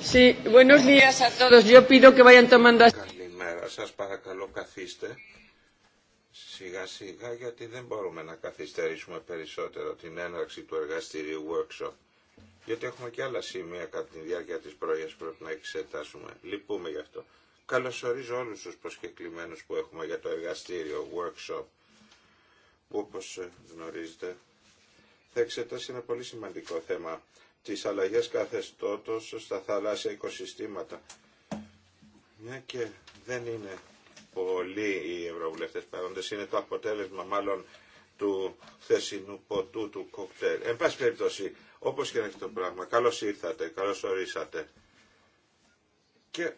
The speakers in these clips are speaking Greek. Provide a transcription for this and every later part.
Sí, buenos días a todos. Yo pido que vayan tomando... Καλημέρα Σα παρακαλώ καθίστε σιγά σιγά γιατί δεν μπορούμε να καθυστερήσουμε περισσότερο την έναρξη του εργαστηρίου workshop γιατί έχουμε και άλλα σημεία κατά τη διάρκεια της που πρέπει να εξετάσουμε. Λυπούμε γι' αυτό. Καλωσορίζω όλου του προσκεκλημένους που έχουμε για το εργαστήριο workshop που όπως ε, γνωρίζετε θα εξετάσει ένα πολύ σημαντικό θέμα τις αλλαγές καθεστώτος στα θαλάσσια οικοσυστήματα. Μια και δεν είναι πολλοί οι ευρωβουλευτές παρόντες, είναι το αποτέλεσμα μάλλον του χθεσινού ποτού του κοκτέιλ. Εν πάση περιπτώσει, όπως και να έχει το πράγμα, καλώς ήρθατε, καλώς ορίσατε. Και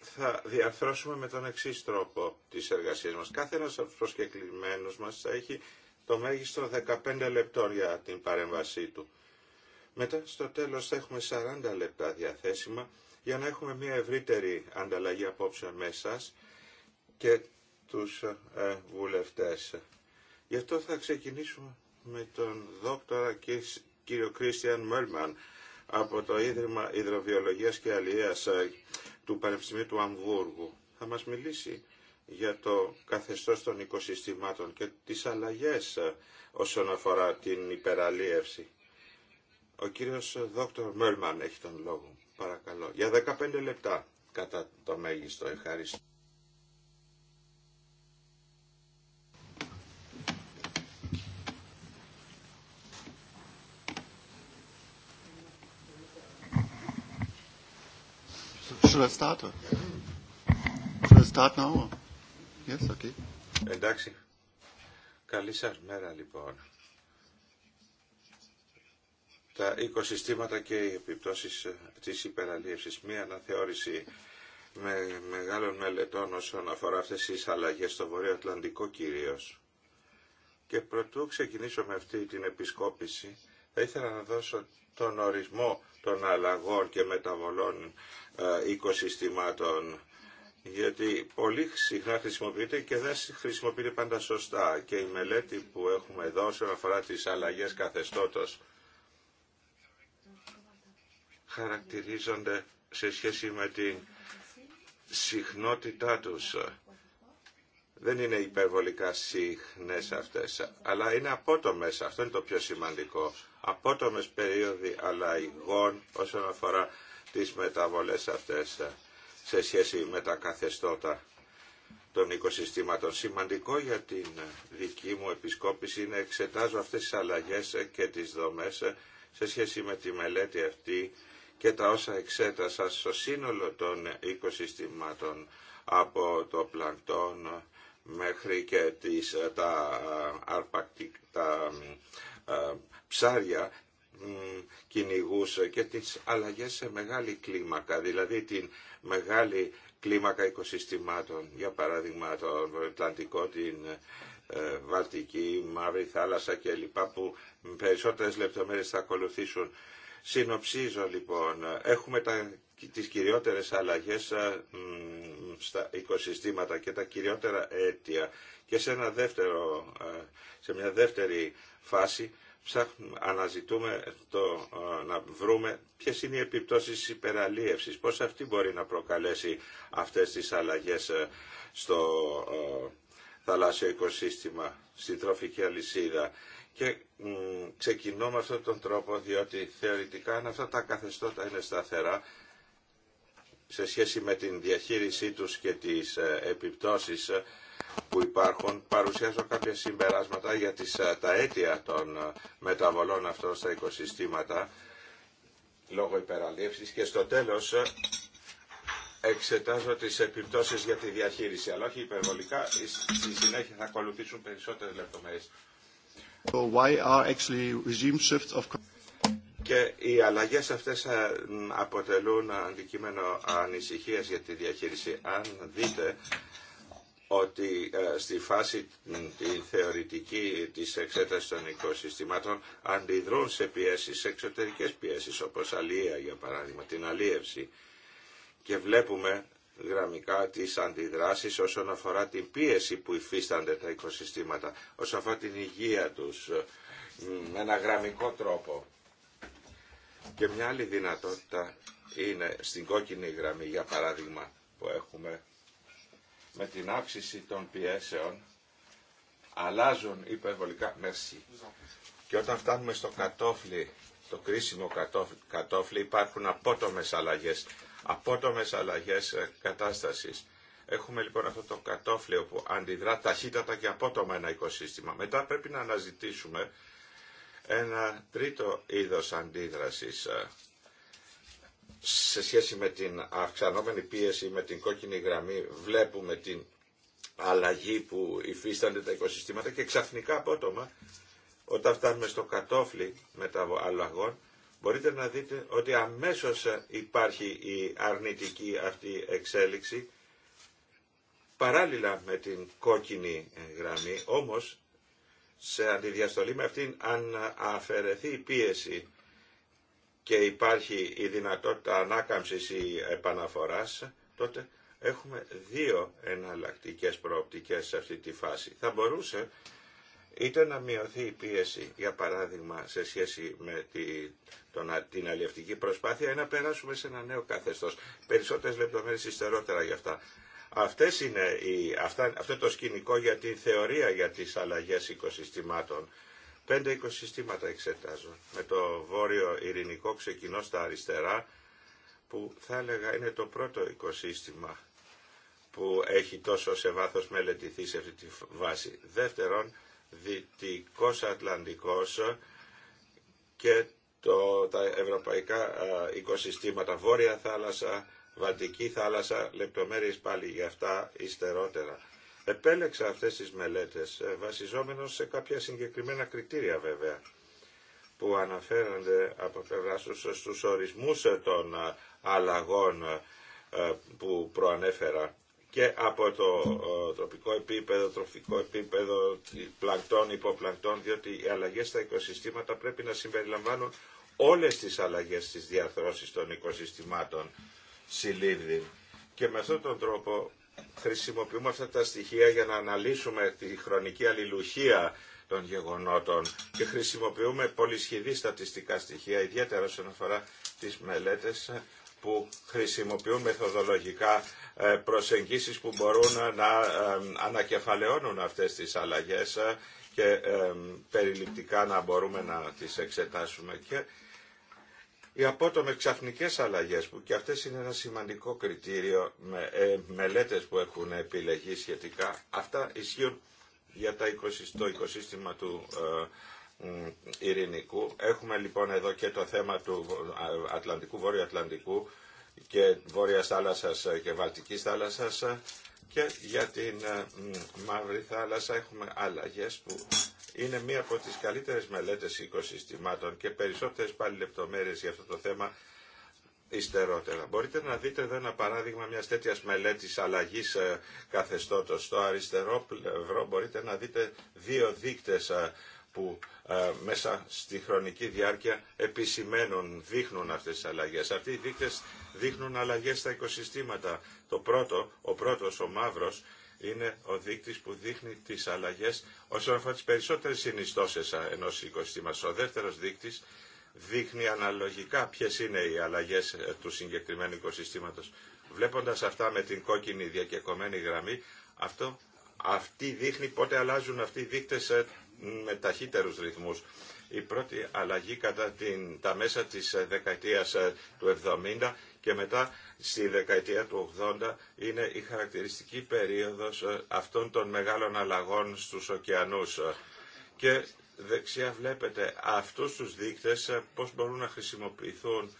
θα διαρθρώσουμε με τον εξή τρόπο τις εργασίες μας. Κάθε ένας από τους μας θα έχει το μέγιστο 15 λεπτό για την παρέμβασή του. Μετά στο τέλος θα έχουμε 40 λεπτά διαθέσιμα για να έχουμε μια ευρύτερη ανταλλαγή απόψεων μέσας και τους ε, βουλευτές. Γι' αυτό θα ξεκινήσουμε με τον δόκτορα κύριο Κρίστιαν Μέλμαν από το Ίδρυμα Ιδροβιολογίας και Αλίας ε, του Πανεπιστημίου του Αμβούργου. Θα μας μιλήσει για το καθεστώς των οικοσυστημάτων και τις αλλαγές ε, όσον αφορά την υπεραλίευση. Ο κύριος ε, Δόκτωρ Μέλμαν έχει τον λόγο. Παρακαλώ. Για 15 λεπτά κατά το μέγιστο. Ευχαριστώ. Should I start? okay. Εντάξει. Καλή σα μέρα λοιπόν. Τα οικοσυστήματα και οι επιπτώσεις ε, της υπεραλίευση. Μία αναθεώρηση με μεγάλων μελετών όσον αφορά αυτές τις αλλαγές στο Βορείο Ατλαντικό Και προτού ξεκινήσω με αυτή την επισκόπηση, θα ήθελα να δώσω τον ορισμό των αλλαγών και μεταβολών οικοσυστημάτων ε, γιατί πολύ συχνά χρησιμοποιείται και δεν χρησιμοποιείται πάντα σωστά και η μελέτη που έχουμε εδώ όσον αφορά τις αλλαγές καθεστώτος χαρακτηρίζονται σε σχέση με την συχνότητά τους. Δεν είναι υπερβολικά συχνές αυτές, αλλά είναι απότομες, αυτό είναι το πιο σημαντικό, απότομες περίοδοι αλλαγών όσον αφορά τις μεταβολές αυτές σε σχέση με τα καθεστώτα των οικοσυστήματων. Σημαντικό για την δική μου επισκόπηση είναι εξετάζω αυτές τις αλλαγές και τις δομές σε σχέση με τη μελέτη αυτή και τα όσα εξέτασα στο σύνολο των οικοσυστήματων από το πλανκτόν μέχρι και τις, τα, τα ε, ψάρια κυνηγού και τις αλλαγές σε μεγάλη κλίμακα, δηλαδή την μεγάλη κλίμακα οικοσυστημάτων, για παράδειγμα το Βορειοατλαντικό, την ε, Βαλτική, Μαύρη Θάλασσα κλπ. που περισσότερες λεπτομέρειες θα ακολουθήσουν. Συνοψίζω λοιπόν, έχουμε τα, τις κυριότερες αλλαγές ε, στα οικοσυστήματα και τα κυριότερα αίτια και σε, ένα δεύτερο, ε, σε μια δεύτερη φάση αναζητούμε το, ε, να βρούμε ποιες είναι οι επιπτώσεις της υπεραλίευσης, πώς αυτή μπορεί να προκαλέσει αυτές τις αλλαγές ε, στο ε, θαλάσσιο οικοσύστημα, στην τροφική αλυσίδα. Και μ, ξεκινώ με αυτόν τον τρόπο, διότι θεωρητικά αν αυτά τα καθεστώτα είναι σταθερά, σε σχέση με την διαχείρισή τους και τις επιπτώσεις, που υπάρχουν παρουσιάζω κάποια συμπεράσματα για τις, ε, τα αίτια των ε, μεταβολών αυτών στα οικοσυστήματα λόγω υπεραλήψης και στο τέλος ε, εξετάζω τις επιπτώσεις για τη διαχείριση αλλά όχι υπερβολικά, στη συνέχεια θα ακολουθήσουν περισσότερες λεπτομέρειες. why are of... Και οι αλλαγές αυτές αποτελούν αντικείμενο ανησυχίας για τη διαχείριση. Αν δείτε ότι ε, στη φάση τη θεωρητική της εξέτασης των οικοσυστημάτων αντιδρούν σε πιέσεις, σε εξωτερικές πιέσεις όπως αλία για παράδειγμα, την αλίευση και βλέπουμε γραμμικά τις αντιδράσεις όσον αφορά την πίεση που υφίστανται τα οικοσυστήματα, όσον αφορά την υγεία τους ε, με ένα γραμμικό τρόπο. Και μια άλλη δυνατότητα είναι στην κόκκινη γραμμή για παράδειγμα που έχουμε με την αύξηση των πιέσεων αλλάζουν υπερβολικά μέρση. Και όταν φτάνουμε στο κατόφλι, το κρίσιμο κατόφλι, υπάρχουν απότομες αλλαγές, απότομες αλλαγές ε, κατάστασης. Έχουμε λοιπόν αυτό το κατόφλι που αντιδρά ταχύτατα και απότομα ένα οικοσύστημα. Μετά πρέπει να αναζητήσουμε ένα τρίτο είδος αντίδρασης ε, σε σχέση με την αυξανόμενη πίεση, με την κόκκινη γραμμή, βλέπουμε την αλλαγή που υφίστανται τα οικοσυστήματα και ξαφνικά απότομα, όταν φτάνουμε στο κατόφλι μετά αλλαγών, μπορείτε να δείτε ότι αμέσως υπάρχει η αρνητική αυτή εξέλιξη, παράλληλα με την κόκκινη γραμμή, όμως σε αντιδιαστολή με αυτήν αν αφαιρεθεί η πίεση και υπάρχει η δυνατότητα ανάκαμψης ή επαναφοράς, τότε έχουμε δύο εναλλακτικές προοπτικές σε αυτή τη φάση. Θα μπορούσε είτε να μειωθεί η πίεση, για παράδειγμα, σε σχέση με τη, τον, την αλλιευτική προσπάθεια, ή να περάσουμε σε ένα νέο καθεστώς. Περισσότερες λεπτομέρειες ιστερότερα για αυτά. Αυτές είναι οι, αυτά, αυτό το σκηνικό για τη θεωρία για τις αλλαγές οικοσυστημάτων Πέντε οικοσύστηματα εξετάζω. Με το βόρειο ειρηνικό ξεκινώ στα αριστερά, που θα έλεγα είναι το πρώτο οικοσύστημα που έχει τόσο σε βάθος μελετηθεί σε αυτή τη βάση. Δεύτερον, δυτικός Ατλαντικός και το, τα ευρωπαϊκά οικοσυστήματα, βόρεια θάλασσα, βαλτική θάλασσα, λεπτομέρειες πάλι για αυτά υστερότερα. Επέλεξα αυτές τις μελέτες ε, βασιζόμενος σε κάποια συγκεκριμένα κριτήρια βέβαια που αναφέρονται από πλευρά στους ορισμούς των ε, αλλαγών ε, που προανέφερα και από το τροπικό επίπεδο, τροφικό επίπεδο, πλανκτών, υποπλακτών διότι οι αλλαγές στα οικοσυστήματα πρέπει να συμπεριλαμβάνουν όλες τις αλλαγές στις διαθρώσεις των οικοσυστημάτων συλλήβδη. Και με αυτόν τον τρόπο χρησιμοποιούμε αυτά τα στοιχεία για να αναλύσουμε τη χρονική αλληλουχία των γεγονότων και χρησιμοποιούμε πολυσχηδή στατιστικά στοιχεία, ιδιαίτερα όσον αφορά τις μελέτες που χρησιμοποιούν μεθοδολογικά ε, προσεγγίσεις που μπορούν να ε, ανακεφαλαιώνουν αυτές τις αλλαγές και ε, περιληπτικά να μπορούμε να τις εξετάσουμε. Και οι απότομες ξαφνικές αλλαγές που και αυτές είναι ένα σημαντικό κριτήριο με ε, μελέτες που έχουν επιλεγεί σχετικά. Αυτά ισχύουν για τα 20, το οικοσύστημα του ε, ειρηνικού. Έχουμε λοιπόν εδώ και το θέμα του Ατλαντικού, Βόρειο Ατλαντικού και Βόρεια Θάλασσα και Βαλτικής Θάλασσα και για την ε, Μαύρη θάλασσα έχουμε αλλαγές που είναι μία από τις καλύτερες μελέτες οικοσυστημάτων και περισσότερες πάλι λεπτομέρειες για αυτό το θέμα Ιστερότερα. Μπορείτε να δείτε εδώ ένα παράδειγμα μια τέτοια μελέτη αλλαγή ε, καθεστώτο. Στο αριστερό πλευρό μπορείτε να δείτε δύο δείκτε ε, που ε, μέσα στη χρονική διάρκεια επισημαίνουν, δείχνουν αυτές τις αλλαγές. Αυτοί οι δείκτες δείχνουν αλλαγές στα οικοσυστήματα. Το πρώτο, ο πρώτος, ο μαύρος, είναι ο δείκτης που δείχνει τις αλλαγές όσον αφορά τις περισσότερες συνιστώσεις ενός οικοστή Ο δεύτερος δείκτης δείχνει αναλογικά ποιες είναι οι αλλαγές ε, του συγκεκριμένου οικοσυστήματος. Βλέποντας αυτά με την κόκκινη διακεκομένη γραμμή, αυτό, αυτή δείχνει πότε αλλάζουν αυτοί οι δείκτες ε, με ταχύτερους ρυθμού. Η πρώτη αλλαγή κατά την, τα μέσα της ε, δεκαετίας του 70 και μετά στη δεκαετία του 80 είναι η χαρακτηριστική περίοδος ε, αυτών των μεγάλων αλλαγών στους ωκεανούς. Ε, και δεξιά βλέπετε αυτούς τους δείκτες ε, πώς μπορούν να χρησιμοποιηθούν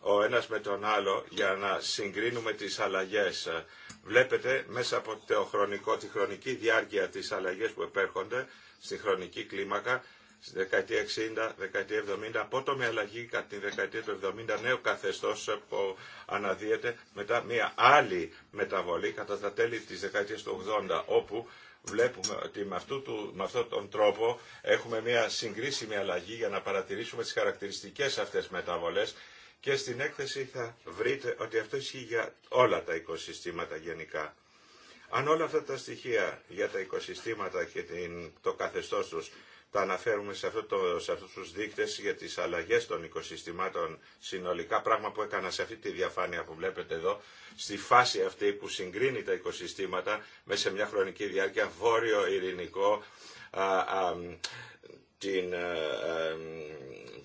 ο ένας με τον άλλο για να συγκρίνουμε τις αλλαγές. Βλέπετε μέσα από το τη χρονική διάρκεια της αλλαγές που επέρχονται στη χρονική κλίμακα στη δεκαετία 60, δεκαετία 70, απότομη αλλαγή κατά τη δεκαετία του 70, νέο καθεστώς που αναδύεται, μετά μια άλλη μεταβολή κατά τα τέλη της δεκαετίας του 80, όπου βλέπουμε ότι με, του, με αυτόν τον τρόπο έχουμε μια συγκρίσιμη αλλαγή για να παρατηρήσουμε τις χαρακτηριστικές αυτές μεταβολές και στην έκθεση θα βρείτε ότι αυτό ισχύει για όλα τα οικοσυστήματα γενικά. Αν όλα αυτά τα στοιχεία για τα οικοσυστήματα και το καθεστώς τους τα αναφέρουμε σε, αυτό το, σε αυτούς τους δείκτες για τις αλλαγές των οικοσυστημάτων συνολικά, πράγμα που έκανα σε αυτή τη διαφάνεια που βλέπετε εδώ, στη φάση αυτή που συγκρίνει τα οικοσυστήματα μέσα σε μια χρονική διάρκεια βόρειο ειρηνικό, την ε, ε,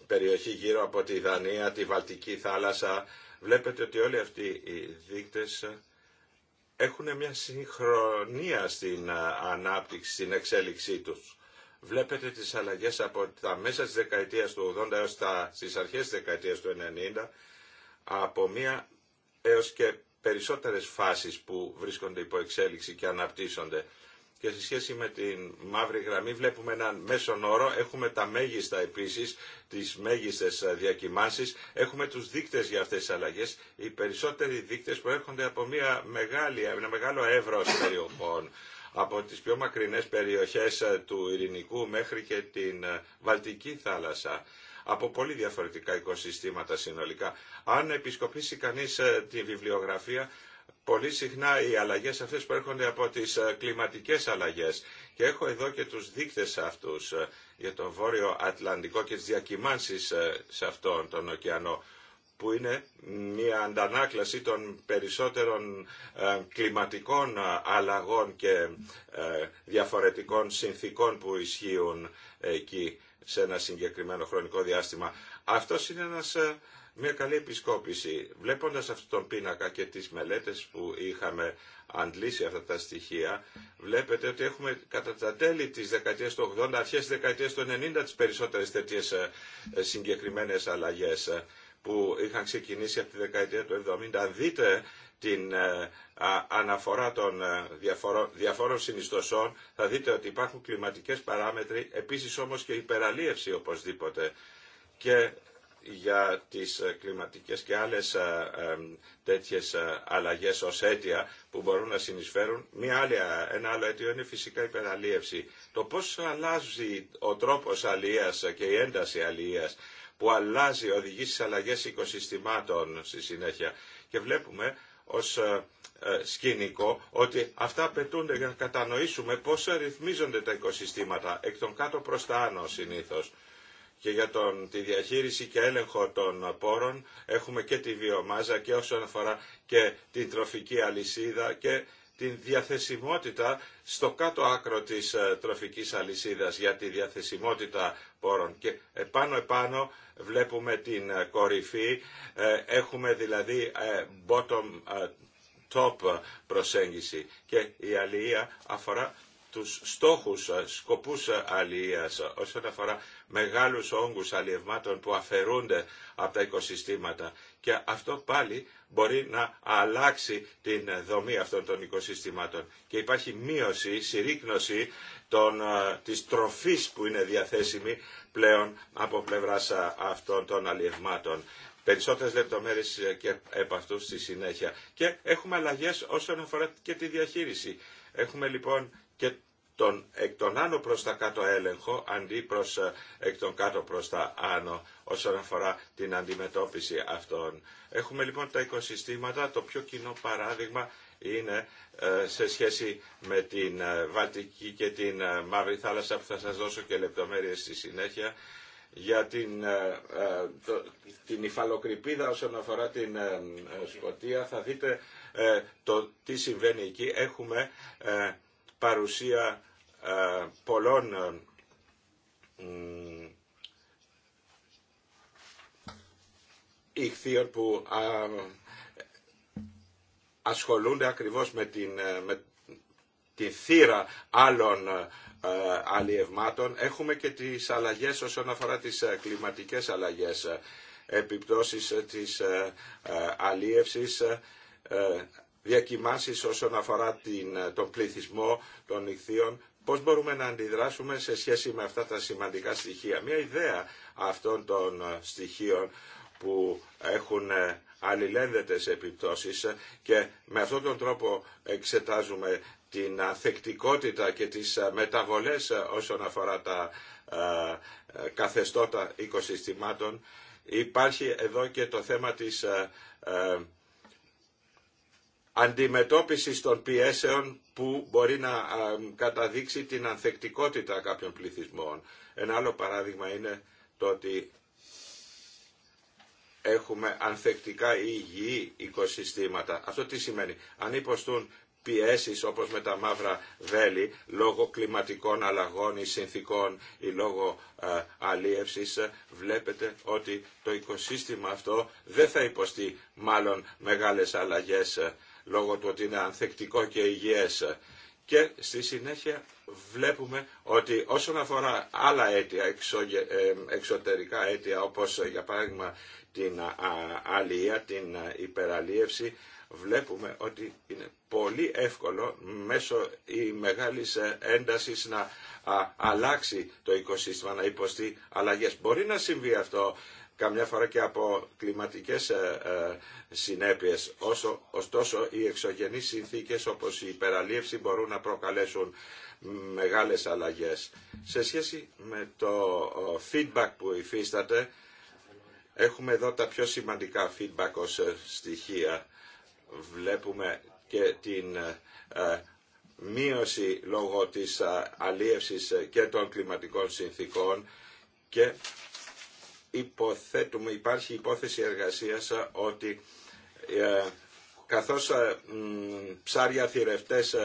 περιοχή γύρω από τη Δανία, τη Βαλτική θάλασσα. Βλέπετε ότι όλοι αυτοί οι δείκτες έχουν μια συγχρονία στην ε, ανάπτυξη, στην εξέλιξή τους βλέπετε τις αλλαγές από τα μέσα της δεκαετίας του 80 έως τα, στις αρχές της δεκαετίας του 90 από μία έως και περισσότερες φάσεις που βρίσκονται υπό εξέλιξη και αναπτύσσονται. Και σε σχέση με την μαύρη γραμμή βλέπουμε έναν μέσον όρο, έχουμε τα μέγιστα επίσης, τις μέγιστες διακυμάνσεις, έχουμε τους δείκτες για αυτές τις αλλαγές, οι περισσότεροι δείκτες προέρχονται από μια ένα μεγάλο εύρος περιοχών από τις πιο μακρινές περιοχές ε, του Ειρηνικού μέχρι και την ε, Βαλτική θάλασσα από πολύ διαφορετικά οικοσυστήματα συνολικά. Αν επισκοπήσει κανείς ε, τη βιβλιογραφία, πολύ συχνά οι αλλαγές αυτές που από τις κλιματικές αλλαγές. Και έχω εδώ και τους δείκτες αυτούς για τον Βόρειο Ατλαντικό και τις διακυμάνσεις σε αυτόν τον ωκεανό που είναι μια αντανάκλαση των περισσότερων ε, κλιματικών ε, αλλαγών και ε, διαφορετικών συνθήκων που ισχύουν εκεί σε ένα συγκεκριμένο χρονικό διάστημα. Αυτό είναι ένας μια καλή επισκόπηση. Βλέποντας αυτόν τον πίνακα και τις μελέτες που είχαμε αντλήσει αυτά τα στοιχεία, βλέπετε ότι έχουμε κατά τα τέλη της δεκαετίας του 80, αρχές της δεκαετίας του 90 τις περισσότερες τέτοιες συγκεκριμένες αλλαγές που είχαν ξεκινήσει από τη δεκαετία του 70. δείτε την ε, αναφορά των ε, διαφόρων συνιστοσών θα δείτε ότι υπάρχουν κλιματικές παράμετροι, επίσης όμως και υπεραλίευση οπωσδήποτε. Και για τις ε, κλιματικές και άλλες τέτοιες αλλαγές ως αίτια που μπορούν να συνεισφέρουν. Μια άλλη, ένα άλλο αίτιο είναι φυσικά η υπεραλίευση. Το πώς αλλάζει ο τρόπος αλίας και η ένταση αλίας που αλλάζει, οδηγεί στις αλλαγές οικοσυστημάτων στη συνέχεια. Και βλέπουμε ως ε, ε, σκηνικό ότι αυτά απαιτούνται για να κατανοήσουμε πώς ρυθμίζονται τα οικοσυστήματα εκ των κάτω προς τα άνω συνήθως. Και για τον, τη διαχείριση και έλεγχο των πόρων έχουμε και τη βιομάζα και όσον αφορά και την τροφική αλυσίδα και την διαθεσιμότητα στο κάτω άκρο της ε, τροφικής αλυσίδας για τη διαθεσιμότητα πόρων και επάνω επάνω βλέπουμε την ε, κορυφή, ε, έχουμε δηλαδή bottom top προσέγγιση και η αλληλεία αφορά τους στόχους, σκοπούς αλληλείας όσον αφορά μεγάλους όγκους αλλιευμάτων που αφαιρούνται από τα οικοσυστήματα και αυτό πάλι μπορεί να αλλάξει την δομή αυτών των οικοσυστημάτων. Και υπάρχει μείωση, συρρήκνωση των, ε, της τροφής που είναι διαθέσιμη πλέον από πλευράς ε, αυτών των αλλιευμάτων. Περισσότερες λεπτομέρειες ε, και επ' αυτού στη συνέχεια. Και έχουμε αλλαγές όσον αφορά και τη διαχείριση. Έχουμε λοιπόν και τον εκ των άνω προς τα κάτω έλεγχο αντί προς ε, εκ των κάτω προς τα άνω όσον αφορά την αντιμετώπιση αυτών. Έχουμε λοιπόν τα οικοσυστήματα, το πιο κοινό παράδειγμα είναι ε, σε σχέση με την ε, Βαλτική και την Μαύρη Θάλασσα που θα σας δώσω και λεπτομέρειες στη συνέχεια για την, την υφαλοκρηπίδα όσον αφορά την Σκοτία θα δείτε το τι συμβαίνει εκεί. Έχουμε παρουσία ε, πολλών ε, ηχθείων που ασχολούνται ακριβώς με την, ε, τη θύρα άλλων αλλιευμάτων. Έχουμε και τις αλλαγές όσον αφορά τις κλιματικές αλλαγές, επιπτώσεις της αλλίευσης, διακοιμάνσεις όσον αφορά την, τον πληθυσμό των νυχθείων, Πώς μπορούμε να αντιδράσουμε σε σχέση με αυτά τα σημαντικά στοιχεία. Μια ιδέα αυτών των ε, στοιχείων που έχουν ε, αλληλένδετες επιπτώσεις και με αυτόν τον τρόπο εξετάζουμε την αθεκτικότητα και τις ε, μεταβολές όσον αφορά τα καθεστώτα οικοσυστημάτων. Υπάρχει εδώ και το θέμα της αντιμετώπισης των πιέσεων που μπορεί να καταδείξει την ανθεκτικότητα κάποιων πληθυσμών. Ένα άλλο παράδειγμα είναι το ότι έχουμε ανθεκτικά ή υγιή οικοσυστήματα. Αυτό τι σημαίνει. Αν υποστούν πιέσεις όπως με τα μαύρα βέλη λόγω κλιματικών αλλαγών ή συνθήκων ή λόγω ε, βλέπετε ότι το οικοσύστημα αυτό δεν θα υποστεί μάλλον μεγάλες αλλαγές λόγω του ότι είναι ανθεκτικό και υγιές. Και στη συνέχεια βλέπουμε ότι όσον αφορά άλλα αίτια, ε, εξωτερικά αίτια, όπως ε, για παράδειγμα την αλία, την ε, υπεραλίευση, βλέπουμε ότι είναι πολύ εύκολο μέσω η μεγάλης έντασης να αλλάξει το οικοσύστημα, να υποστεί αλλαγές. Μπορεί να συμβεί αυτό καμιά φορά και από κλιματικές ε, ε, συνέπειες. Όσο, ωστόσο, οι εξωγενείς συνθήκες όπως η υπεραλίευση μπορούν να προκαλέσουν μεγάλες αλλαγές. Σε σχέση με το feedback που υφίσταται, έχουμε εδώ τα πιο σημαντικά feedback ως ε, στοιχεία. Βλέπουμε και την μείωση λόγω της αλίευσης και των κλιματικών συνθήκων και υποθέτουμε, υπάρχει υπόθεση εργασίας ε, ότι ε, καθώς ε, ψάρια θηρευτές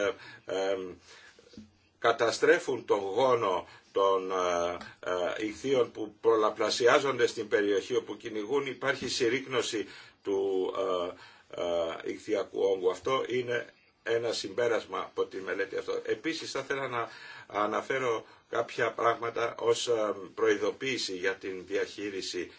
καταστρέφουν τον γόνο των ηχθείων που πολλαπλασιάζονται στην περιοχή όπου κυνηγούν υπάρχει συρρήκνωση του ηχθειακού όγκου. Αυτό είναι ένα συμπέρασμα από τη μελέτη αυτό. Επίσης θα ήθελα να αναφέρω κάποια πράγματα ως ε, προειδοποίηση για την διαχείριση.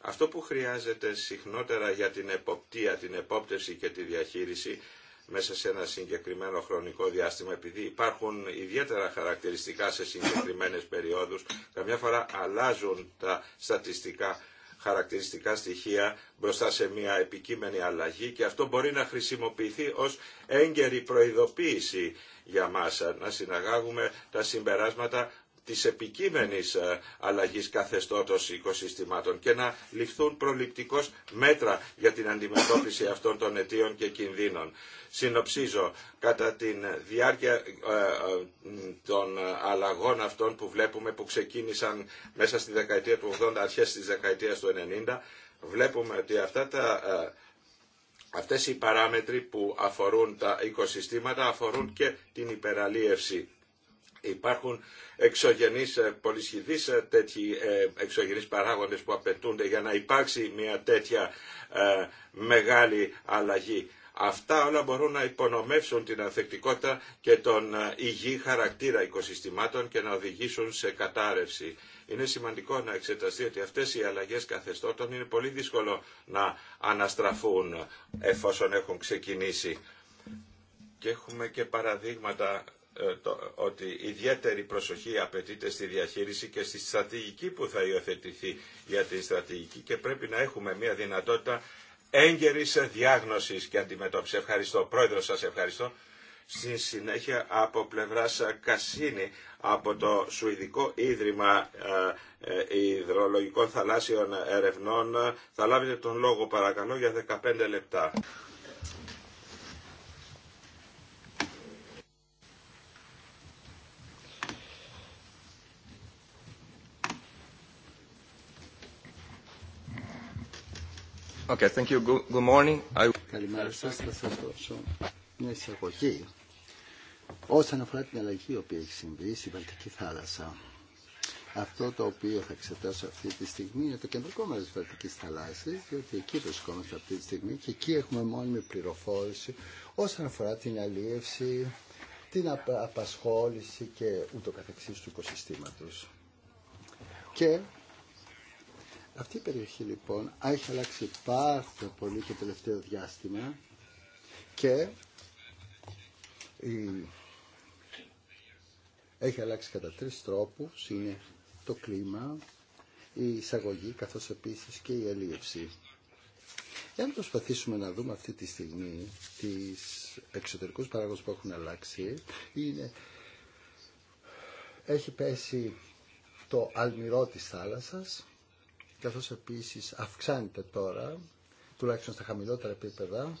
Αυτό που χρειάζεται συχνότερα για την εποπτεία, την επόπτευση και τη διαχείριση μέσα σε ένα συγκεκριμένο χρονικό διάστημα, επειδή υπάρχουν ιδιαίτερα χαρακτηριστικά σε συγκεκριμένες περιόδους, καμιά φορά αλλάζουν τα στατιστικά χαρακτηριστικά στοιχεία μπροστά σε μια επικείμενη αλλαγή και αυτό μπορεί να χρησιμοποιηθεί ως έγκαιρη προειδοποίηση για μας να συναγάγουμε τα συμπεράσματα της επικείμενης ε, αλλαγής καθεστώτος οικοσυστημάτων και να ληφθούν προληπτικώς μέτρα για την αντιμετώπιση αυτών των αιτίων και κινδύνων. Συνοψίζω, κατά τη διάρκεια ε, ε, των αλλαγών αυτών που βλέπουμε που ξεκίνησαν μέσα στη δεκαετία του 80, αρχές της δεκαετίας του 90, βλέπουμε ότι αυτά τα Αυτές οι παράμετροι που αφορούν τα οικοσυστήματα αφορούν και την υπεραλίευση Υπάρχουν εξωγενείς, ε, πολυσχηδείς ε, τέτοιοι ε, εξωγενείς παράγοντες που απαιτούνται για να υπάρξει μια τέτοια μεγάλη αλλαγή. Αυτά όλα μπορούν να υπονομεύσουν την ανθεκτικότητα και τον υγιή χαρακτήρα οικοσυστημάτων και να οδηγήσουν σε κατάρρευση. Είναι σημαντικό να εξεταστεί ότι αυτές οι αλλαγές καθεστώτων είναι πολύ δύσκολο να αναστραφούν εφόσον έχουν ξεκινήσει. Και έχουμε και παραδείγματα ε, ότι ιδιαίτερη προσοχή απαιτείται στη διαχείριση και στη στρατηγική που θα υιοθετηθεί για την στρατηγική και πρέπει να έχουμε μια δυνατότητα έγκαιρης διάγνωσης και αντιμετώπισης. Ευχαριστώ. Πρόεδρο σας ευχαριστώ. Στη συνέχεια από πλευράς Κασίνη από το Σουηδικό Ίδρυμα Ιδρολογικών ε, ε, Θαλάσσιων Ερευνών θα λάβετε τον λόγο παρακαλώ για 15 λεπτά. Καλημέρα σας. Θα σας δώσω μια εισαγωγή όσον αφορά την αλλαγή η έχει συμβεί στη Βαλτική θάλασσα. Αυτό το οποίο θα εξετάσω αυτή τη στιγμή είναι το κεντρικό μέρος της Βαλτική Θάλασσας, διότι εκεί βρισκόμαστε αυτή τη στιγμή και εκεί έχουμε μόνιμη πληροφόρηση όσον αφορά την αλίευση, την απασχόληση και ούτω καθεξής του οικοσυστήματος. Και αυτή η περιοχή λοιπόν έχει αλλάξει πάρα πολύ και τελευταίο διάστημα και έχει αλλάξει κατά τρεις τρόπους, είναι το κλίμα, η εισαγωγή καθώς επίσης και η ελίευση. Εάν προσπαθήσουμε να δούμε αυτή τη στιγμή τις εξωτερικούς παράγοντες που έχουν αλλάξει, είναι, έχει πέσει το αλμυρό της θάλασσας, καθώς επίσης αυξάνεται τώρα, τουλάχιστον στα χαμηλότερα επίπεδα,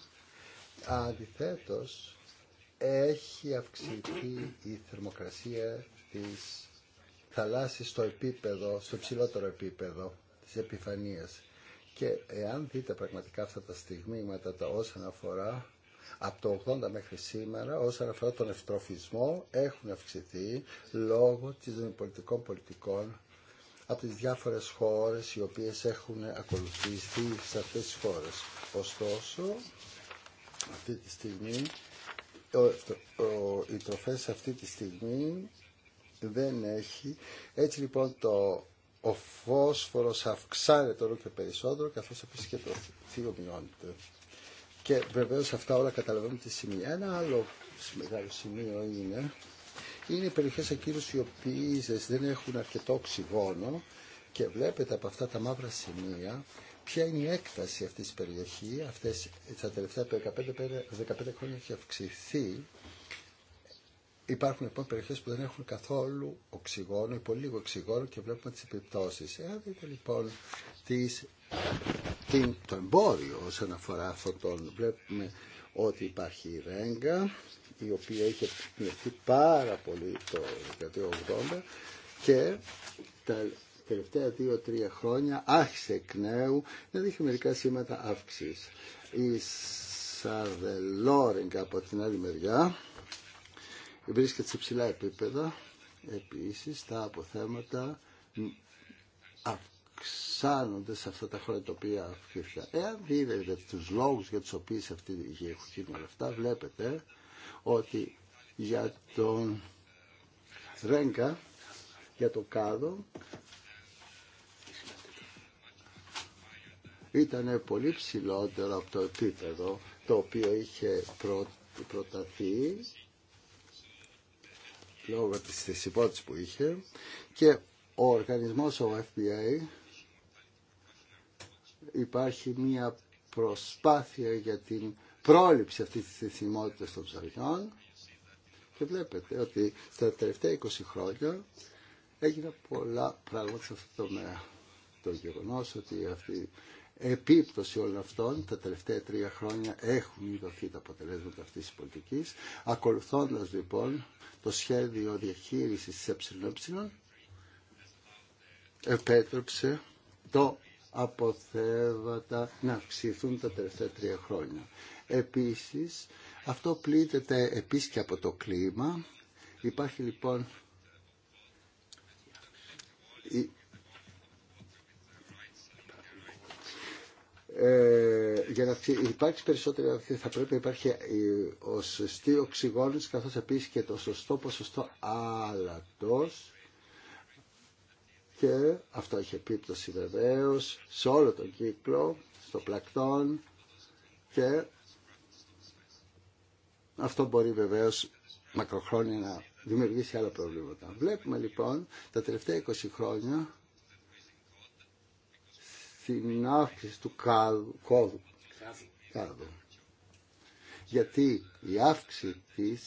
αντιθέτως έχει αυξηθεί η θερμοκρασία της θαλάσσης στο επίπεδο, στο ψηλότερο επίπεδο της επιφανίας. Και εάν δείτε πραγματικά αυτά τα στιγμήματα τα όσον αφορά από το 80 μέχρι σήμερα όσον αφορά τον ευτροφισμό έχουν αυξηθεί λόγω της πολιτικών πολιτικών από τις διάφορες χώρες οι οποίες έχουν ακολουθήσει σε αυτές τις χώρες. Ωστόσο, αυτή τη στιγμή, οι τροφές αυτή τη στιγμή δεν έχει. Έτσι λοιπόν το ο φόσφορος αυξάνεται όλο και περισσότερο καθώς επίσης και το θείο μειώνεται. Και βεβαίως αυτά όλα καταλαβαίνουμε τη σημεία. Ένα άλλο μεγάλο σημείο είναι είναι περιοχές ακύρωση οι οποίες δεν έχουν αρκετό οξυγόνο και βλέπετε από αυτά τα μαύρα σημεία ποια είναι η έκταση αυτής της περιοχής. Αυτές τα τελευταία 15, 15 χρόνια έχει αυξηθεί. Υπάρχουν λοιπόν περιοχές που δεν έχουν καθόλου οξυγόνο ή πολύ λίγο οξυγόνο και βλέπουμε τις επιπτώσεις. Εάν δείτε λοιπόν τις, την, το εμπόριο όσον αφορά αυτόν, τον βλέπουμε ότι υπάρχει η ρέγγα η οποία είχε πνευθεί πάρα πολύ το 1980 και τα τελευταία δύο-τρία χρόνια άρχισε εκ νέου να δείχνει μερικά σήματα αύξησης. Η Σαρδελόρεγγα από την άλλη μεριά βρίσκεται σε ψηλά επίπεδα. Επίσης τα αποθέματα αυξάνονται σε αυτά τα χρόνια τα οποία αυξήθηκαν. Εάν δείτε τους λόγους για τους οποίους αυτή η όλα αυτά, βλέπετε ότι για τον Ρέγκα, για το Κάδο, ήταν πολύ ψηλότερο από το επίπεδο το οποίο είχε προταθεί λόγω της θεσιμότητας που είχε και ο οργανισμός ο FBI υπάρχει μια προσπάθεια για την πρόληψη αυτής της θυμότητας των ψαριών και βλέπετε ότι στα τελευταία 20 χρόνια έγιναν πολλά πράγματα σε αυτό το τομέα. Το γεγονό ότι αυτή η επίπτωση όλων αυτών τα τελευταία τρία χρόνια έχουν δοθεί τα αποτελέσματα αυτής της πολιτικής ακολουθώντας λοιπόν το σχέδιο διαχείρισης της ΕΕ επέτρεψε το αποθέματα να αυξηθούν τα τελευταία τρία χρόνια. Επίσης, αυτό πλήττεται επίσης και από το κλίμα. Υπάρχει λοιπόν Ε, για να υπάρξει περισσότερη θα πρέπει να υπάρχει ε, ο σωστή οξυγόνης καθώς επίσης και το σωστό ποσοστό άλατος και αυτό έχει επίπτωση βεβαίω σε όλο τον κύκλο, στο πλακτόν και αυτό μπορεί βεβαίως μακροχρόνια να δημιουργήσει άλλα προβλήματα. Βλέπουμε λοιπόν τα τελευταία 20 χρόνια την αύξηση του κάδου, κόδου, κάδου. Γιατί η αύξηση της,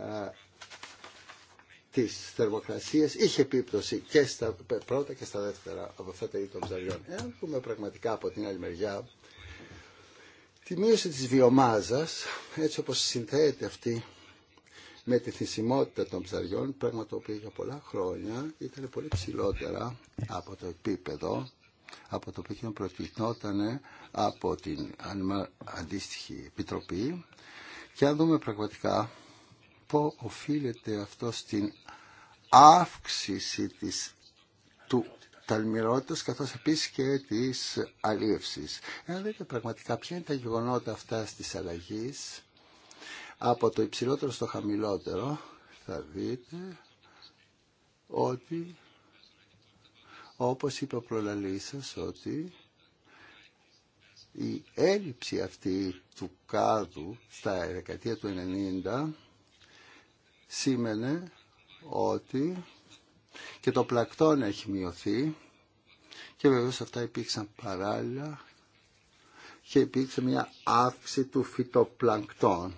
α, της θερμοκρασίας είχε επίπτωση και στα πρώτα και στα δεύτερα από αυτά τα είδη των ψαριών. Εάν πούμε πραγματικά από την άλλη μεριά τη μείωση της βιομάζας, έτσι όπως συνθέεται αυτή με τη θυσιμότητα των ψαριών, πράγμα το οποίο για πολλά χρόνια ήταν πολύ ψηλότερα από το επίπεδο από το οποίο προτιθνόταν από την αντίστοιχη επιτροπή και αν δούμε πραγματικά πώς οφείλεται αυτό στην αύξηση της, του ταλμυρότητας καθώς επίσης και της αλίευσης. Εάν δείτε πραγματικά ποια είναι τα γεγονότα αυτά της αλλαγή από το υψηλότερο στο χαμηλότερο θα δείτε ότι όπως είπε ο προλαλής ότι η έλλειψη αυτή του κάδου στα δεκαετία του 90 σήμαινε ότι και το πλακτόν έχει μειωθεί και βεβαίως αυτά υπήρξαν παράλληλα και υπήρξε μια αύξηση του φυτόπλακτών.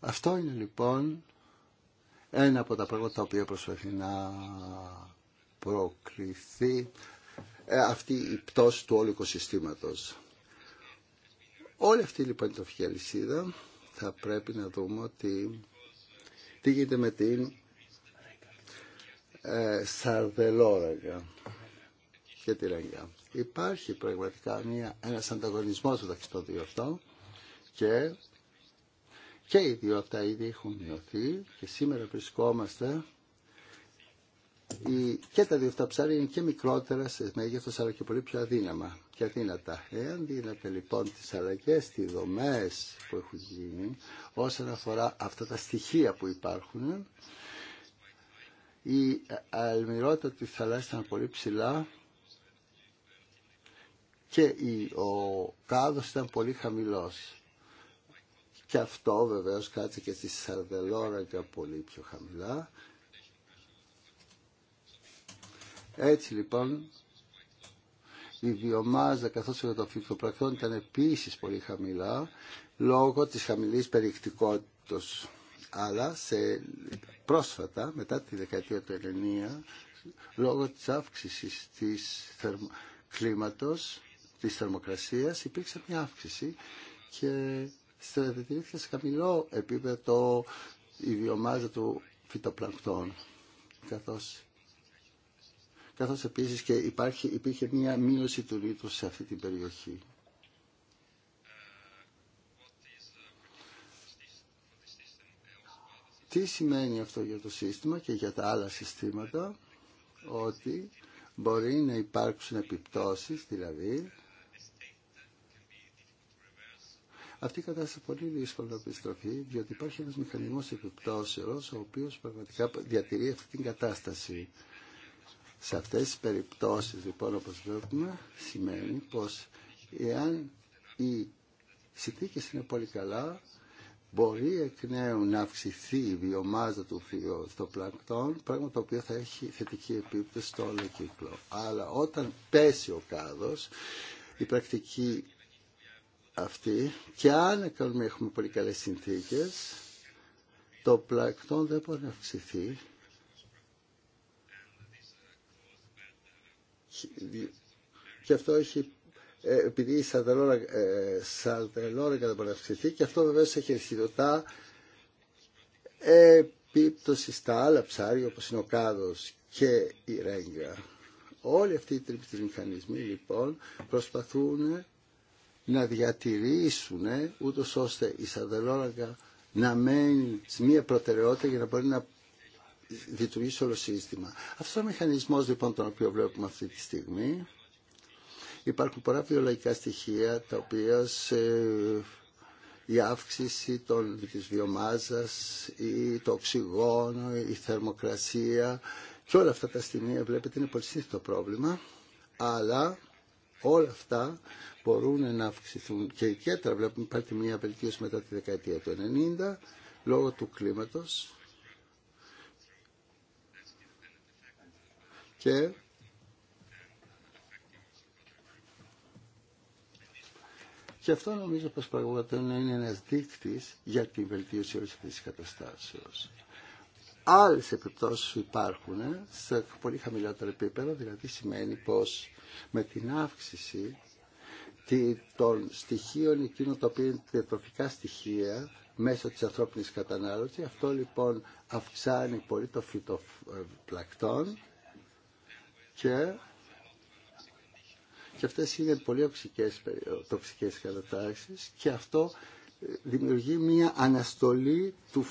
Αυτό είναι λοιπόν ένα από τα πράγματα τα οποία προσπαθεί να προκληθεί ε, αυτή η πτώση του όλου οικοσυστήματος. Όλη αυτή λοιπόν η τροφική αλυσίδα θα πρέπει να δούμε ότι τι γίνεται με την ε, και τη ραγιά. Υπάρχει πραγματικά μια, ένας ανταγωνισμός μεταξύ των δύο αυτών και, και οι δύο αυτά ήδη έχουν μειωθεί και σήμερα βρισκόμαστε και τα δύο αυτά ψάρια είναι και μικρότερα σε μέγεθο, αλλά και πολύ πιο αδύναμα και αδύνατα. Εάν δίνατε λοιπόν τι αλλαγέ, τι δομέ που έχουν γίνει όσον αφορά αυτά τα στοιχεία που υπάρχουν η αλμυρότητα του θαλάσσια ήταν πολύ ψηλά και η, ο κάδος ήταν πολύ χαμηλός. Και αυτό βεβαίως κάτσε και στη Σαρδελόραγκα πολύ πιο χαμηλά έτσι λοιπόν η βιομάζα καθώς και το φυτοπλακτόν ήταν επίσης πολύ χαμηλά λόγω της χαμηλής περιεκτικότητας. Αλλά σε πρόσφατα, μετά τη δεκαετία του 1990, λόγω της αύξησης της θερμο... κλίματος, της θερμοκρασίας, υπήρξε μια αύξηση και στρατητήθηκε σε χαμηλό επίπεδο η βιομάζα του φυτοπλακτών, καθώς καθώς επίσης και υπάρχει, υπήρχε μία μείωση του ρήτου σε αυτή την περιοχή. Τι σημαίνει αυτό για το σύστημα και για τα άλλα συστήματα, ότι μπορεί να υπάρξουν επιπτώσεις, δηλαδή Αυτή η κατάσταση πολύ δύσκολη να επιστροφεί, διότι υπάρχει ένας μηχανισμός επιπτώσεως, ο οποίος πραγματικά διατηρεί αυτή την κατάσταση. Σε αυτές τις περιπτώσεις λοιπόν όπως βλέπουμε σημαίνει πως εάν οι συνθήκε είναι πολύ καλά μπορεί εκ νέου να αυξηθεί η βιομάζα του φύλλου στο πλακτόν, πράγμα το οποίο θα έχει θετική επίπτωση στο όλο κύκλο. Αλλά όταν πέσει ο κάδος, η πρακτική αυτή και αν έχουμε πολύ καλές συνθήκες, το πλακτόν δεν μπορεί να αυξηθεί και αυτό έχει ε, επειδή η σαρδελόρακα δεν μπορεί να αυξηθεί και αυτό σε έχει αισθητοτά επίπτωση στα άλλα ψάρια όπως είναι ο κάδος και η ρέγγα. Όλοι αυτοί οι τρίπτες μηχανισμοί λοιπόν προσπαθούν να διατηρήσουν ούτως ώστε η σαρδελόρακα να μένει σε μία προτεραιότητα για να μπορεί να σε όλο σύστημα. Αυτό ο μηχανισμό λοιπόν τον οποίο βλέπουμε αυτή τη στιγμή υπάρχουν πολλά βιολογικά στοιχεία τα οποία η αύξηση των, της βιομάζας ή το οξυγόνο, η θερμοκρασία και όλα αυτά τα στιγμή βλέπετε είναι πολύ το πρόβλημα αλλά όλα αυτά μπορούν να αυξηθούν και ιδιαίτερα σύνθετο προβλημα αλλα ολα αυτα μπορουν υπάρχει μια βελτίωση μετά τη δεκαετία του 90 λόγω του κλίματος και αυτό νομίζω πως πραγματικά είναι ένας δείκτης για την βελτίωση όλης αυτής της καταστάσεως. Άλλες επιπτώσεις υπάρχουν ε, σε πολύ χαμηλότερο επίπεδο, δηλαδή σημαίνει πως με την αύξηση των στοιχείων εκείνων τα οποία είναι διατροφικά στοιχεία μέσω της ανθρώπινης κατανάλωσης, αυτό λοιπόν αυξάνει πολύ το φυτοπλακτόν και, και αυτές είναι πολύ οξικές, ε, τοξικές κατατάξεις και αυτό ε, δημιουργεί μία αναστολή του,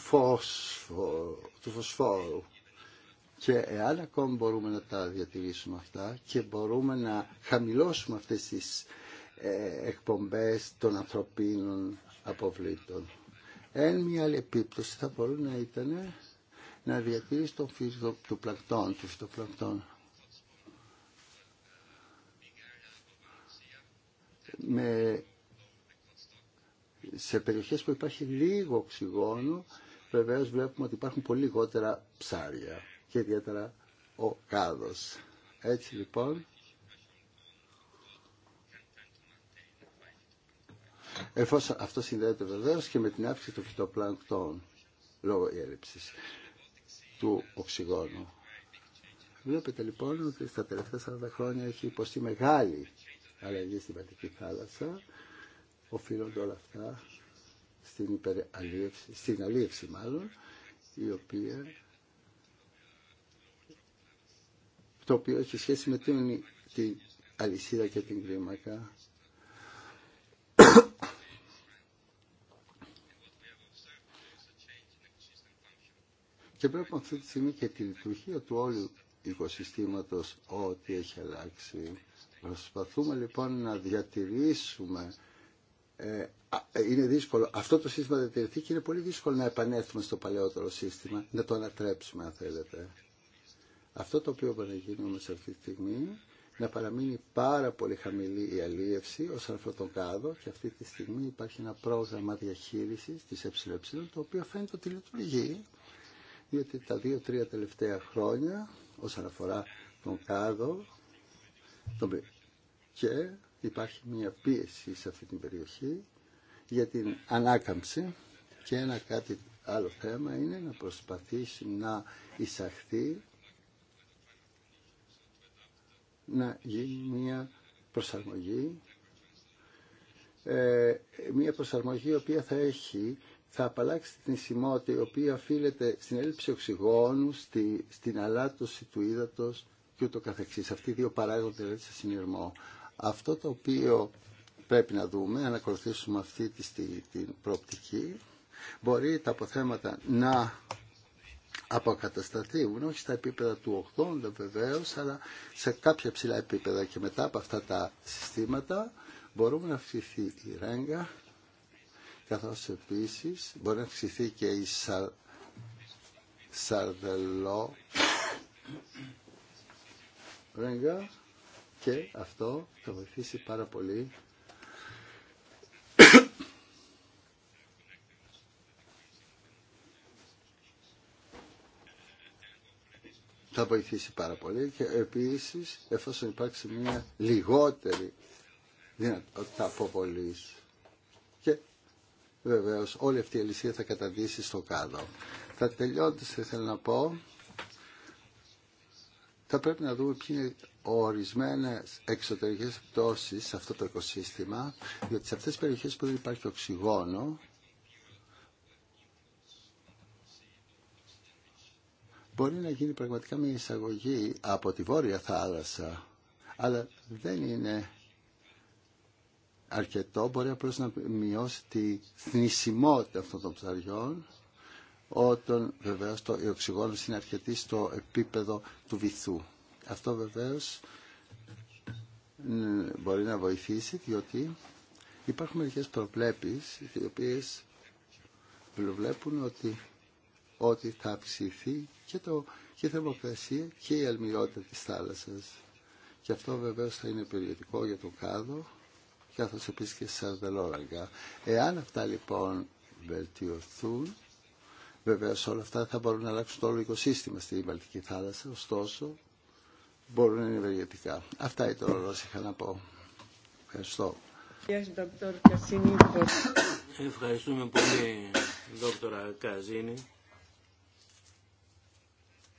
του φωσφόρου. Και εάν ακόμη μπορούμε να τα διατηρήσουμε αυτά και μπορούμε να χαμηλώσουμε αυτές τις ε, εκπομπές των ανθρωπίνων αποβλήτων. Εν μία άλλη επίπτωση θα μπορούν να ήταν να διατηρήσει τον φύλλο του πλακτών, του με, σε περιοχές που υπάρχει λίγο οξυγόνο βεβαίως βλέπουμε ότι υπάρχουν πολύ λιγότερα ψάρια και ιδιαίτερα ο κάδος. Έτσι λοιπόν εφόσον αυτό συνδέεται βεβαίως και με την αύξηση των φυτοπλανκτών λόγω έλλειψης του οξυγόνου. Βλέπετε λοιπόν ότι στα τελευταία 40 χρόνια έχει υποστεί μεγάλη αλλαγή στην Βαλτική θάλασσα οφείλονται όλα αυτά στην, στην μάλλον, η οποία, το οποίο έχει σχέση με την, την αλυσίδα και την κλίμακα. και βλέπουμε αυτή τη στιγμή και τη λειτουργία του όλου οικοσυστήματος ό,τι έχει αλλάξει Προσπαθούμε λοιπόν να διατηρήσουμε ε, ε, είναι δύσκολο. Αυτό το σύστημα διατηρηθεί και είναι πολύ δύσκολο να επανέλθουμε στο παλαιότερο σύστημα, να το ανατρέψουμε αν θέλετε. Αυτό το οποίο μπορεί να γίνει όμως αυτή τη στιγμή, να παραμείνει πάρα πολύ χαμηλή η αλίευση ως αφορά τον κάδο και αυτή τη στιγμή υπάρχει ένα πρόγραμμα διαχείρισης της ΕΕ το οποίο φαίνεται ότι λειτουργεί διότι τα δύο-τρία τελευταία χρόνια όσον αφορά τον κάδο τον και υπάρχει μια πίεση σε αυτή την περιοχή για την ανάκαμψη και ένα κάτι άλλο θέμα είναι να προσπαθήσει να εισαχθεί να γίνει μια προσαρμογή ε, μια προσαρμογή η οποία θα έχει θα απαλλάξει την σημότητα η οποία οφείλεται στην έλλειψη οξυγόνου, στη, στην αλάτωση του ύδατος και ούτω καθεξής. αυτή οι δύο παράγοντες σε δηλαδή, συνειρμό. Αυτό το οποίο πρέπει να δούμε, να ακολουθήσουμε αυτή τη, την προοπτική, μπορεί τα αποθέματα να αποκατασταθούν, όχι στα επίπεδα του 80 βεβαίω, αλλά σε κάποια ψηλά επίπεδα και μετά από αυτά τα συστήματα μπορούμε να αυξηθεί η ρέγγα, καθώς επίσης μπορεί να αυξηθεί και η σαρδελό ρέγγα και αυτό θα βοηθήσει πάρα πολύ θα βοηθήσει πάρα πολύ και επίσης εφόσον υπάρξει μια λιγότερη δυνατότητα αποβολής και βεβαίως όλη αυτή η αλυσία θα καταντήσει στο κάδο. Θα τελειώντας θέλω να πω θα πρέπει να δούμε ποιοι είναι ορισμένες εξωτερικές πτώσεις σε αυτό το οικοσύστημα, διότι σε αυτές τις περιοχές που δεν υπάρχει οξυγόνο, μπορεί να γίνει πραγματικά μια εισαγωγή από τη Βόρεια Θάλασσα, αλλά δεν είναι αρκετό, μπορεί απλώς να μειώσει τη θνησιμότητα αυτών των ψαριών, όταν βεβαίως το οξυγόνο είναι αρκετή στο επίπεδο του βυθού. Αυτό βεβαίω ε, μπορεί να βοηθήσει διότι υπάρχουν μερικές προβλέπεις οι οποίες βλέπουν ότι, ότι θα αυξηθεί και, το, και η θερμοκρασία και η αλμυρότητα της θάλασσας. Και αυτό βεβαίως θα είναι περιοδικό για τον κάδο καθώς επίσης και σε αρδελόραγγα. Εάν αυτά λοιπόν βελτιωθούν, βεβαίως όλα αυτά θα μπορούν να αλλάξουν το όλο οικοσύστημα στη Βαλτική θάλασσα, ωστόσο μπορούν να είναι ευεργετικά. Αυτά ήταν όλα όσα είχα να πω. Ευχαριστώ. Ευχαριστούμε πολύ, δόκτωρα Καζίνη,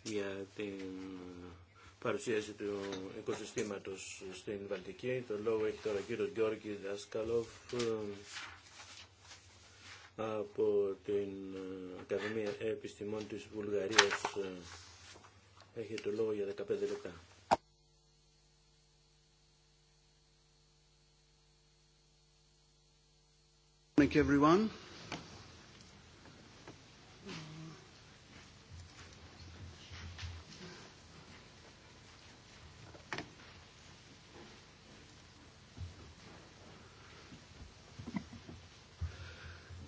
για την παρουσίαση του οικοσυστήματος στην Βαλτική. Το λόγο έχει τώρα ο Γιώργη Δάσκαλοφ από την Ακαδημία Επιστημών της Βουλγαρίας. Έχει το λόγο για 15 λεπτά. thank everyone.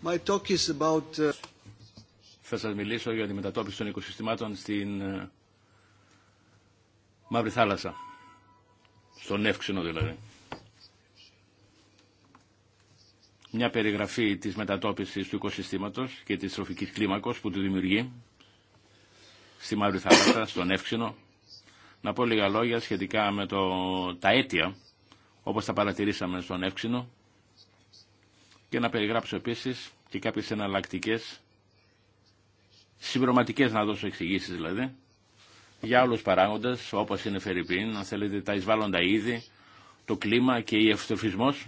My talk is about... Uh, Θα σας μιλήσω για τη μετατόπιση των οικοσυστημάτων στην ε, Μαύρη Θάλασσα. Στον Εύξηνο δηλαδή. μια περιγραφή της μετατόπισης του οικοσυστήματος και της τροφικής κλίμακος που του δημιουργεί στη Μαύρη Θάλασσα, στον Εύξηνο. Να πω λίγα λόγια σχετικά με το, τα αίτια, όπως τα παρατηρήσαμε στον Εύξηνο και να περιγράψω επίσης και κάποιες εναλλακτικέ συμπροματικές να δώσω εξηγήσει δηλαδή, για άλλους παράγοντες, όπως είναι Φερρυπίν, αν θέλετε τα εισβάλλοντα είδη, το κλίμα και η ευτροφισμός,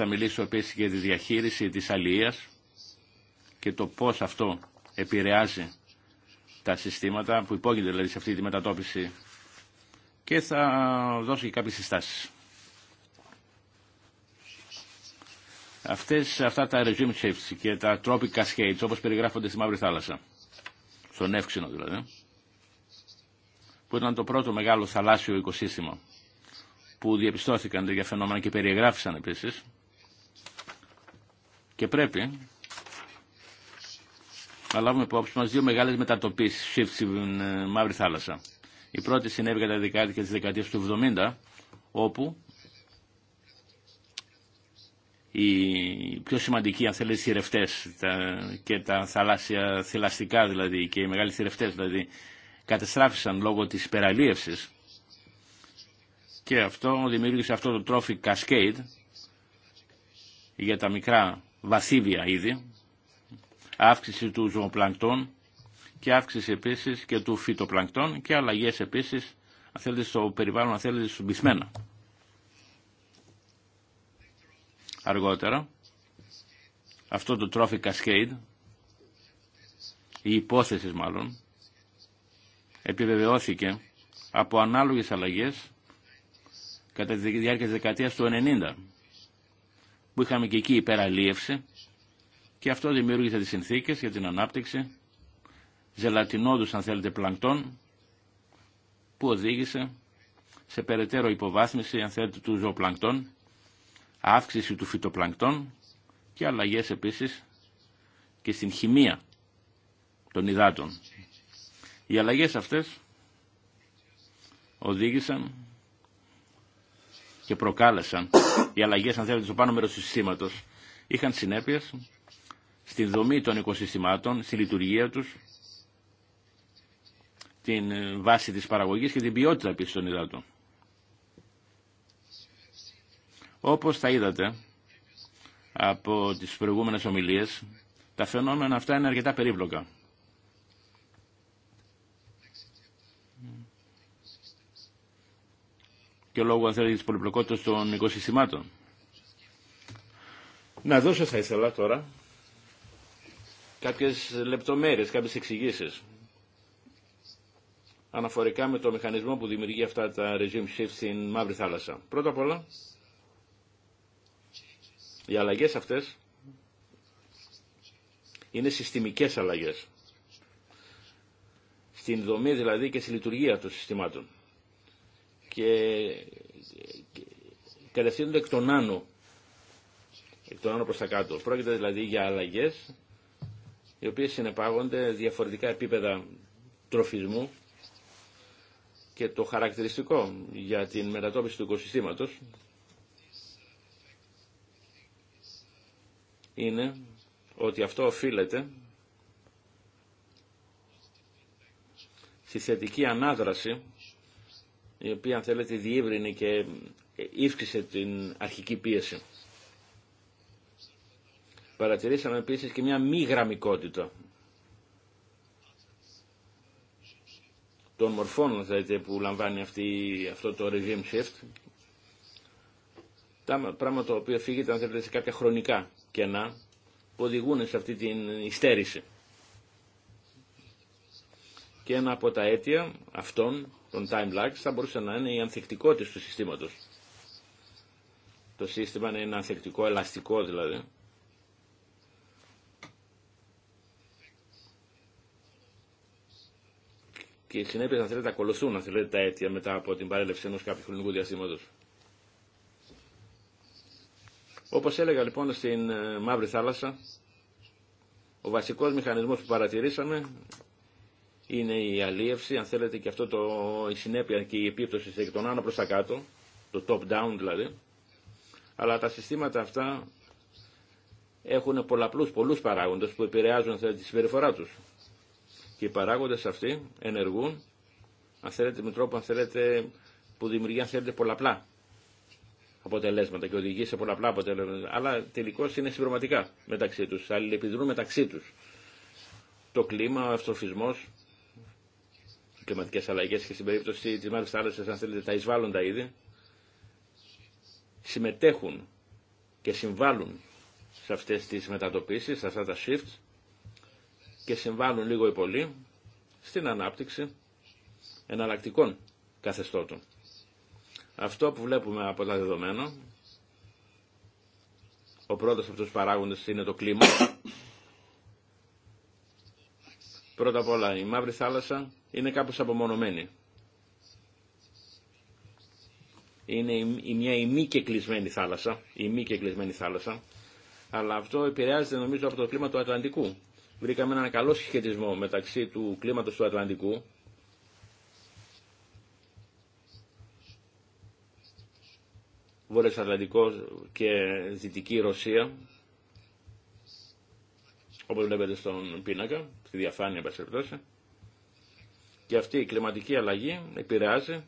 θα μιλήσω επίσης για τη διαχείριση της αλληλείας και το πώς αυτό επηρεάζει τα συστήματα που υπόγειται δηλαδή σε αυτή τη μετατόπιση και θα δώσω και κάποιες συστάσεις. Αυτές, αυτά τα regime shifts και τα tropic cascades όπως περιγράφονται στη Μαύρη Θάλασσα, στον Εύξηνο δηλαδή, που ήταν το πρώτο μεγάλο θαλάσσιο οικοσύστημα που διαπιστώθηκαν για φαινόμενα και περιεγράφησαν επίσης, και πρέπει να λάβουμε υπόψη μα δύο μεγάλε μετατοπίσει shift στην ε, Μαύρη Θάλασσα. Η πρώτη συνέβη κατά τη δεκαετία τη δεκαετία του 1970, όπου οι πιο σημαντικοί αν θέλετε θηρευτέ και τα θαλάσσια θηλαστικά δηλαδή και οι μεγάλοι θηρευτέ δηλαδή κατεστράφησαν λόγω τη υπεραλίευση και αυτό δημιούργησε αυτό το τρόφι cascade για τα μικρά βασίλεια ήδη, αύξηση του ζωοπλανκτών και αύξηση επίσης και του φυτοπλανκτών και αλλαγές επίσης αν θέλετε στο περιβάλλον, αν θέλετε Αργότερα, αυτό το Trophic Cascade, η υπόθεση μάλλον, επιβεβαιώθηκε από ανάλογες αλλαγές κατά τη διάρκεια της δεκαετίας του 90 που είχαμε και εκεί υπεραλίευση και αυτό δημιούργησε τις συνθήκες για την ανάπτυξη ζελατινόδους αν θέλετε πλανκτών που οδήγησε σε περαιτέρω υποβάθμιση αν θέλετε του ζωοπλανκτών, αύξηση του φυτοπλανκτών και αλλαγές επίσης και στην χημεία των υδάτων. Οι αλλαγές αυτές οδήγησαν και προκάλεσαν οι αλλαγέ αν θέλετε στο πάνω μέρο του συστήματος είχαν συνέπειες στη δομή των οικοσυστημάτων, στη λειτουργία τους, την ε, βάση της παραγωγής και την ποιότητα επίση των υδάτων. Όπως τα είδατε από τις προηγούμενες ομιλίες, τα φαινόμενα αυτά είναι αρκετά περίπλοκα. και λόγω αν θέλετε της πολυπλοκότητας των οικοσυστημάτων. Να δώσω θα ήθελα τώρα κάποιες λεπτομέρειες, κάποιες εξηγήσεις αναφορικά με το μηχανισμό που δημιουργεί αυτά τα regime shift στην Μαύρη Θάλασσα. Πρώτα απ' όλα, οι αλλαγές αυτές είναι συστημικές αλλαγές. Στην δομή δηλαδή και στη λειτουργία των συστημάτων και κατευθύνονται εκ των άνω, εκ των άνω προς τα κάτω. Πρόκειται δηλαδή για αλλαγές οι οποίες συνεπάγονται διαφορετικά επίπεδα τροφισμού και το χαρακτηριστικό για την μετατόπιση του οικοσυστήματος είναι ότι αυτό οφείλεται στη θετική ανάδραση η οποία αν θέλετε διεύρυνε και ε, ύφτισε την αρχική πίεση. Παρατηρήσαμε επίσης και μια μη γραμμικότητα των μορφών που λαμβάνει αυτή, αυτό το regime shift. Τα πράγματα τα οποία φύγεται αν θέλετε σε κάποια χρονικά κενά που οδηγούν σε αυτή την υστέρηση. Και ένα από τα αίτια αυτών των time lags θα μπορούσε να είναι η ανθεκτικότητα του συστήματος. Το σύστημα είναι ανθεκτικό, ελαστικό δηλαδή. Και οι συνέπειε, αν θέλετε, ακολουθούν, να θέλετε, τα αίτια μετά από την παρέλευση ενό κάποιου χρονικού διαστήματο. Όπω έλεγα λοιπόν στην ε, Μαύρη Θάλασσα, ο βασικό μηχανισμό που παρατηρήσαμε είναι η αλίευση, αν θέλετε και αυτό το, η συνέπεια και η επίπτωση σε τον άνω προς τα κάτω, το top-down δηλαδή, αλλά τα συστήματα αυτά έχουν πολλαπλούς, πολλούς παράγοντες που επηρεάζουν θέλετε, τη συμπεριφορά τους. Και οι παράγοντες αυτοί ενεργούν, αν θέλετε, με τρόπο αν θέλετε, που δημιουργεί αν θέλετε, πολλαπλά αποτελέσματα και οδηγεί σε πολλαπλά αποτελέσματα, αλλά τελικώ είναι συμπληρωματικά μεταξύ τους, αλληλεπιδρούν μεταξύ τους. Το κλίμα, ο αυτοφισμός, κλιματικές αλλαγές και στην περίπτωση της Μάρης Θάλασσας, αν θέλετε, τα εισβάλλοντα είδη, συμμετέχουν και συμβάλλουν σε αυτές τις μετατοπίσεις, σε αυτά τα shifts και συμβάλλουν λίγο ή πολύ στην ανάπτυξη εναλλακτικών καθεστώτων. Αυτό που βλέπουμε από τα δεδομένα, ο πρώτος από τους παράγοντες είναι το κλίμα. Πρώτα απ' όλα η Μαύρη Θάλασσα είναι κάπως απομονωμένη. Είναι η μια ημί και κλεισμένη θάλασσα, η και κλεισμένη θάλασσα, αλλά αυτό επηρεάζεται νομίζω από το κλίμα του Ατλαντικού. Βρήκαμε έναν καλό συσχετισμό μεταξύ του κλίματος του Ατλαντικού Βόρειος Ατλαντικός και Δυτική Ρωσία, όπως βλέπετε στον πίνακα, στη διαφάνεια, πάση και αυτή η κλιματική αλλαγή επηρεάζει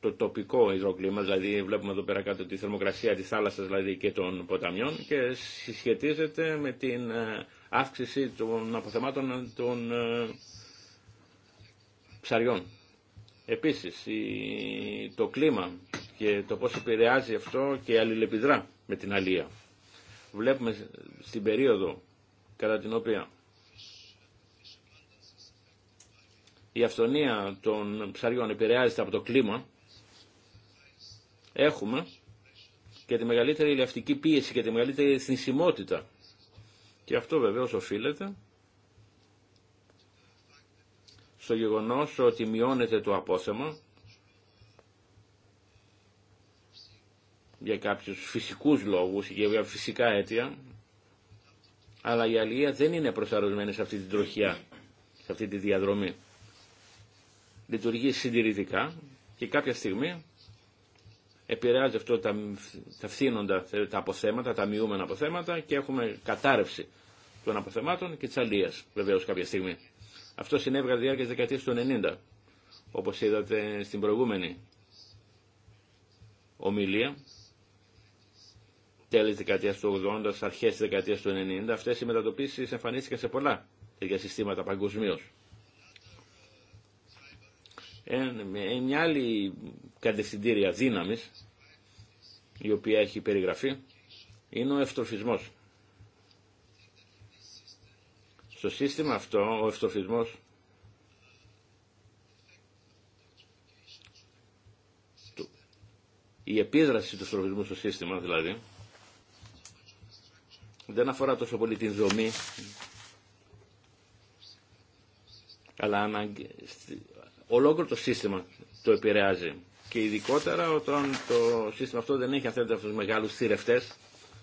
το τοπικό υδροκλίμα, δηλαδή βλέπουμε εδώ πέρα κάτω τη θερμοκρασία της θάλασσας δηλαδή και των ποταμιών και συσχετίζεται με την ε, αύξηση των αποθεμάτων των ε, ψαριών. Επίσης το κλίμα και το πώς επηρεάζει αυτό και αλληλεπιδρά με την αλία. Βλέπουμε στην περίοδο κατά την οποία η αυτονία των ψαριών επηρεάζεται από το κλίμα, έχουμε και τη μεγαλύτερη ηλιαυτική πίεση και τη μεγαλύτερη θνησιμότητα. Και αυτό βεβαίω οφείλεται στο γεγονός ότι μειώνεται το απόθεμα για κάποιους φυσικούς λόγους και για φυσικά αίτια, αλλά η αλληλεία δεν είναι προσαρμοσμένη σε αυτή την τροχιά, σε αυτή τη διαδρομή λειτουργεί συντηρητικά και κάποια στιγμή επηρεάζει αυτό τα, τα φθήνοντα ε, τα αποθέματα, τα μειούμενα αποθέματα και έχουμε κατάρρευση των αποθεμάτων και τη αλεία βεβαίω κάποια στιγμή. Αυτό συνέβη κατά τη διάρκεια τη δεκαετία του 90, όπω είδατε στην προηγούμενη ομιλία. Τέλη τη δεκαετία του 80, αρχέ τη δεκαετία του 90, αυτέ οι μετατοπίσει εμφανίστηκαν σε πολλά τέτοια συστήματα παγκοσμίω. Ε, μια άλλη κατευθυντήρια δύναμης η οποία έχει περιγραφεί είναι ο ευτροφισμός. Στο σύστημα αυτό ο ευτροφισμός η επίδραση του ευτροφισμού στο σύστημα δηλαδή δεν αφορά τόσο πολύ την δομή αλλά ολόκληρο το σύστημα το επηρεάζει. Και ειδικότερα όταν το σύστημα αυτό δεν έχει αν θέλετε αυτούς τους μεγάλους θηρευτές,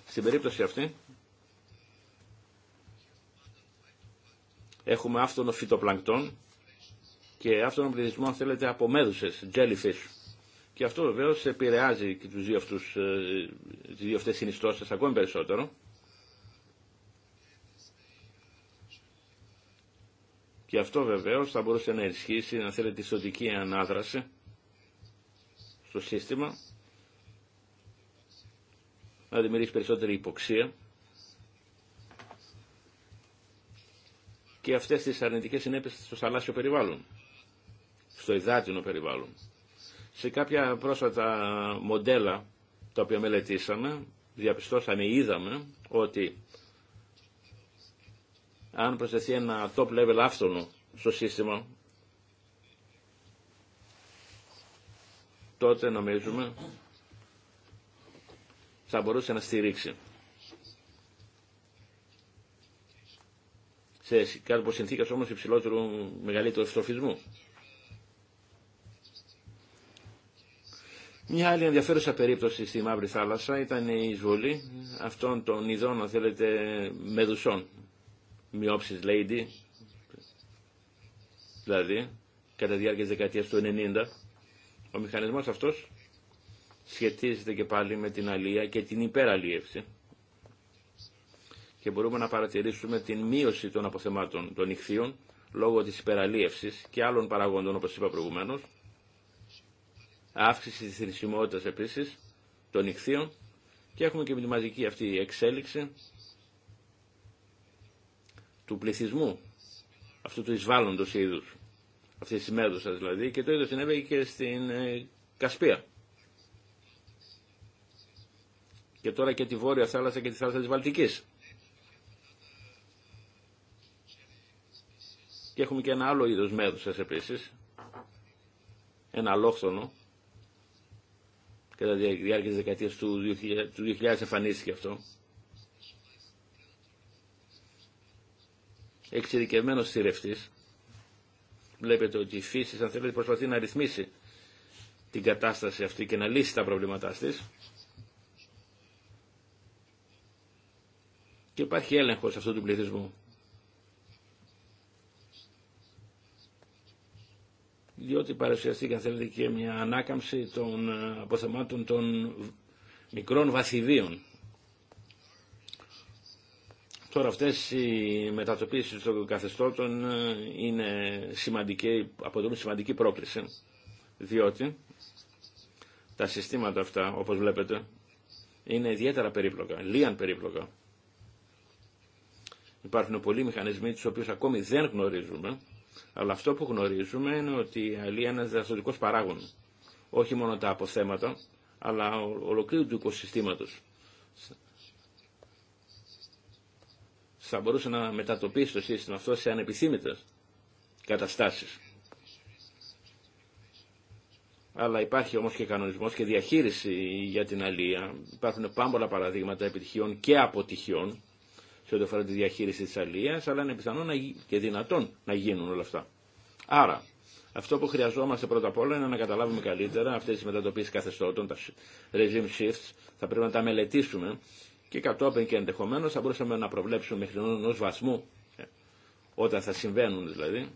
στην περίπτωση αυτή έχουμε άφθονο φυτοπλανκτών και τον πληθυσμό αν θέλετε από μέδουσε jellyfish. Και αυτό βεβαίω επηρεάζει και τους δύο αυτούς, ε, τις δύο αυτές ακόμη περισσότερο. Και αυτό βεβαίω θα μπορούσε να ενισχύσει, να θέλετε, τη σωτική ανάδραση στο σύστημα, να δημιουργήσει περισσότερη υποξία και αυτές τις αρνητικές συνέπειες στο θαλάσσιο περιβάλλον, στο υδάτινο περιβάλλον. Σε κάποια πρόσφατα μοντέλα τα οποία μελετήσαμε, διαπιστώσαμε, είδαμε ότι αν προσθεθεί ένα top level άφθονο στο σύστημα, τότε νομίζουμε θα μπορούσε να στηρίξει. Σε κάτω συνθήκε όμω υψηλότερου μεγαλύτερου στροφισμού. Μια άλλη ενδιαφέρουσα περίπτωση στη Μαύρη Θάλασσα ήταν η εισβολή αυτών των ειδών, αν θέλετε, μεδουσών, μειόψης lady, δηλαδή κατά τη διάρκεια της δεκαετίας του 90, ο μηχανισμός αυτός σχετίζεται και πάλι με την αλία και την υπεραλίευση και μπορούμε να παρατηρήσουμε την μείωση των αποθεμάτων των ηχθείων λόγω της υπεραλίευσης και άλλων παραγόντων όπως είπα προηγουμένως, αύξηση της θρησιμότητας επίσης των ηχθείων και έχουμε και με τη μαζική αυτή εξέλιξη του πληθυσμού αυτού του εισβάλλοντος είδους αυτής της μέδουσα δηλαδή και το ίδιο συνέβη και στην ε, Κασπία και τώρα και τη Βόρεια Θάλασσα και τη Θάλασσα της Βαλτικής και έχουμε και ένα άλλο είδος μέδουσα επίσης ένα αλόχθονο κατά τη διάρκεια της δεκαετίας του 2000 εμφανίστηκε αυτό εξειδικευμένο θηρευτή. Βλέπετε ότι η φύση, αν θέλετε, προσπαθεί να ρυθμίσει την κατάσταση αυτή και να λύσει τα προβλήματά τη. Και υπάρχει έλεγχο αυτού του πληθυσμού. διότι παρουσιαστήκε αν θέλετε και μια ανάκαμψη των αποθεμάτων των μικρών βαθιδίων. Τώρα αυτές οι μετατοπίσεις των καθεστώτων ε, είναι σημαντική, αποτελούν σημαντική πρόκληση, διότι τα συστήματα αυτά, όπως βλέπετε, είναι ιδιαίτερα περίπλοκα, λίαν περίπλοκα. Υπάρχουν πολλοί μηχανισμοί τους οποίους ακόμη δεν γνωρίζουμε, αλλά αυτό που γνωρίζουμε είναι ότι η αλία είναι ένας παράγων. Όχι μόνο τα αποθέματα, αλλά ολοκλήρου του οικοσυστήματος θα μπορούσε να μετατοπίσει το σύστημα αυτό σε ανεπιθύμητες καταστάσεις. Αλλά υπάρχει όμως και κανονισμός και διαχείριση για την αλία. Υπάρχουν πάμπολα παραδείγματα επιτυχιών και αποτυχιών σε ό,τι αφορά τη διαχείριση της αλίας, αλλά είναι πιθανό και δυνατόν να γίνουν όλα αυτά. Άρα, αυτό που χρειαζόμαστε πρώτα απ' όλα είναι να καταλάβουμε καλύτερα αυτές τις μετατοπίσεις καθεστώτων, τα regime shifts, θα πρέπει να τα μελετήσουμε και κατόπιν και ενδεχομένως θα μπορούσαμε να προβλέψουμε μέχρι ενό βασμού ε, όταν θα συμβαίνουν δηλαδή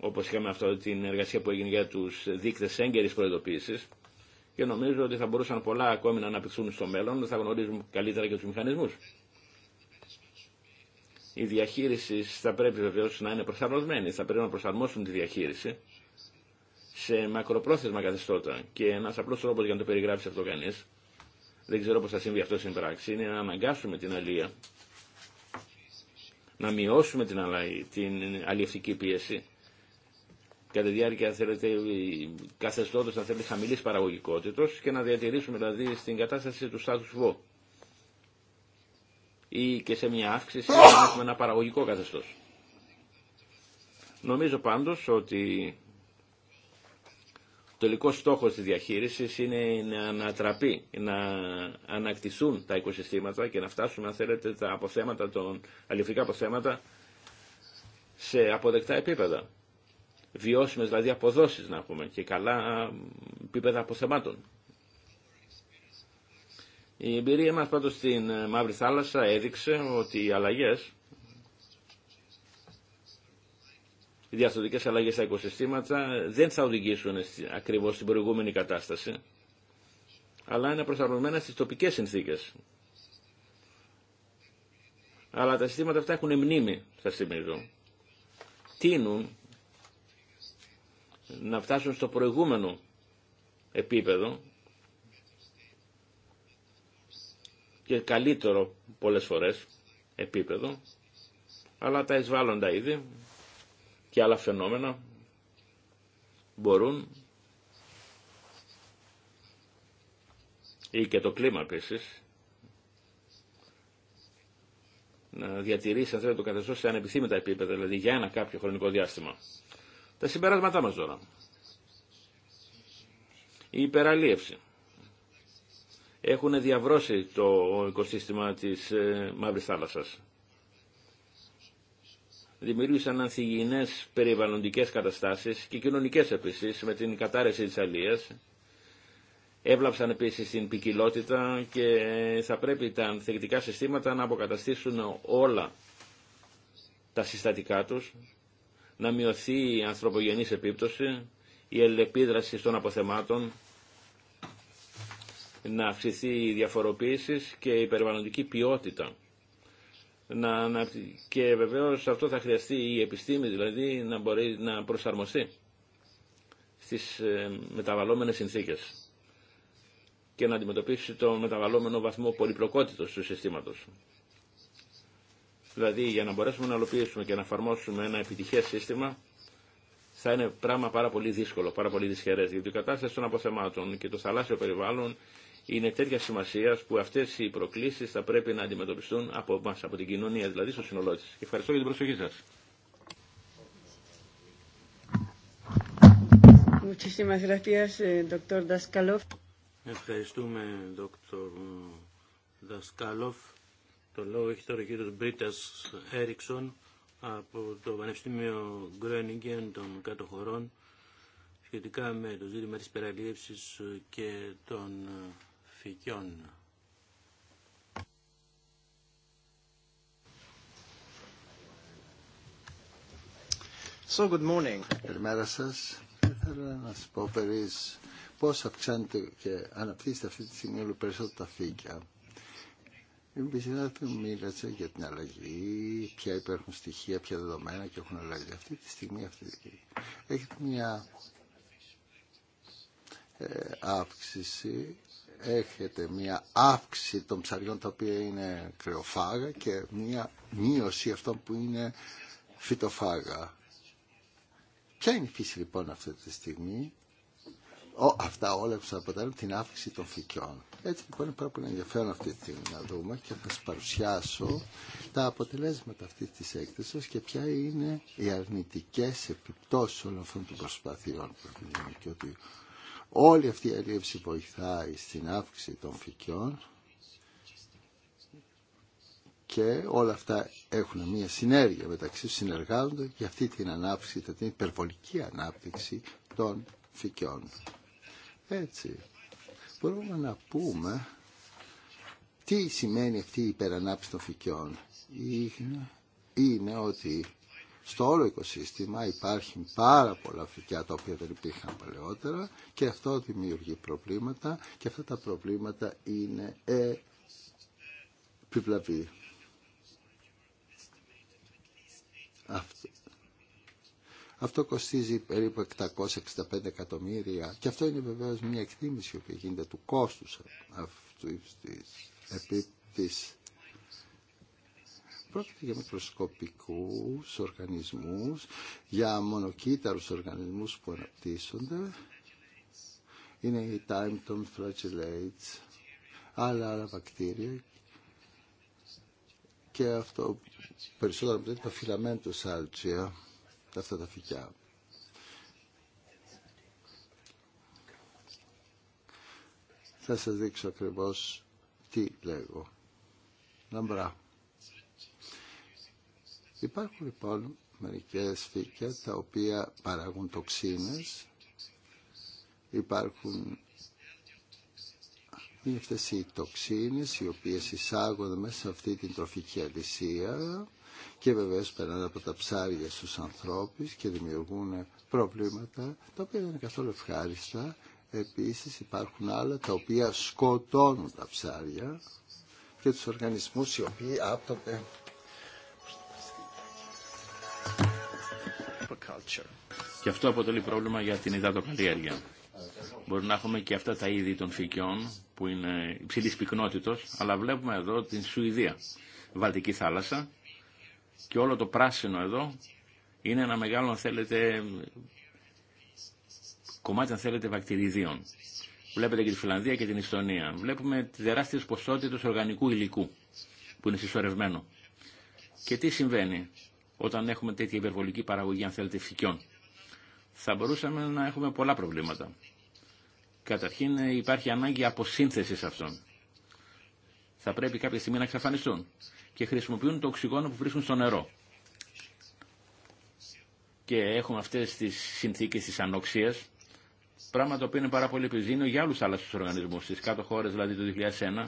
όπως είχαμε αυτό την εργασία που έγινε για τους δείκτες έγκαιρης προειδοποίησης και νομίζω ότι θα μπορούσαν πολλά ακόμη να αναπτυχθούν στο μέλλον, θα γνωρίζουμε καλύτερα και τους μηχανισμούς. Η διαχείριση θα πρέπει βεβαίω να είναι προσαρμοσμένη, θα πρέπει να προσαρμόσουν τη διαχείριση σε μακροπρόθεσμα καθεστώτα και ένα απλό τρόπο για να το περιγράψει αυτό κανεί. δεν ξέρω πώ θα συμβεί αυτό στην πράξη, είναι να αναγκάσουμε την αλληλεία να μειώσουμε την, αλλαγή, αλλιευτική πίεση, κατά τη διάρκεια θέλετε, καθεστώτος να θέλετε χαμηλής παραγωγικότητος και να διατηρήσουμε δηλαδή στην κατάσταση του Στάτου βο ή και σε μια αύξηση να έχουμε ένα παραγωγικό καθεστώς. Νομίζω πάντως ότι τελικός στόχος της διαχείρισης είναι να ανατραπεί, να ανακτηθούν τα οικοσυστήματα και να φτάσουμε, αν θέλετε, τα αποθέματα, των αποθέματα σε αποδεκτά επίπεδα. Βιώσιμες δηλαδή αποδόσεις να έχουμε και καλά επίπεδα αποθεμάτων. Η εμπειρία μας πάντως στην Μαύρη Θάλασσα έδειξε ότι οι αλλαγές οι διαστοτικές αλλαγέ στα οικοσυστήματα δεν θα οδηγήσουν ακριβώς στην προηγούμενη κατάσταση, αλλά είναι προσαρμοσμένα στις τοπικές συνθήκες. Αλλά τα συστήματα αυτά έχουν μνήμη, θα θυμίζω. Τίνουν να φτάσουν στο προηγούμενο επίπεδο και καλύτερο πολλές φορές επίπεδο, αλλά τα εισβάλλοντα ήδη, και άλλα φαινόμενα μπορούν ή και το κλίμα επίση να διατηρήσει αν θέλετε το καθεστώ σε ανεπιθύμητα επίπεδα, δηλαδή για ένα κάποιο χρονικό διάστημα. Τα συμπεράσματά μας τώρα. Η υπεραλίευση. Έχουν διαβρώσει το οικοσύστημα της ε, Μαύρης Θάλασσας δημιούργησαν ανθυγιεινές περιβαλλοντικές καταστάσεις και κοινωνικές επίση με την κατάρρευση της αλίας. Έβλαψαν επίσης την ποικιλότητα και θα πρέπει τα ανθεκτικά συστήματα να αποκαταστήσουν όλα τα συστατικά τους, να μειωθεί η ανθρωπογενής επίπτωση, η ελεπίδραση των αποθεμάτων, να αυξηθεί η διαφοροποίηση και η περιβαλλοντική ποιότητα να, και βεβαίω αυτό θα χρειαστεί η επιστήμη δηλαδή να μπορεί να προσαρμοστεί στις ε, μεταβαλλόμενες συνθήκες και να αντιμετωπίσει το μεταβαλλόμενο βαθμό πολυπλοκότητος του συστήματος. Δηλαδή για να μπορέσουμε να ολοποιήσουμε και να εφαρμόσουμε ένα επιτυχές σύστημα θα είναι πράγμα πάρα πολύ δύσκολο, πάρα πολύ δυσχερές, γιατί η κατάσταση των αποθεμάτων και το θαλάσσιο περιβάλλον είναι τέτοια σημασία που αυτέ οι προκλήσει θα πρέπει να αντιμετωπιστούν από εμά, από την κοινωνία δηλαδή στο σύνολό τη. Ευχαριστώ για την προσοχή σα. Eh, Ευχαριστούμε, Δόκτωρ Δασκάλοφ. Ε, το λόγο έχει τώρα ο κύριο Μπρίτα Έριξον από το Πανεπιστήμιο Γκρόνιγκεν των Κατοχωρών σχετικά με το ζήτημα της περαλήψης και των ε, φυγιών. So good morning. Καλημέρα σα. Θέλω να σα πω περί πώ αυξάνεται και αναπτύσσεται αυτή τη στιγμή όλο περισσότερο τα φύκια. Η μου μίλησε για την αλλαγή, ποια υπάρχουν στοιχεία, ποια δεδομένα και έχουν αλλάξει. Αυτή τη στιγμή αυτή έχετε μια ε, αύξηση έχετε μια αύξηση των ψαριών τα οποία είναι κρεοφάγα και μια μείωση αυτών που είναι φυτοφάγα. Ποια είναι η φύση λοιπόν αυτή τη στιγμή. Ο, αυτά όλα που θα αποτελούν την αύξηση των φυκιών. Έτσι λοιπόν είναι πάρα πολύ ενδιαφέρον αυτή τη στιγμή να δούμε και θα σα παρουσιάσω τα αποτελέσματα αυτή τη έκθεσης και ποια είναι οι αρνητικέ επιπτώσει όλων αυτών των προσπαθειών που έχουν και Όλη αυτή η αλλιεύση βοηθάει στην αύξηση των φυκιών και όλα αυτά έχουν μια συνέργεια μεταξύ τους, συνεργάζονται για αυτή την ανάπτυξη, την υπερβολική ανάπτυξη των φυκιών. Έτσι, μπορούμε να πούμε τι σημαίνει αυτή η υπερανάπτυξη των φυκιών. είναι ότι στο όλο οικοσύστημα υπάρχουν πάρα πολλά φυκιά τα οποία δεν υπήρχαν παλαιότερα και αυτό δημιουργεί προβλήματα και αυτά τα προβλήματα είναι ε, επιβλαβή. Αυτό. Αυτό κοστίζει περίπου 665 εκατομμύρια και αυτό είναι βεβαίως μια εκτίμηση που γίνεται του κόστου της τη Πρόκειται για μικροσκοπικούς οργανισμούς, για μονοκύτταρους οργανισμούς που αναπτύσσονται. Είναι η Timeton Flagellates, άλλα άλλα βακτήρια και αυτό περισσότερο από τα φυλαμέντου σάλτσια, αυτά τα φυκιά. Θα σας δείξω ακριβώς τι λέγω. μπράβο. Υπάρχουν λοιπόν μερικές φύκια τα οποία παράγουν τοξίνες. Υπάρχουν είναι αυτές οι τοξίνες οι οποίες εισάγονται μέσα σε αυτή την τροφική αλυσία και βεβαίως περνάνε από τα ψάρια στους ανθρώπους και δημιουργούν προβλήματα τα οποία δεν είναι καθόλου ευχάριστα. Επίσης υπάρχουν άλλα τα οποία σκοτώνουν τα ψάρια και τους οργανισμούς οι οποίοι άπτονται Και αυτό αποτελεί πρόβλημα για την υδατοκαλλιέργεια. Μπορεί να έχουμε και αυτά τα είδη των φυκιών που είναι υψηλής πυκνότητος, αλλά βλέπουμε εδώ την Σουηδία, Βαλτική θάλασσα και όλο το πράσινο εδώ είναι ένα μεγάλο, θέλετε, κομμάτι, αν θέλετε, βακτηριδίων. Βλέπετε και τη Φιλανδία και την Ιστονία. Βλέπουμε τεράστιες ποσότητες οργανικού υλικού που είναι συσσωρευμένο. Και τι συμβαίνει όταν έχουμε τέτοια υπερβολική παραγωγή, αν θέλετε, φυκιών. Θα μπορούσαμε να έχουμε πολλά προβλήματα. Καταρχήν ε, υπάρχει ανάγκη αποσύνθεσης αυτών. Θα πρέπει κάποια στιγμή να εξαφανιστούν και χρησιμοποιούν το οξυγόνο που βρίσκουν στο νερό. Και έχουμε αυτές τις συνθήκες της ανοξίας, πράγμα το οποίο είναι πάρα πολύ επιζήνιο για όλους άλλους οργανισμούς. Στις κάτω χώρες, δηλαδή το 2001,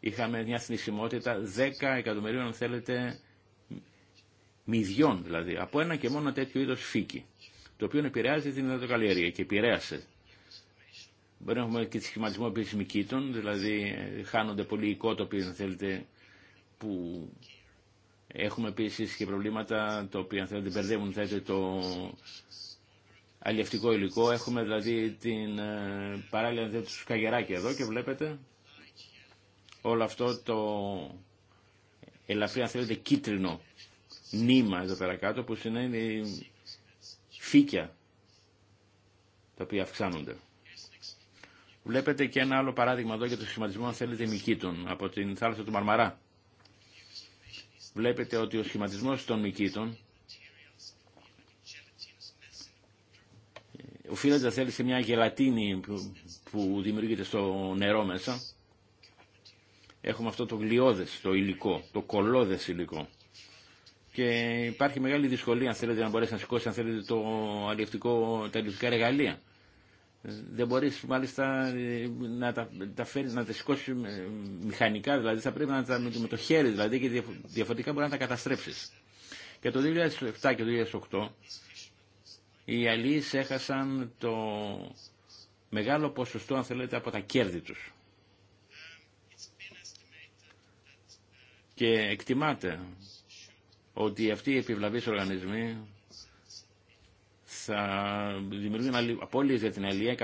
είχαμε μια θνησιμότητα 10 εκατομμυρίων, αν θέλετε, μυδιών δηλαδή, από ένα και μόνο τέτοιο είδος φύκη, το οποίο επηρεάζει την υδατοκαλλιέργεια και επηρέασε. Μπορεί να έχουμε και τη σχηματισμό επισμικήτων, δηλαδή χάνονται πολλοί οικότοποι, αν θέλετε, που έχουμε επίσης και προβλήματα τα οποία αν θέλετε μπερδεύουν θέλετε, το αλλιευτικό υλικό. Έχουμε δηλαδή την ε, παράλληλα του καγεράκια εδώ και βλέπετε όλο αυτό το ελαφρύ αν θέλετε κίτρινο νήμα εδώ πέρα κάτω που σημαίνει φύκια τα οποία αυξάνονται. Βλέπετε και ένα άλλο παράδειγμα εδώ για το σχηματισμό, αν θέλετε, Μικήτων από την θάλασσα του Μαρμαρά. Βλέπετε ότι ο σχηματισμός των Μικήτων ε, οφείλεται, θέλει, σε μια γελατίνη που δημιουργείται στο νερό μέσα. Έχουμε αυτό το γλιώδες, το υλικό, το κολλώδες υλικό. Και υπάρχει μεγάλη δυσκολία, αν θέλετε, να μπορέσει να σηκώσει, αν θέλετε, το αλληλευτικό, τα αλληλευτικά εργαλεία. Δεν μπορεί μάλιστα να τα, φέρεις, να τα σηκώσει μηχανικά, δηλαδή θα πρέπει να τα με το χέρι, δηλαδή, και διαφορετικά μπορεί να τα καταστρέψει. Και το 2007 και το 2008 οι αλληλείς έχασαν το μεγάλο ποσοστό, αν θέλετε, από τα κέρδη τους. Και εκτιμάται ότι αυτοί οι επιβλαβείς οργανισμοί θα δημιουργούν απόλυες για την αλληλεία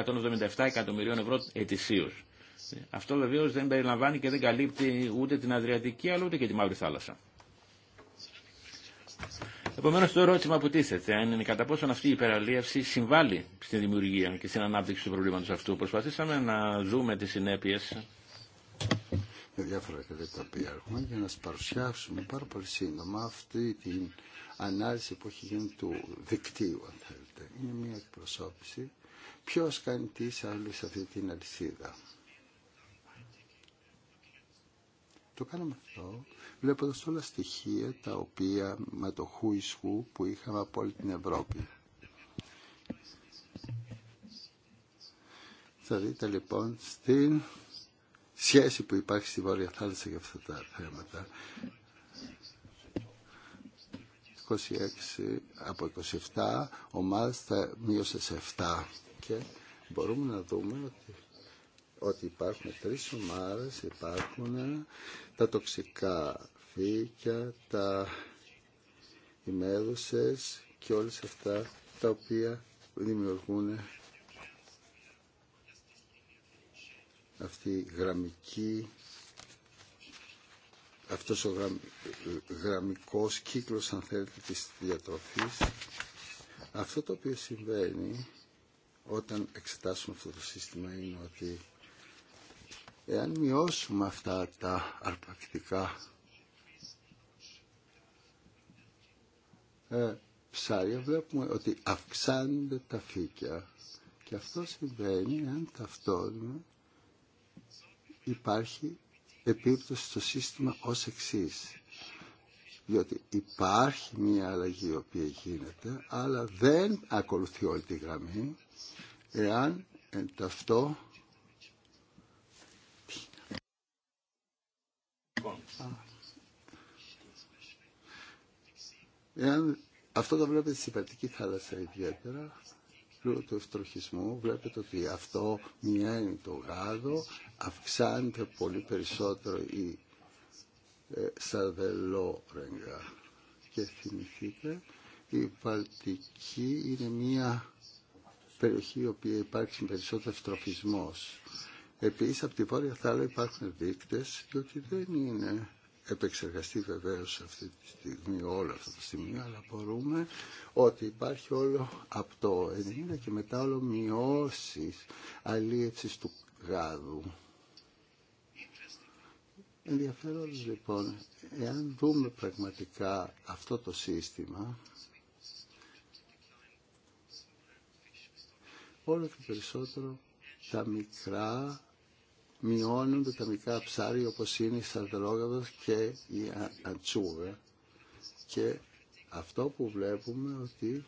177 εκατομμυρίων ευρώ ετησίως. Αυτό βεβαίω δεν περιλαμβάνει και δεν καλύπτει ούτε την Αδριατική αλλά ούτε και τη Μαύρη Θάλασσα. Επομένω, το ερώτημα που τίθεται είναι κατά πόσο αυτή η υπεραλίευση συμβάλλει στη δημιουργία και στην ανάπτυξη του προβλήματο αυτού. Προσπαθήσαμε να δούμε τι συνέπειε με διάφορα τα οποία έχουμε για να σας παρουσιάσουμε πάρα πολύ σύντομα αυτή την ανάλυση που έχει γίνει του δικτύου αν θέλετε. Είναι μια εκπροσώπηση ποιος κάνει τι σε σε αυτή την αλυσίδα. Το κάναμε αυτό βλέποντα όλα στοιχεία τα οποία με το ισχού που είχαμε από όλη την Ευρώπη. Θα δείτε λοιπόν στην σχέση που υπάρχει στη Βόρεια Θάλασσα για αυτά τα θέματα. 26 από 27 ομάδες θα μείωσε σε 7 και μπορούμε να δούμε ότι, ότι υπάρχουν τρεις ομάδες, υπάρχουν τα τοξικά φύκια, τα ημέδουσες και όλες αυτά τα οποία δημιουργούν αυτή η γραμμική αυτός ο γραμ, γραμμικός κύκλος αν θέλετε της διατροφής αυτό το οποίο συμβαίνει όταν εξετάσουμε αυτό το σύστημα είναι ότι εάν μειώσουμε αυτά τα αρπακτικά ε, ψάρια βλέπουμε ότι αυξάνονται τα φύκια και αυτό συμβαίνει αν ταυτόχρονα υπάρχει επίπτωση στο σύστημα ως εξής. Διότι υπάρχει μία αλλαγή η οποία γίνεται, αλλά δεν ακολουθεί όλη τη γραμμή, εάν εν ταυτό εάν αυτό το βλέπετε στην Περτική θάλασσα ιδιαίτερα Λόγω του ευτροχισμού βλέπετε ότι αυτό μειώνει το γάδο, αυξάνεται πολύ περισσότερο η ε, Και θυμηθείτε, η Βαλτική είναι μια περιοχή η οποία υπάρχει περισσότερο ευτροφισμός. Επίσης από τη Βόρεια Θάλα υπάρχουν δείκτες, διότι δεν είναι επεξεργαστεί βεβαίω αυτή τη στιγμή όλα αυτά τα σημεία, αλλά μπορούμε ότι υπάρχει όλο από το 90 και μετά όλο μειώσει αλίευση του γάδου. Ενδιαφέρον λοιπόν, εάν δούμε πραγματικά αυτό το σύστημα, όλο και περισσότερο τα μικρά μειώνονται τα μικρά ψάρια όπως είναι η σαρδρόγαδος και η ατσούγα και αυτό που βλέπουμε ότι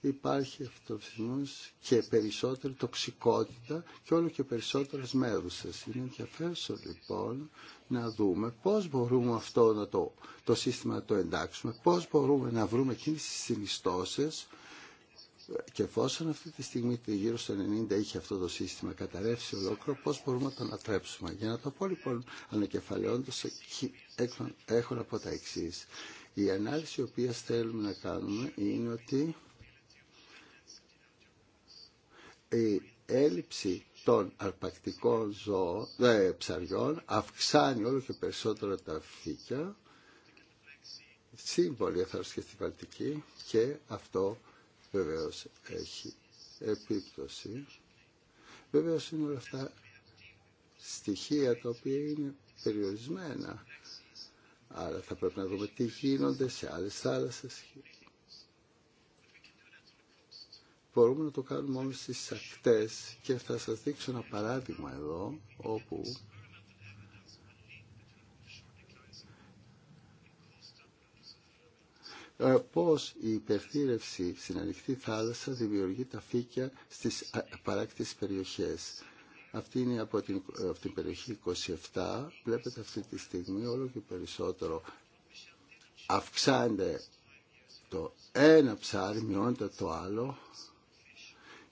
υπάρχει αυτοψινός και περισσότερη τοξικότητα και όλο και περισσότερες μέρουσες. Είναι ενδιαφέρον λοιπόν να δούμε πώς μπορούμε αυτό το, το σύστημα να το εντάξουμε, πώς μπορούμε να βρούμε εκείνες τις συνιστώσεις και εφόσον αυτή τη στιγμή γύρω στο 90 είχε αυτό το σύστημα καταρρεύσει ολόκληρο, πώς μπορούμε να το ανατρέψουμε. Για να το πω λοιπόν ανακεφαλαιόντως έχω να πω τα εξή. Η ανάλυση η οποία θέλουμε να κάνουμε είναι ότι η έλλειψη των αρπακτικών ζώων, ε, ψαριών αυξάνει όλο και περισσότερο τα φύκια, σύμβολη θα και αυτό βεβαίως έχει επίπτωση. Βεβαίως είναι όλα αυτά στοιχεία τα οποία είναι περιορισμένα. Άρα θα πρέπει να δούμε τι γίνονται σε άλλες θάλασσες. Μπορούμε να το κάνουμε όμως στις ακτές και θα σας δείξω ένα παράδειγμα εδώ όπου Ε, πώς η υπερθύρευση στην ανοιχτή θάλασσα δημιουργεί τα φύκια στις παράκτης περιοχές. Αυτή είναι από την, ε, περιοχή 27. Βλέπετε αυτή τη στιγμή όλο και περισσότερο αυξάνεται το ένα ψάρι, μειώνεται το άλλο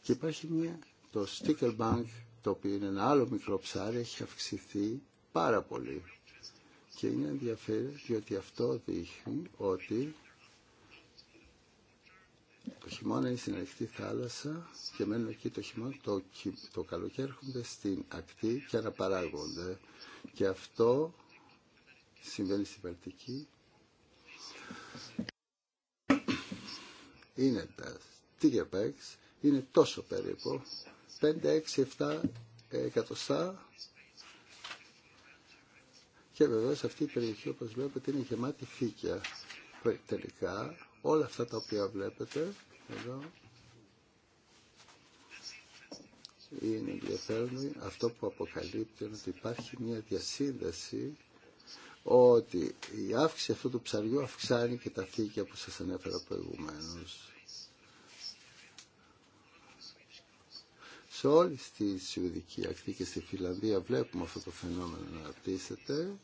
και υπάρχει μια, το sticker bank το οποίο είναι ένα άλλο μικρό ψάρι έχει αυξηθεί πάρα πολύ και είναι ενδιαφέρον διότι αυτό δείχνει ότι το χειμώνα είναι στην ανοιχτή θάλασσα και μένουν εκεί το χειμώνα, το, το καλοκαίρι έρχονται στην ακτή και αναπαράγονται. Και αυτό συμβαίνει στην παρτική. Είναι τα Tigerbags, είναι τόσο περίπου, 5, 6, 7 εκατοστά και βεβαίως αυτή η περιοχή όπως βλέπετε είναι γεμάτη φύκια. Τελικά όλα αυτά τα οποία βλέπετε εδώ είναι ενδιαφέρον αυτό που αποκαλύπτει είναι ότι υπάρχει μια διασύνδεση ότι η αύξηση αυτού του ψαριού αυξάνει και τα θήκια που σας ανέφερα προηγουμένως. Σε όλη τη Σουηδική Ακτή και στη Φιλανδία βλέπουμε αυτό το φαινόμενο να αναπτύσσεται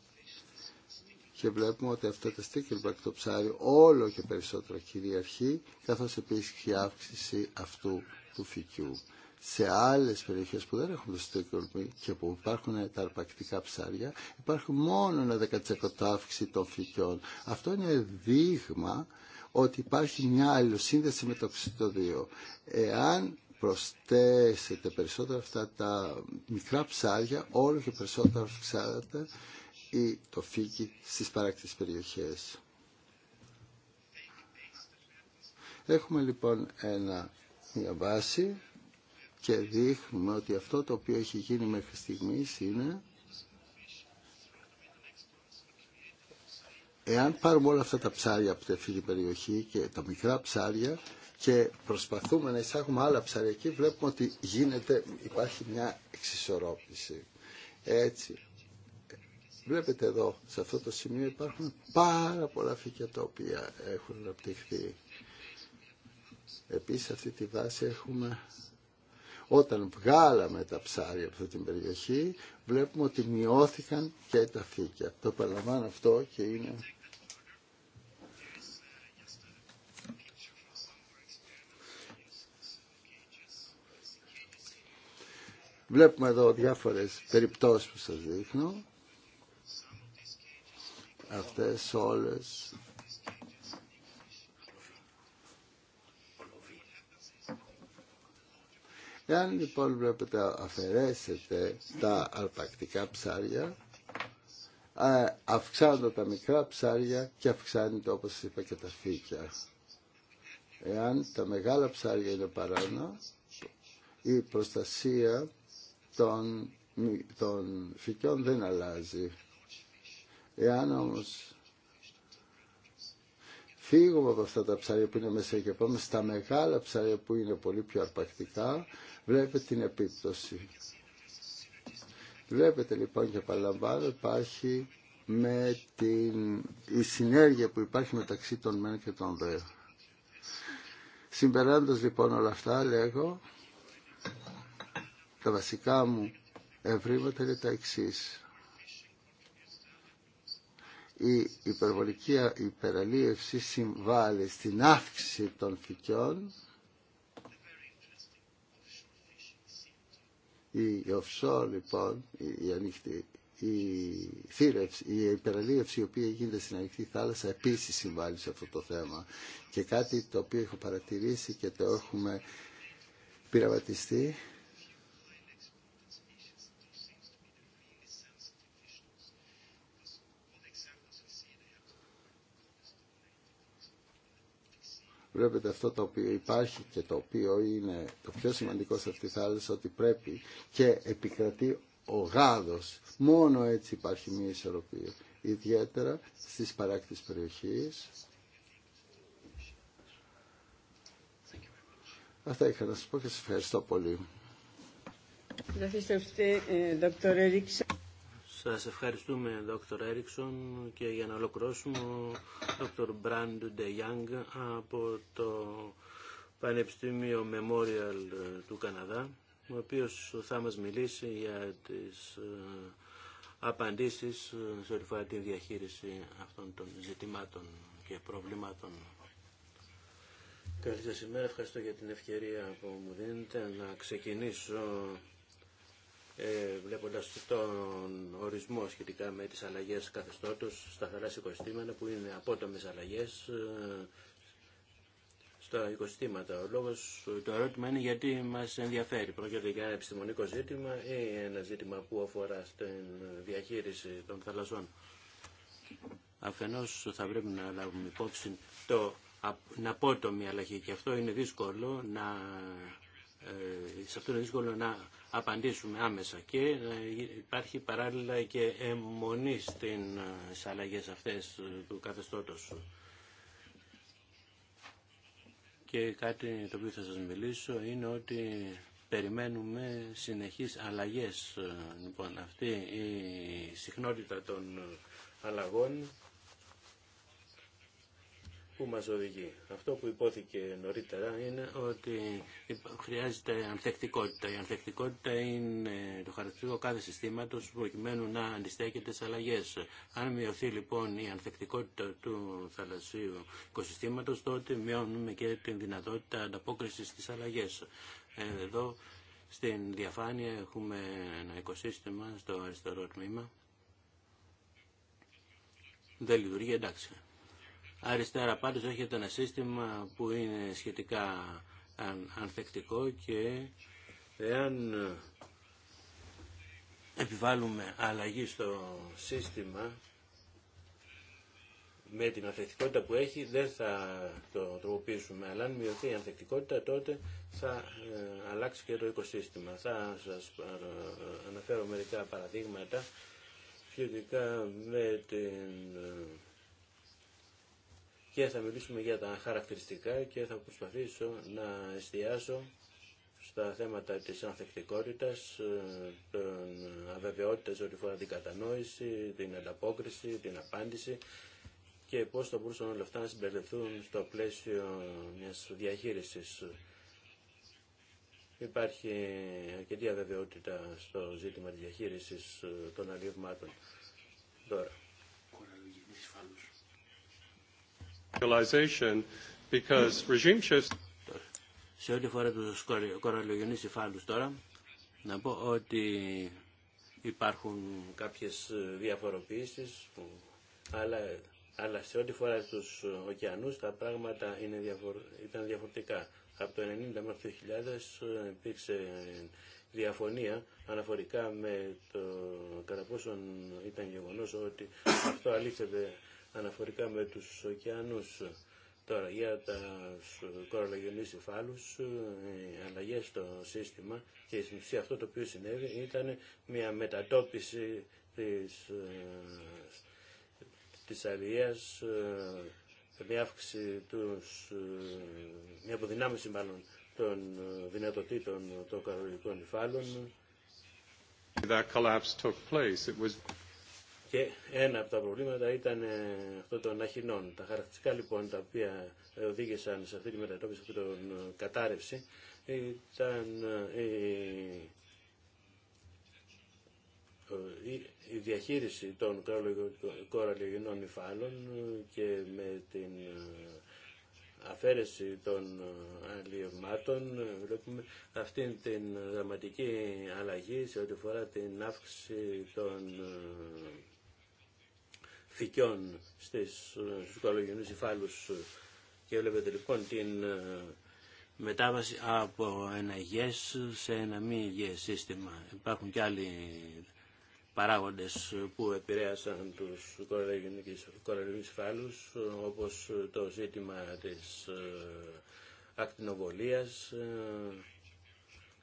και βλέπουμε ότι αυτό το stickleback το ψάρι όλο και περισσότερο κυριαρχεί καθώς επίσης και η αύξηση αυτού του φυκιού. Σε άλλες περιοχές που δεν έχουν το stickleback και που υπάρχουν τα αρπακτικά ψάρια υπάρχει μόνο ένα 10% αύξηση των φυκιών. Αυτό είναι δείγμα ότι υπάρχει μια αλληλοσύνδεση με το δύο. Εάν προσθέσετε περισσότερα αυτά τα μικρά ψάρια, όλο και περισσότερα αυξάνεται ή το φύγει στις παράκτητες περιοχές. Έχουμε λοιπόν ένα, μια βάση και δείχνουμε ότι αυτό το οποίο έχει γίνει μέχρι στιγμής είναι εάν πάρουμε όλα αυτά τα ψάρια από τη φύγη περιοχή και τα μικρά ψάρια και προσπαθούμε να εισάγουμε άλλα ψάρια εκεί, βλέπουμε ότι γίνεται, υπάρχει μια εξισορρόπηση. Έτσι, Βλέπετε εδώ, σε αυτό το σημείο υπάρχουν πάρα πολλά φύκια τα οποία έχουν αναπτυχθεί. Επίσης αυτή τη βάση έχουμε όταν βγάλαμε τα ψάρια από αυτή την περιοχή βλέπουμε ότι μειώθηκαν και τα φύκια. Το παραλαμβάνω αυτό και είναι... Βλέπουμε εδώ διάφορες περιπτώσεις που σας δείχνω αυτές όλες Εάν λοιπόν βλέπετε αφαιρέσετε τα αρπακτικά ψάρια, αυξάνονται τα μικρά ψάρια και αυξάνεται όπως είπα και τα φύκια. Εάν τα μεγάλα ψάρια είναι παράνο, η προστασία των, των φυκιών δεν αλλάζει. Εάν όμως φύγουμε από αυτά τα ψάρια που είναι μέσα και πάμε στα μεγάλα ψάρια που είναι πολύ πιο αρπακτικά, βλέπετε την επίπτωση. Βλέπετε λοιπόν και παραλαμβάνω υπάρχει με την, η συνέργεια που υπάρχει μεταξύ των μεν και των δε. Συμπεράντος λοιπόν όλα αυτά λέγω τα βασικά μου ευρήματα είναι τα εξής η υπερβολική υπεραλίευση συμβάλλει στην αύξηση των φυκιών η offshore λοιπόν η, ανοιχτή, η, θύρευση, η υπεραλίευση η οποία γίνεται στην ανοιχτή θάλασσα επίσης συμβάλλει σε αυτό το θέμα και κάτι το οποίο έχω παρατηρήσει και το έχουμε πειραματιστεί βλέπετε αυτό το οποίο υπάρχει και το οποίο είναι το πιο σημαντικό σε αυτή τη θάλασσα ότι πρέπει και επικρατεί ο γάδος. Μόνο έτσι υπάρχει μια ισορροπία. Ιδιαίτερα στις παράκτης περιοχής. Αυτά είχα να σας πω και σας ευχαριστώ πολύ. Ε, σας ευχαριστούμε, Δόκτωρ Έριξον, και για να ολοκληρώσουμε, Δόκτωρ Μπραντ Ντεγιάνγκ από το Πανεπιστήμιο Μεμόριαλ του Καναδά, ο οποίος θα μας μιλήσει για τις ε, απαντήσεις ε, σε όλη φορά τη διαχείριση αυτών των ζητημάτων και προβλημάτων. Καλή σας ημέρα, ευχαριστώ για την ευκαιρία που μου δίνετε να ξεκινήσω ε, βλέποντας τον ορισμό σχετικά με τις αλλαγές καθεστώτος στα θαλάσσια οικοστήματα που είναι απότομες αλλαγές ε, στα οικοστήματα. Ο λόγος, το ερώτημα είναι γιατί μας ενδιαφέρει. Πρόκειται για ένα επιστημονικό ζήτημα ή ένα ζήτημα που αφορά στην διαχείριση των θαλασσών. Αφενός θα πρέπει να λάβουμε υπόψη το απότομη αλλαγή και αυτό είναι δύσκολο να, ε, σε αυτό είναι δύσκολο να απαντήσουμε άμεσα και ε, υπάρχει παράλληλα και αιμονή ε, στις αλλαγές αυτές ε, του καθεστώτος. Και κάτι το οποίο θα σας μιλήσω είναι ότι περιμένουμε συνεχείς αλλαγές. Λοιπόν, αυτή η συχνότητα των αλλαγών που μας Αυτό που υπόθηκε νωρίτερα είναι ότι χρειάζεται ανθεκτικότητα. Η ανθεκτικότητα είναι το χαρακτηριστικό κάθε συστήματος προκειμένου να αντιστέκεται σε αλλαγές. Αν μειωθεί λοιπόν η ανθεκτικότητα του θαλασσίου οικοσυστήματος, τότε μειώνουμε και την δυνατότητα ανταπόκρισης στις αλλαγές. Εδώ στην διαφάνεια έχουμε ένα οικοσύστημα στο αριστερό τμήμα. Δεν λειτουργεί εντάξει. Αριστερά πάντως έχετε ένα σύστημα που είναι σχετικά ανθεκτικό και εάν επιβάλλουμε αλλαγή στο σύστημα με την ανθεκτικότητα που έχει δεν θα το τροποποιήσουμε αλλά αν μειωθεί η ανθεκτικότητα τότε θα ε, αλλάξει και το οικοσύστημα. Θα σας αναφέρω μερικά παραδείγματα σχετικά με την ε, και θα μιλήσουμε για τα χαρακτηριστικά και θα προσπαθήσω να εστιάσω στα θέματα της ανθεκτικότητας, των αβεβαιότητας ό,τι φορά την κατανόηση, την ανταπόκριση, την απάντηση και πώς θα μπορούσαν όλα αυτά να συμπεριληφθούν στο πλαίσιο μιας διαχείρισης. Υπάρχει αρκετή αβεβαιότητα στο ζήτημα της διαχείρισης των αλλιευμάτων τώρα. Σε ό,τι αφορά τους κοραλογενείς υφάλους τώρα, να πω ότι υπάρχουν κάποιε διαφοροποιήσει, αλλά, αλλά σε ό,τι φορά του ωκεανού, τα πράγματα είναι διαφορ, ήταν διαφορετικά. Από το 1990 μέχρι το 2000 ε, υπήρξε διαφωνία αναφορικά με το κατά πόσον ήταν γεγονό ότι αυτό αλήθευε αναφορικά με τους ωκεανούς. Τώρα, για τα κορολογιονείς υφάλους, οι ε, αλλαγές στο σύστημα και στην ουσία αυτό το οποίο συνέβη ήταν μια μετατόπιση της, ε, της ε, μια αύξηση τους, μια αποδυνάμωση μάλλον των δυνατοτήτων των κορολογικών υφάλων. Και ένα από τα προβλήματα ήταν ε, αυτό των αχινών. Τα χαρακτηριστικά λοιπόν τα οποία ε, οδήγησαν σε αυτή τη μετατόπιση, αυτή την ε, κατάρρευση, ήταν η διαχείριση των κοραλιογενών υφάλων και με την αφαίρεση των αλλιευμάτων βλέπουμε αυτήν την δραματική αλλαγή σε ό,τι αφορά την αύξηση των φυκιών στις, στους καλογενείς και βλέπετε λοιπόν την ε, μετάβαση από ένα υγιές σε ένα μη υγιές σύστημα. Υπάρχουν και άλλοι παράγοντες που επηρέασαν τους κορολογικούς υφάλους όπως το ζήτημα της ε, ακτινοβολίας, ε,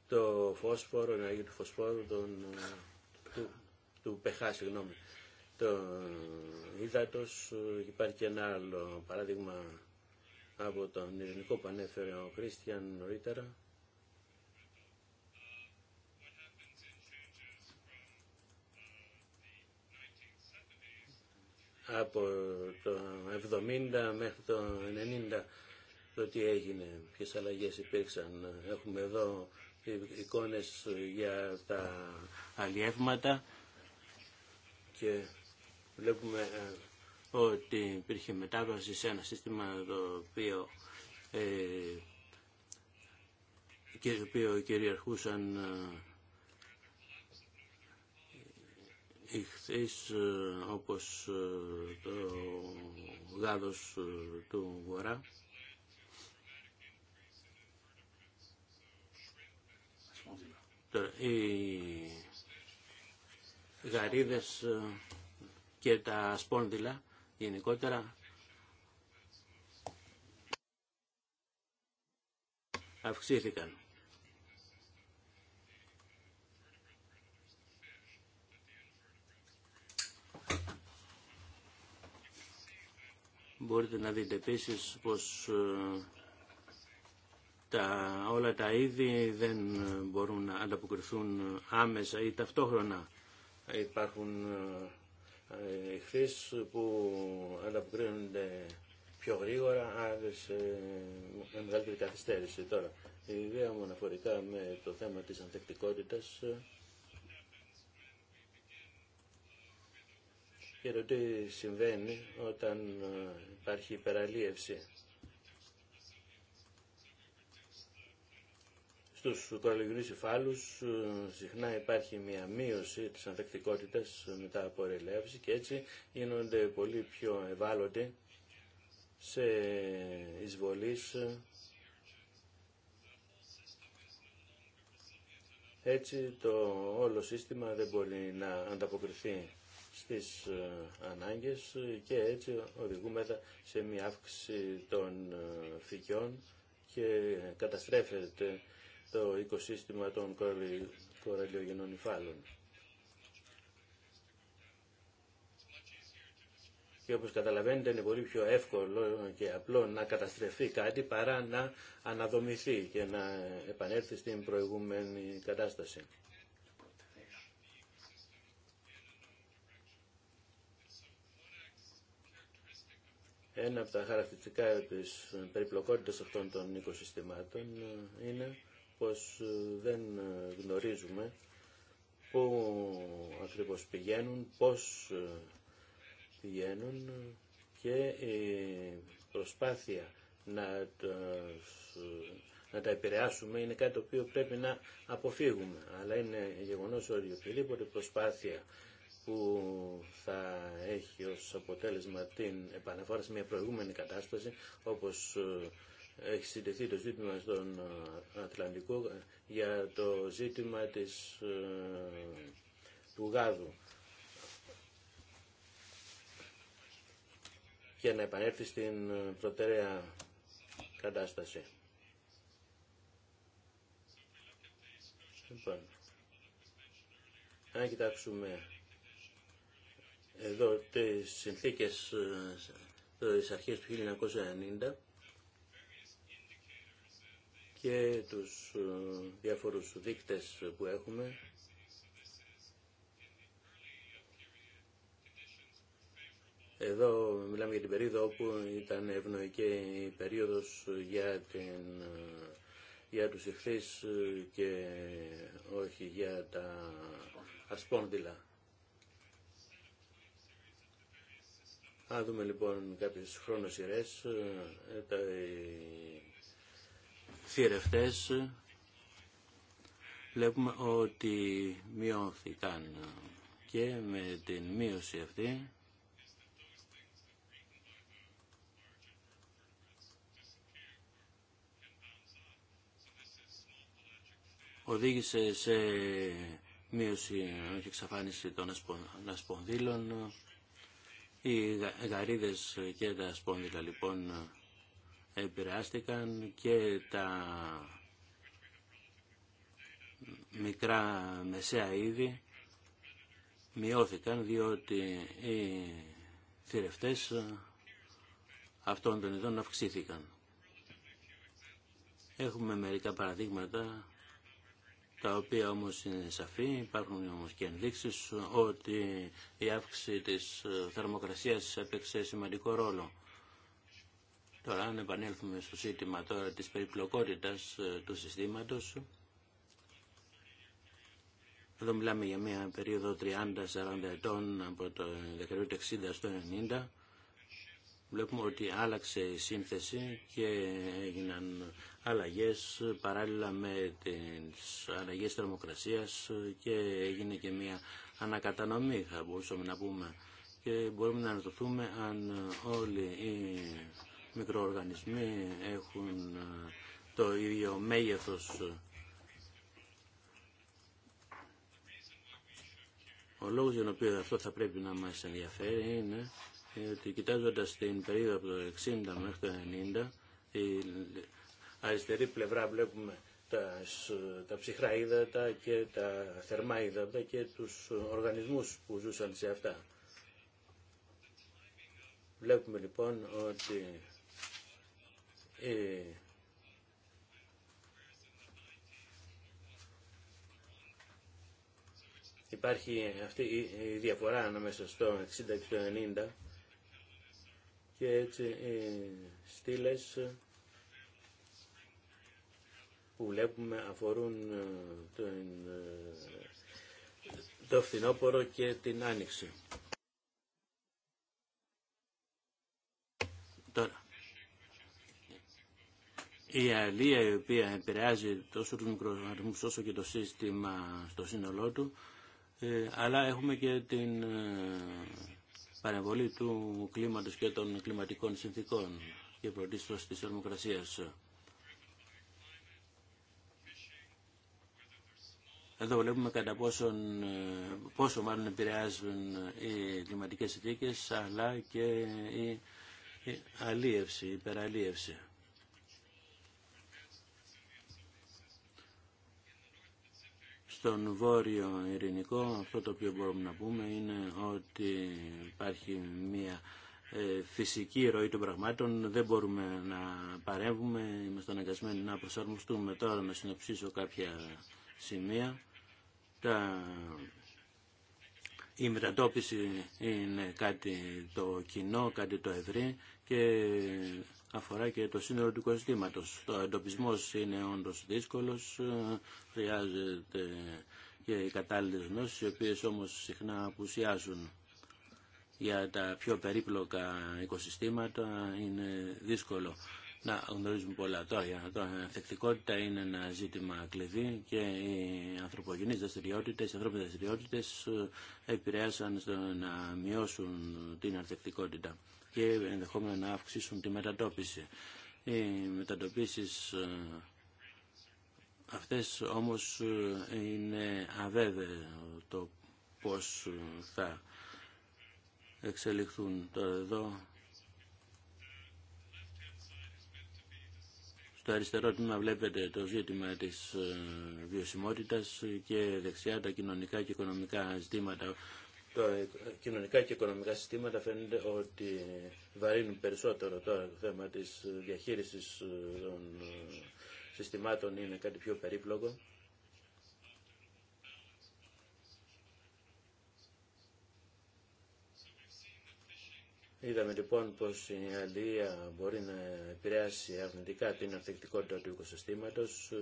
το φόσφορο, ενεργή του φωσφόρου, τον, του, του συγγνώμη το ύδατος. Υπάρχει ένα άλλο παράδειγμα από τον ειρηνικό που ανέφερε ο Κρίστιαν νωρίτερα. Από το 70 μέχρι το 90 το τι έγινε, ποιες αλλαγές υπήρξαν. Έχουμε εδώ εικόνες για τα αλλιεύματα και βλέπουμε ε, ότι υπήρχε μετάβαση σε ένα σύστημα το οποίο, ε, το οποίο κυριαρχούσαν ε, οι χθείς ε, όπως το γάδος του Βορρά οι γαρίδες και τα σπόνδυλα γενικότερα αυξήθηκαν. Μπορείτε να δείτε επίσης πως ε, τα, όλα τα είδη δεν μπορούν να ανταποκριθούν άμεσα ή ταυτόχρονα. Υπάρχουν ε, ε, εχθείς που ανταποκρίνονται πιο γρήγορα, ε, με μεγαλύτερη καθυστέρηση. Τώρα, η ιδέα μου αναφορικά με το θέμα της ανθεκτικότητας ε, και το τι συμβαίνει όταν ε, υπάρχει υπεραλίευση στους κορολογινούς υφάλους ε, συχνά υπάρχει μια μείωση της ανθεκτικότητας μετά από ρελεύση και έτσι γίνονται πολύ πιο ευάλωτοι σε εισβολείς Έτσι το όλο σύστημα δεν μπορεί να ανταποκριθεί στις ε, ανάγκες και έτσι οδηγούμεθα σε μια αύξηση των ε, φυκιών και καταστρέφεται το οικοσύστημα των κοραλιογενών υφάλων. Και όπως καταλαβαίνετε είναι πολύ πιο εύκολο και απλό να καταστρεφεί κάτι παρά να αναδομηθεί και να επανέλθει στην προηγούμενη κατάσταση. Ένα από τα χαρακτηριστικά της περιπλοκότητας αυτών των οικοσυστημάτων είναι πως ε, δεν ε, γνωρίζουμε πού ακριβώς πηγαίνουν, πώς ε, πηγαίνουν και η προσπάθεια να τα, να τα επηρεάσουμε είναι κάτι το οποίο πρέπει να αποφύγουμε. Αλλά είναι γεγονός ότι οποιαδήποτε προσπάθεια που θα έχει ως αποτέλεσμα την επαναφόραση μια προηγούμενη κατάσταση, όπως έχει συντηθεί το ζήτημα στον ε, Ατλαντικό για το ζήτημα της, ε, του γάδου. και να επανέλθει στην ε, προτεραιά κατάσταση. Λοιπόν, αν κοιτάξουμε εδώ τις συνθήκες της αρχής του 1990, και τους ε, διάφορους δείκτες που έχουμε. Εδώ μιλάμε για την περίοδο όπου ήταν ευνοϊκή η περίοδος για, την, ε, για τους ηχθείς ε, και όχι για τα ασπόνδυλα. Α δούμε λοιπόν κάποιες χρόνος σειρές, τα θηρευτές βλέπουμε ότι μειώθηκαν και με την μείωση αυτή οδήγησε σε μείωση, και εξαφάνιση των ασπονδύλων. Οι γαρίδες και τα ασπονδύλα λοιπόν επηρεάστηκαν και τα μικρά μεσαία είδη μειώθηκαν διότι οι θηρευτές αυτών των ειδών αυξήθηκαν. Έχουμε μερικά παραδείγματα τα οποία όμως είναι σαφή, υπάρχουν όμως και ενδείξεις ότι η αύξηση της θερμοκρασίας έπαιξε σημαντικό ρόλο. Τώρα αν επανέλθουμε στο σύντημα τώρα της περιπλοκότητας ε, του συστήματος, εδώ μιλάμε για μια περίοδο 30-40 ετών από το δεκαετία 60 στο 90. Βλέπουμε ότι άλλαξε η σύνθεση και έγιναν αλλαγές παράλληλα με τις αλλαγές θερμοκρασίας και έγινε και μια ανακατανομή θα μπορούσαμε να πούμε και μπορούμε να αναρωτηθούμε αν όλοι οι μικροοργανισμοί έχουν ε, το ίδιο μέγεθος. Ο λόγος για τον οποίο αυτό θα πρέπει να μας ενδιαφέρει είναι ότι κοιτάζοντας την περίοδο από το 60 μέχρι το 90, η αριστερή πλευρά βλέπουμε τα, τα ψυχρά ύδατα και τα θερμά ύδατα και τους οργανισμούς που ζούσαν σε αυτά. Βλέπουμε λοιπόν ότι ε, υπάρχει αυτή η διαφορά ανάμεσα στο 60 και το 90 και έτσι οι στήλες που βλέπουμε αφορούν ε, ε, το φθινόπωρο και την άνοιξη. η αλία η οποία επηρεάζει τόσο τους μικροοργανισμούς όσο και το σύστημα στο σύνολό του, ε, αλλά έχουμε και την ε, παρεμβολή του κλίματος και των κλιματικών συνθήκων και πρωτίστως της θερμοκρασίας. Εδώ βλέπουμε κατά πόσον, ε, πόσο μάλλον επηρεάζουν οι κλιματικές συνθήκες αλλά και η αλίευση, η υπεραλίευση. Στον Βόρειο Ειρηνικό αυτό το οποίο μπορούμε να πούμε είναι ότι υπάρχει μια ε, φυσική ροή των πραγμάτων, δεν μπορούμε να παρέμβουμε, είμαστε αναγκασμένοι να προσαρμοστούμε τώρα να συνοψίσω κάποια σημεία. Τα... Η μετατόπιση είναι κάτι το κοινό, κάτι το ευρύ και αφορά και το σύνολο του οικοσυστήματος. Το εντοπισμό είναι όντω δύσκολο, ε, χρειάζεται και οι κατάλληλε γνώσει, οι οποίες όμως συχνά απουσιάζουν για τα πιο περίπλοκα οικοσυστήματα είναι δύσκολο να γνωρίζουμε πολλά. Τώρα η ανθεκτικότητα είναι ένα ζήτημα κλειδί και οι ανθρωπογενείς δραστηριότητε, οι ανθρώπινες δραστηριότητε ε, επηρέασαν στο να μειώσουν την ανθεκτικότητα και ενδεχόμενα να αυξήσουν τη μετατόπιση. Οι μετατοπίσεις ε, αυτές όμως ε, είναι αβέβαιο το πώς ε, θα εξελιχθούν το εδώ. Στο αριστερό τμήμα βλέπετε το ζήτημα της βιωσιμότητας και δεξιά τα κοινωνικά και οικονομικά ζητήματα τα κοινωνικά και οικονομικά συστήματα φαίνεται ότι βαρύνουν περισσότερο το θέμα της διαχείρισης των συστημάτων είναι κάτι πιο περίπλοκο. Είδαμε λοιπόν πως η αλληλεία μπορεί να επηρεάσει αρνητικά την ανθεκτικότητα του οικοσυστήματος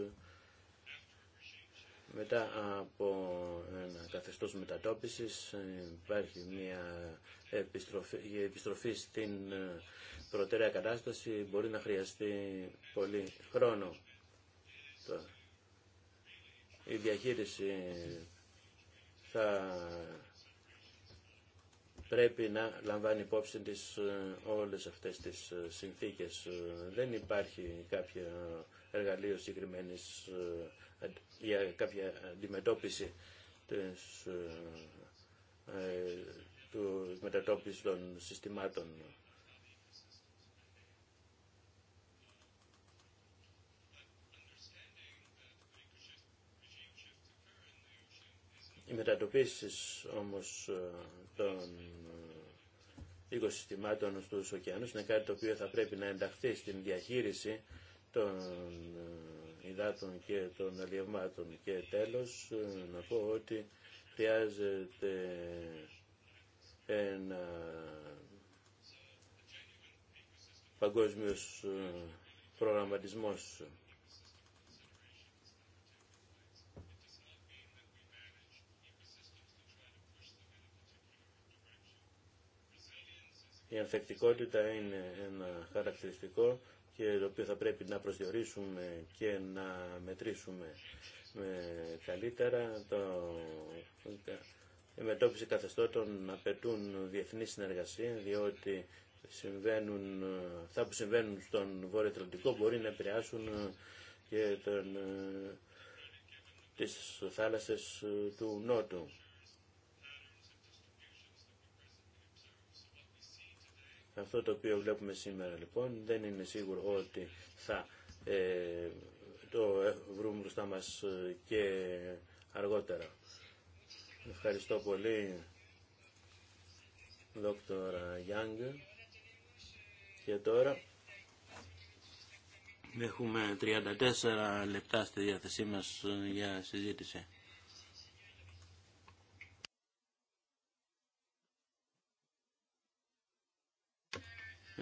μετά από ένα καθεστώς μετατόπισης ε, υπάρχει μια επιστροφή, η επιστροφή στην ε, προτεραία κατάσταση μπορεί να χρειαστεί πολύ χρόνο. Η διαχείριση θα πρέπει να λαμβάνει υπόψη τις ε, όλες αυτές τις συνθήκες. Δεν υπάρχει κάποιο εργαλείο συγκεκριμένης για κάποια αντιμετώπιση της, ε, ε, του μετατόπιση των συστημάτων. Οι μετατοπίσεις όμως ε, των οικοσυστημάτων στους ωκεανούς είναι κάτι το οποίο θα πρέπει να ενταχθεί στην διαχείριση των υδάτων και των αλλιευμάτων. Και τέλος ε, να πω ότι χρειάζεται ένα παγκόσμιος ε, προγραμματισμός Η ανθεκτικότητα είναι ένα χαρακτηριστικό και το οποίο θα πρέπει να προσδιορίσουμε και να μετρήσουμε με καλύτερα το μετώπιση καθεστώτων απαιτούν διεθνή συνεργασία διότι συμβαίνουν, αυτά που συμβαίνουν στον Βόρειο Ατλαντικό μπορεί να επηρεάσουν και τον, ε, τις θάλασσες του Νότου. Αυτό το οποίο βλέπουμε σήμερα λοιπόν δεν είναι σίγουρο ότι θα ε, το βρούμε μπροστά μας ε, και αργότερα. Ευχαριστώ πολύ δόκτωρα Γιάνγκ και τώρα έχουμε 34 λεπτά στη διάθεσή μας ε, για συζήτηση.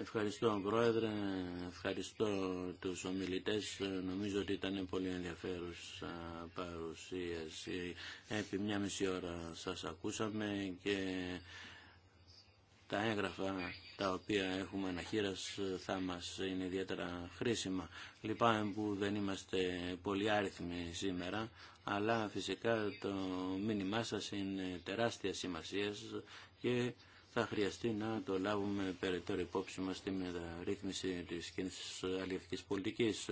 Ευχαριστώ Πρόεδρε, ευχαριστώ τους ομιλητές. Νομίζω ότι ήταν πολύ ενδιαφέρουσα παρουσίαση. Επί μια μισή ώρα σας ακούσαμε και τα έγγραφα τα οποία έχουμε αναχείρας θα μας είναι ιδιαίτερα χρήσιμα. Λυπάμαι που δεν είμαστε πολύ άριθμοι σήμερα, αλλά φυσικά το μήνυμά σας είναι τεράστια σημασία και θα χρειαστεί να το λάβουμε περαιτέρω υπόψη μας στη μεταρρύθμιση της κίνησης αλληλευτικής πολιτικής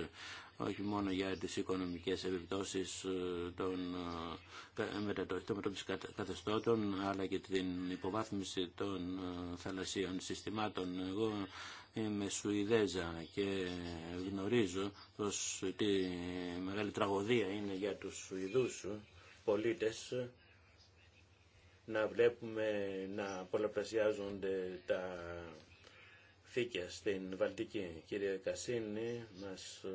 όχι μόνο για τις οικονομικές επιπτώσεις των ε, μετατοπιστών καθεστώτων, αλλά και την υποβάθμιση των ε, θαλασσίων συστημάτων. Εγώ είμαι Σουηδέζα και γνωρίζω πως τη μεγάλη τραγωδία είναι για τους Σουηδούς πολίτες να βλέπουμε να πολλαπλασιάζονται τα φύκια στην Βαλτική. Κύριε Κασίνη, μας ε,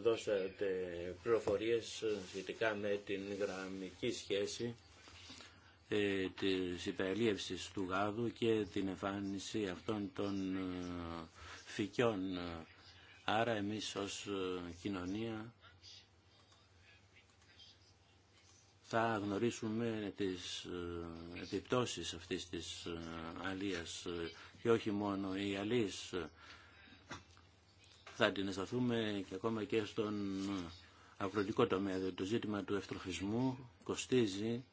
δώσατε πληροφορίες σχετικά με την γραμμική σχέση ε, της υπερλίευσης του γάδου και την εμφάνιση αυτών των ε, φυκιών. Άρα εμείς ως κοινωνία θα γνωρίσουμε τις ε, επιπτώσεις αυτής της ε, αλίας ε, και όχι μόνο οι αλίες θα την αισθανθούμε και ακόμα και στον αγροτικό τομέα διότι το ζήτημα του ευτροφισμού κοστίζει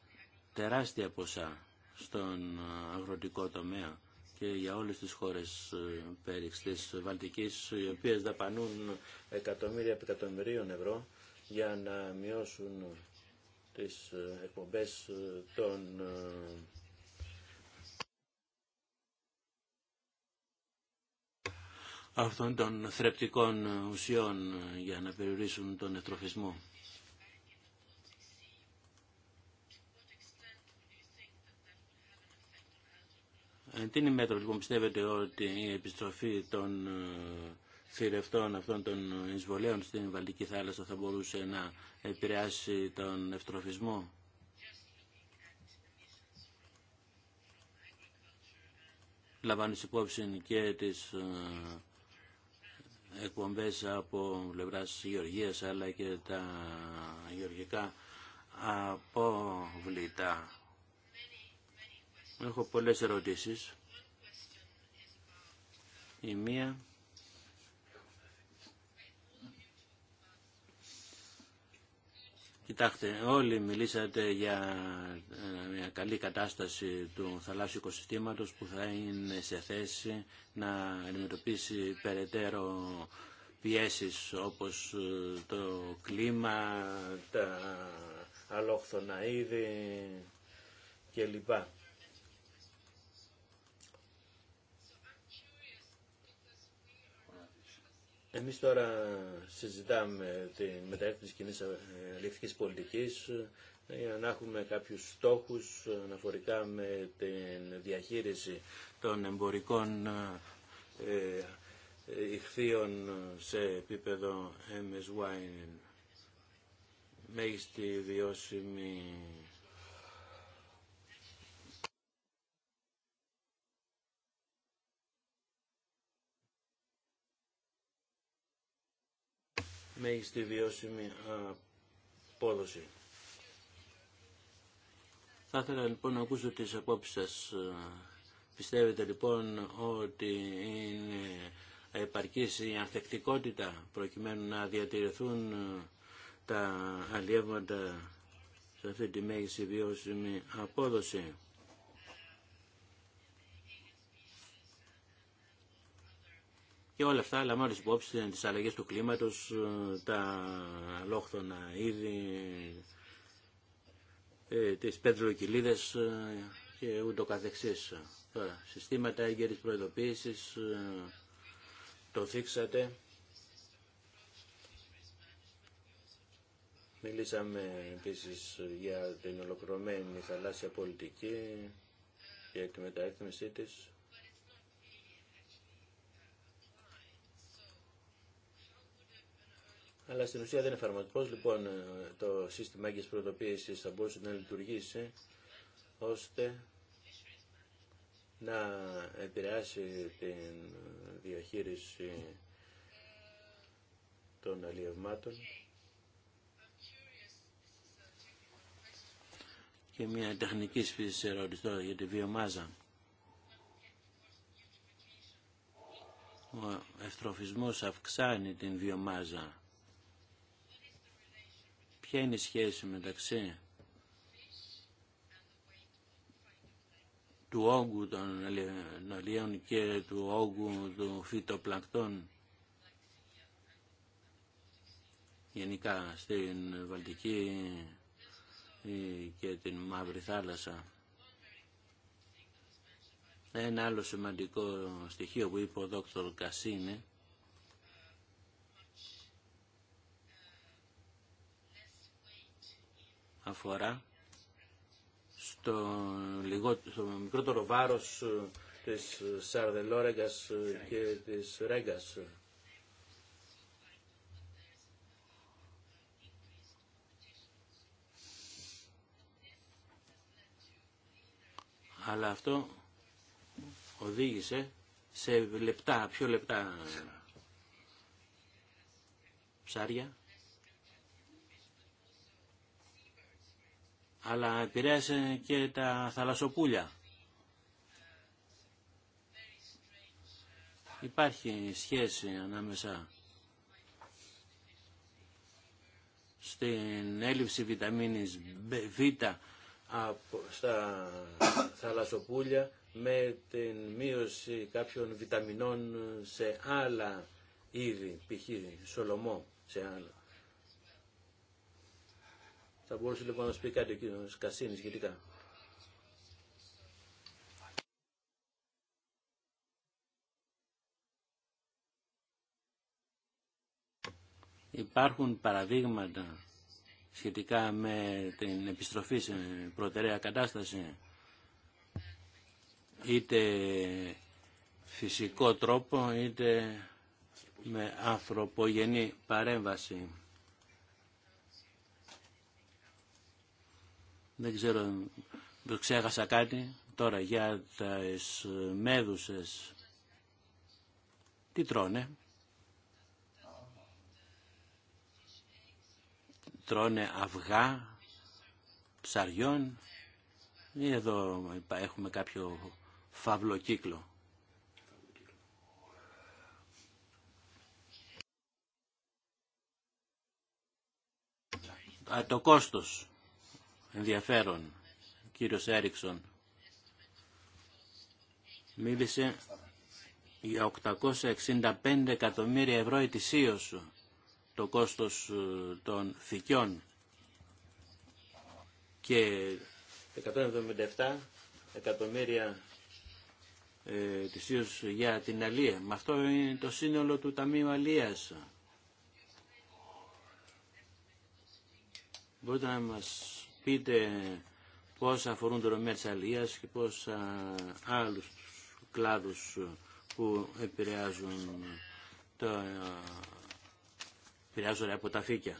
τεράστια ποσά στον αγροτικό τομέα και για όλες τις χώρες πέριξ της Βαλτικής οι οποίες δαπανούν εκατομμύρια από εκατομμυρίων ευρώ για να μειώσουν τις ε, εκπομπές ε, των ε, αυτών των θρεπτικών ουσιών για να περιορίσουν τον ετροφισμό. Τι είναι η μέτρα που λοιπόν, πιστεύετε ότι η επιστροφή των θηρευτών αυτών των εισβολέων στην Βαλτική θάλασσα θα μπορούσε να επηρεάσει τον ευτροφισμό. Λαμβάνει υπόψη και τις ε, εκπομπές από πλευράς γεωργία, αλλά και τα γεωργικά απόβλητα. Έχω πολλές ερωτήσεις. Η μία Κοιτάξτε, όλοι μιλήσατε για ε, μια καλή κατάσταση του θαλάσσιου οικοσυστήματος που θα είναι σε θέση να αντιμετωπίσει περαιτέρω πιέσεις όπως ε, το κλίμα, τα αλόχθωνα είδη κλπ. Εμείς τώρα συζητάμε τη μεταρρύθμιση της κοινής αλληλευτικής πολιτικής ε, για να έχουμε κάποιους στόχους αναφορικά με την διαχείριση των εμπορικών ε, ε, ηχθείων σε επίπεδο MSY μέγιστη βιώσιμη μέγιστη βιώσιμη απόδοση. Θα ήθελα λοιπόν να ακούσω τις απόψεις σας. Πιστεύετε λοιπόν ότι είναι επαρκής η ανθεκτικότητα προκειμένου να διατηρηθούν τα αλλιεύματα σε αυτή τη μέγιστη βιώσιμη απόδοση. και όλα αυτά λαμβάνουν υπόψη τις αλλαγές του κλίματος, ε, τα αλόχθωνα είδη, ε, τις πετρελοκυλίδες ε, και ούτω καθεξής. Τώρα, συστήματα έγκαιρης προειδοποίηση, το θίξατε. Μιλήσαμε επίσης για την ολοκληρωμένη θαλάσσια πολιτική και τη της. αλλά στην ουσία δεν είναι εφαρμοστικό. Λοιπόν, ε, το σύστημα έγκαιρη προειδοποίηση θα μπορούσε να λειτουργήσει ώστε να επηρεάσει την διαχείριση των αλλιευμάτων. Και μια τεχνική φύση ερώτηση τώρα για τη βιομάζα. Ο ευτροφισμός αυξάνει την βιομάζα Ποια είναι η σχέση μεταξύ του όγκου των αλλιών και του όγκου του φυτοπλακτών γενικά στην Βαλτική και την Μαύρη Θάλασσα. Ένα άλλο σημαντικό στοιχείο που είπε ο Δόκτωρ Κασίνη αφορά στο, λιγό, στο μικρότερο βάρος ε, της ε, Σαρδελόρεγκας ε, και της Ρέγκας. Αλλά αυτό οδήγησε σε λεπτά, πιο λεπτά ψάρια. αλλά επηρέασε και τα θαλασσοπούλια. Υπάρχει σχέση ανάμεσα στην έλλειψη βιταμίνης Β στα θαλασσοπούλια με την μείωση κάποιων βιταμινών σε άλλα είδη, π.χ. σολομό, σε άλλα θα μπορούσε λοιπόν να σου πει κάτι ο κύριος Κασίνη σχετικά. Υπάρχουν παραδείγματα σχετικά με την επιστροφή σε προτεραία κατάσταση είτε φυσικό τρόπο είτε με ανθρωπογενή παρέμβαση. Δεν ξέρω ξέχασα κάτι. Τώρα για τα μέδουσες. Τι τρώνε. Τρώνε αυγά ψαριών. Ή εδώ έχουμε κάποιο φαύλο κύκλο. το κόστος ενδιαφέρον. Ο κύριος Έριξον μίλησε για 865 εκατομμύρια ευρώ ετησίως το κόστος ε, των θικιών και 177 εκατομμύρια ε, ετησίως για την αλία. Με αυτό είναι το σύνολο του Ταμείου Αλίας. Μπορείτε να μας πείτε πώς αφορούν το τομέα της και πώς άλλους κλάδους που επηρεάζουν το, επηρεάζονται από τα φύκια.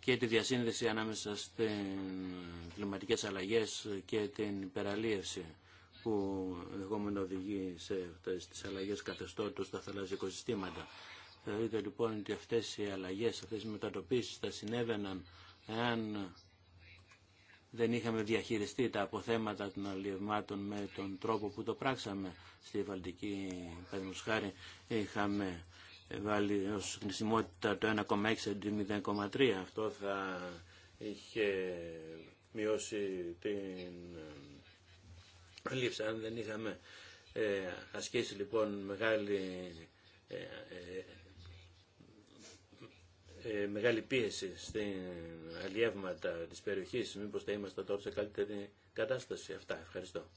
και τη διασύνδεση ανάμεσα στις κλιματικές αλλαγές και την υπεραλίευση που δεχόμενο οδηγεί σε αυτές τις αλλαγές καθεστώτος στα θαλάσσια οικοσυστήματα δείτε λοιπόν ότι αυτές οι αλλαγές, αυτές οι μετατοπίσεις θα συνέβαιναν εάν δεν είχαμε διαχειριστεί τα αποθέματα των αλλιευμάτων με τον τρόπο που το πράξαμε στη Βαλτική παραδείγματος είχαμε βάλει ως κνησιμότητα το 1,6 αντί 0,3 αυτό θα είχε μειώσει την ε, λήψη αν δεν είχαμε ε, ασκήσει λοιπόν μεγάλη ε, ε, μεγάλη πίεση στην αλλιεύματα της περιοχής. Μήπως θα είμαστε τώρα σε καλύτερη κατάσταση. Αυτά. Ευχαριστώ.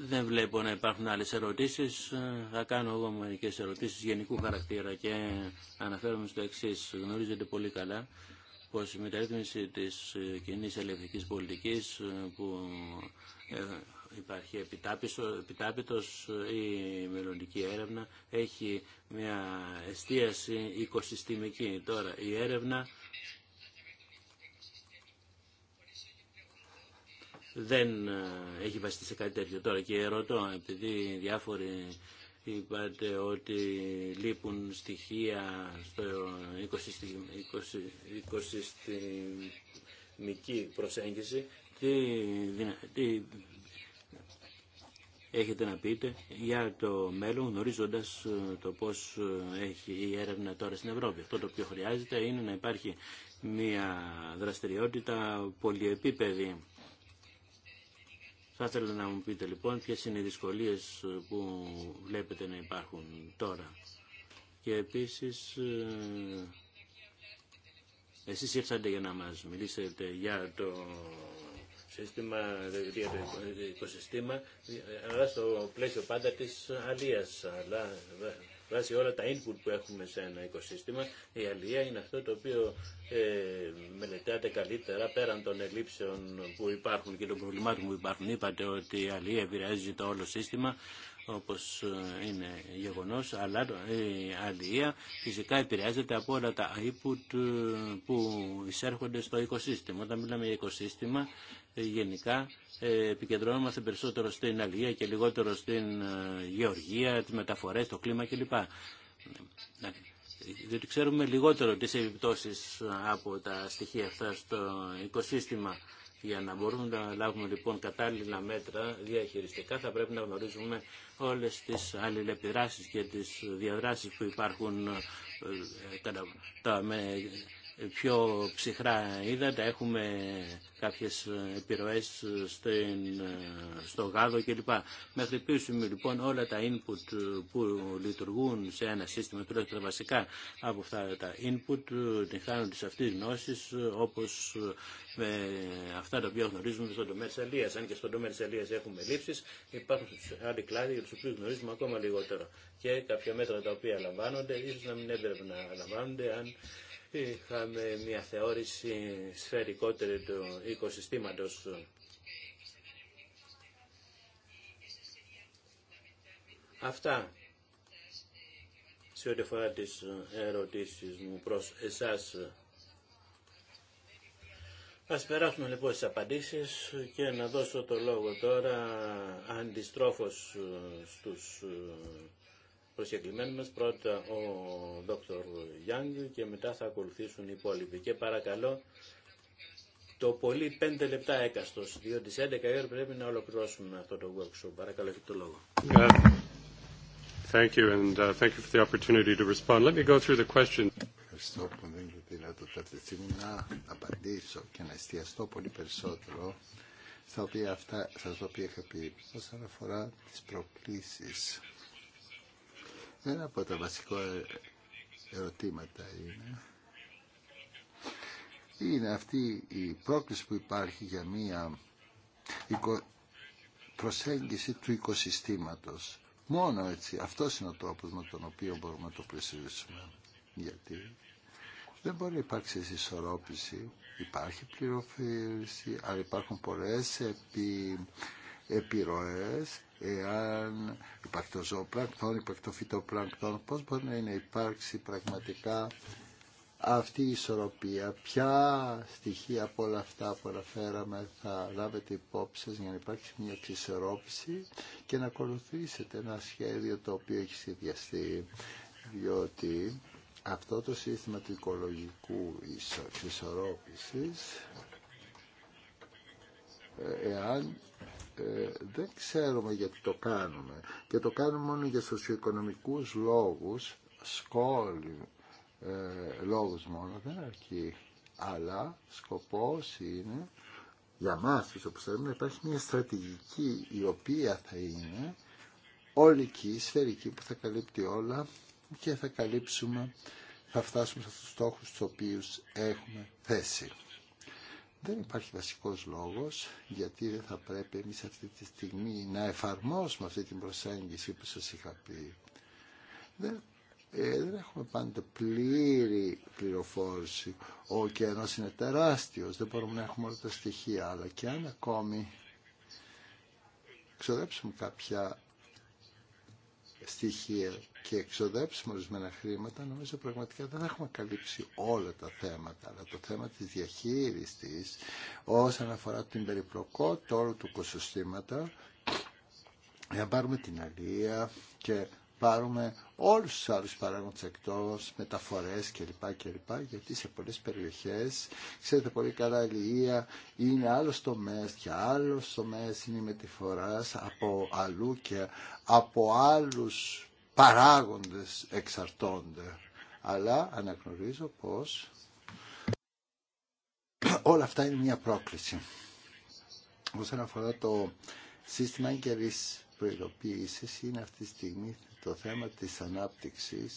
Δεν βλέπω να υπάρχουν άλλες ερωτήσεις. Ε, θα κάνω εγώ μερικές ερωτήσεις γενικού χαρακτήρα και αναφέρομαι στο εξή. Γνωρίζετε πολύ καλά πως η μεταρρύθμιση της ε, κοινή ελευθερικής πολιτικής που υπάρχει επιτάπητος, η μελλοντική έρευνα έχει μια εστίαση οικοσυστημική. Τώρα η έρευνα δεν ε, έχει βασιστεί σε κάτι τέτοιο τώρα και ρωτώ επειδή διάφοροι είπατε ότι λείπουν στοιχεία στο οικοσυστημική προσέγγιση τι, τι έχετε να πείτε για το μέλλον γνωρίζοντας ε, το πώς ε, έχει η έρευνα τώρα στην Ευρώπη. Αυτό το οποίο χρειάζεται είναι να υπάρχει μια δραστηριότητα πολυεπίπεδη. Θα ήθελα να μου πείτε λοιπόν ποιες είναι οι δυσκολίες που βλέπετε να υπάρχουν τώρα. Και επίσης ε, εσείς ήρθατε για να μας μιλήσετε για το σύστημα, οικοσύστημα, ε, αλλά στο πλαίσιο πάντα της αλίας. Αλλά βάσει όλα τα input που έχουμε σε ένα οικοσύστημα, η αλληλεία είναι αυτό το οποίο ε, μελετάται καλύτερα πέραν των ελλείψεων που υπάρχουν και των προβλημάτων που υπάρχουν. Είπατε ότι η αλληλεία επηρεάζει το όλο σύστημα όπως ε, είναι γεγονός, αλλά η αλληλεία φυσικά επηρεάζεται από όλα τα input ε, που εισέρχονται στο οικοσύστημα. Όταν μιλάμε για οικοσύστημα, ε, γενικά ε, επικεντρωνόμαστε περισσότερο στην Αλγία και λιγότερο στην ε, Γεωργία, τις μεταφορές, το κλίμα κλπ. Διότι ξέρουμε λιγότερο τις επιπτώσεις ε, από τα στοιχεία αυτά στο οικοσύστημα. Για να μπορούμε να λάβουμε λοιπόν κατάλληλα μέτρα διαχειριστικά θα πρέπει να γνωρίζουμε όλες τις αλληλεπιδράσεις και τις διαδράσεις που υπάρχουν τα, πιο ψυχρά ύδατα, έχουμε κάποιες επιρροές στην, στο γάδο κλπ. Μεθρυπήσουμε λοιπόν όλα τα input που λειτουργούν σε ένα σύστημα, τουλάχιστον βασικά από αυτά τα input, την χάνουν της αυτής γνώσης, όπως με αυτά τα οποία γνωρίζουμε στον τομέα της αλίας. Αν και στον τομέα της αλίας έχουμε λήψεις, υπάρχουν άλλοι κλάδοι για τους οποίους γνωρίζουμε ακόμα λιγότερο. Και κάποια μέτρα τα οποία λαμβάνονται, ίσως να μην έπρεπε να λαμβάνονται αν Είχαμε μια θεώρηση σφαιρικότερη του οικοσυστήματος Αυτά σε ό,τι αφορά τις ερωτήσεις μου προς εσάς. Ας περάσουμε λοιπόν στις απαντήσεις και να δώσω το λόγο τώρα αντιστρόφως στους προσκεκλημένοι μας πρώτα ο Δόκτωρ Γιάνγκ και μετά θα ακολουθήσουν οι υπόλοιποι. Και παρακαλώ το πολύ 5 λεπτά έκαστος, διότι σε 11 η ώρα πρέπει να ολοκληρώσουμε αυτό το workshop. Παρακαλώ, έχετε το λόγο. Thank you, and uh, thank you for the opportunity to respond. Let me go through the question. Ευχαριστώ που μου δίνετε τη δυνατότητα αυτή τη στιγμή να απαντήσω και να εστιαστώ πολύ περισσότερο στα οποία αυτά, σας το οποία είχα πει όσον αφορά τις προκλήσεις ένα από τα βασικά ερωτήματα είναι είναι αυτή η πρόκληση που υπάρχει για μία προσέγγιση του οικοσυστήματος. Μόνο έτσι. Αυτός είναι ο τρόπος με τον οποίο μπορούμε να το πλησιάσουμε. Γιατί δεν μπορεί να υπάρξει ισορρόπηση, Υπάρχει πληροφόρηση, αλλά υπάρχουν πολλές επι, επιρροές εάν υπάρχει το ζωοπλάνκτον, υπάρχει το φυτοπλάνκτον, πώς μπορεί να υπάρξει πραγματικά αυτή η ισορροπία, ποια στοιχεία από όλα αυτά που αναφέραμε θα λάβετε υπόψη για να υπάρξει μια εξισορρόπηση και να ακολουθήσετε ένα σχέδιο το οποίο έχει σχεδιαστεί, διότι αυτό το σύστημα του οικολογικού εξισορρόπησης εάν ε, δεν ξέρουμε γιατί το κάνουμε και το κάνουμε μόνο για σοσιοοικονομικούς λόγους, σκόλου ε, λόγους μόνο δεν αρκεί, αλλά σκοπός είναι για μας τους όπως θέλουμε να υπάρχει μια στρατηγική η οποία θα είναι ολική, σφαιρική που θα καλύπτει όλα και θα καλύψουμε, θα φτάσουμε στους τους στόχους τους οποίους έχουμε θέσει. Δεν υπάρχει βασικός λόγος γιατί δεν θα πρέπει εμείς αυτή τη στιγμή να εφαρμόσουμε αυτή την προσέγγιση που σας είχα πει. Δεν, ε, έχουμε πάντα πλήρη πληροφόρηση. Ο καιρός είναι τεράστιος, δεν μπορούμε να έχουμε όλα τα στοιχεία, αλλά και αν ακόμη ξοδέψουμε κάποια στοιχεία και εξοδέψουμε ορισμένα χρήματα, νομίζω πραγματικά δεν έχουμε καλύψει όλα τα θέματα, αλλά το θέμα της διαχείριση όσον αφορά την περιπλοκότητα όλου του οικοσυστήματα, για να πάρουμε την αλία και πάρουμε όλους τους άλλους παράγοντες εκτός, μεταφορές κλπ. γιατί σε πολλές περιοχές, ξέρετε πολύ καλά η Λυΐα είναι άλλο τομέα και άλλο τομέα είναι η μεταφορά από αλλού και από άλλους παράγοντες εξαρτώνται. Αλλά αναγνωρίζω πως όλα αυτά είναι μια πρόκληση. Όσον αφορά το σύστημα έγκαιρης προειδοποίηση είναι αυτή τη στιγμή το θέμα της ανάπτυξης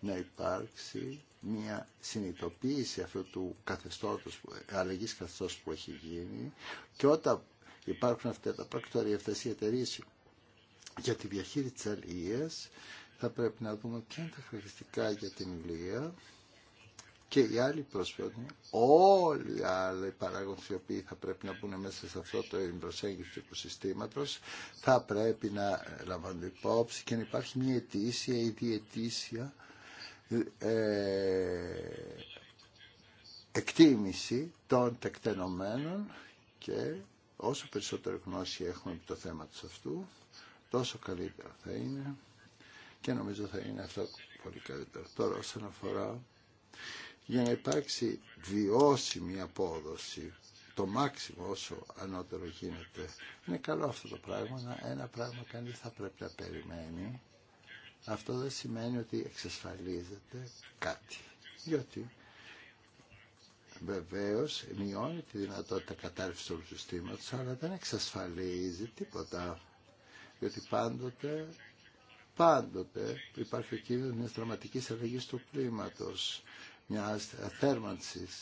να υπάρξει μια συνειδητοποίηση αυτού του καθεστώτος, αλλαγής καθεστώς που έχει γίνει και όταν υπάρχουν αυτά τα πράκτορια αυτές οι εταιρείε για τη διαχείριση της αλληλείας θα πρέπει να δούμε ποια είναι τα χαρακτηριστικά για την υγεία και οι άλλοι προσφέρουν, όλοι οι άλλοι παράγοντες οι οποίοι θα πρέπει να μπουν μέσα σε αυτό το προσέγγιση του οικοσυστήματος θα πρέπει να λαμβάνουν υπόψη και να υπάρχει μια αιτήσια ή διαιτήσια ε, εκτίμηση των τεκτενομένων και όσο περισσότερο γνώση έχουμε από το θέμα του αυτού τόσο καλύτερα θα είναι και νομίζω θα είναι αυτό πολύ καλύτερο. Τώρα όσον αφορά για να υπάρξει βιώσιμη απόδοση το μάξιμο όσο ανώτερο γίνεται. Είναι καλό αυτό το πράγμα, να ένα πράγμα κανείς θα πρέπει να περιμένει. Αυτό δεν σημαίνει ότι εξασφαλίζεται κάτι. Διότι βεβαίω μειώνει τη δυνατότητα κατάρρευση του συστήματο, αλλά δεν εξασφαλίζει τίποτα. Διότι πάντοτε, πάντοτε υπάρχει ο κίνδυνο μια δραματική αλλαγή του κλίματο μια θέρμανσης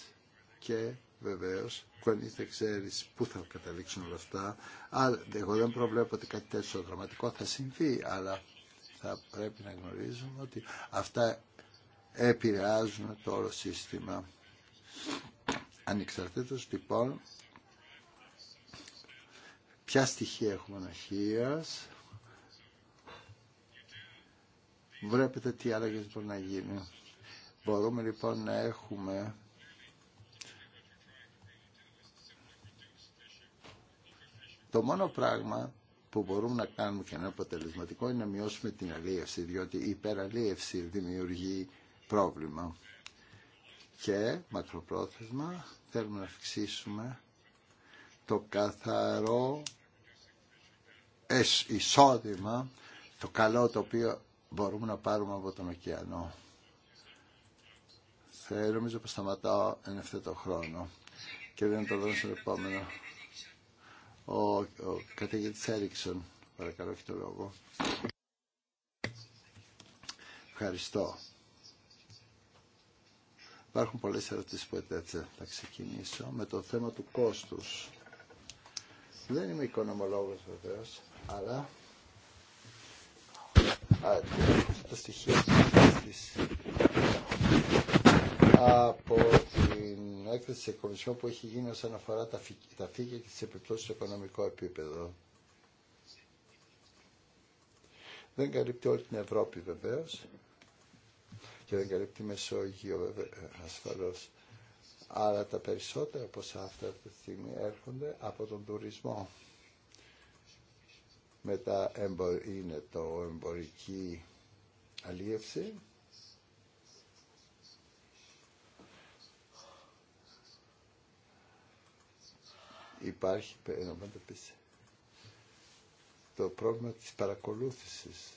και βεβαίως κανείς δεν ξέρει πού θα καταλήξουν όλα αυτά. Αλλά εγώ δεν προβλέπω ότι κάτι τέτοιο δραματικό θα συμβεί, αλλά θα πρέπει να γνωρίζουμε ότι αυτά επηρεάζουν το όλο σύστημα. Ανεξαρτήτως λοιπόν ποια στοιχεία έχουμε αναχίας, βλέπετε τι άλλαγες μπορεί να γίνει Μπορούμε λοιπόν να έχουμε το μόνο πράγμα που μπορούμε να κάνουμε και να αποτελεσματικό είναι να μειώσουμε την αλίευση, διότι η υπεραλίευση δημιουργεί πρόβλημα. Και μακροπρόθεσμα θέλουμε να αυξήσουμε το καθαρό εισόδημα, το καλό το οποίο μπορούμε να πάρουμε από τον ωκεανό θα νομίζω πως σταματάω εν ευθέτω το χρόνο και δεν το δώσω στον επόμενο. Ο, ο Έριξον, παρακαλώ, έχει το λόγο. Ευχαριστώ. Υπάρχουν πολλές ερωτήσεις που έτσι θα ξεκινήσω με το θέμα του κόστους. Δεν είμαι οικονομολόγος βεβαίω, αλλά τα στοιχεία της από την έκθεση της Εκκομισιόν που έχει γίνει όσον αφορά τα φύγια και τις επιπτώσεις στο οικονομικό επίπεδο. Δεν καλύπτει όλη την Ευρώπη βεβαίως και δεν καλύπτει Μεσόγειο ασφαλώς. Αλλά τα περισσότερα από αυτά αυτή τη στιγμή έρχονται από τον τουρισμό. Μετά είναι το εμπορική αλίευση υπάρχει ε, περιεχόμενο το πρόβλημα της παρακολούθησης.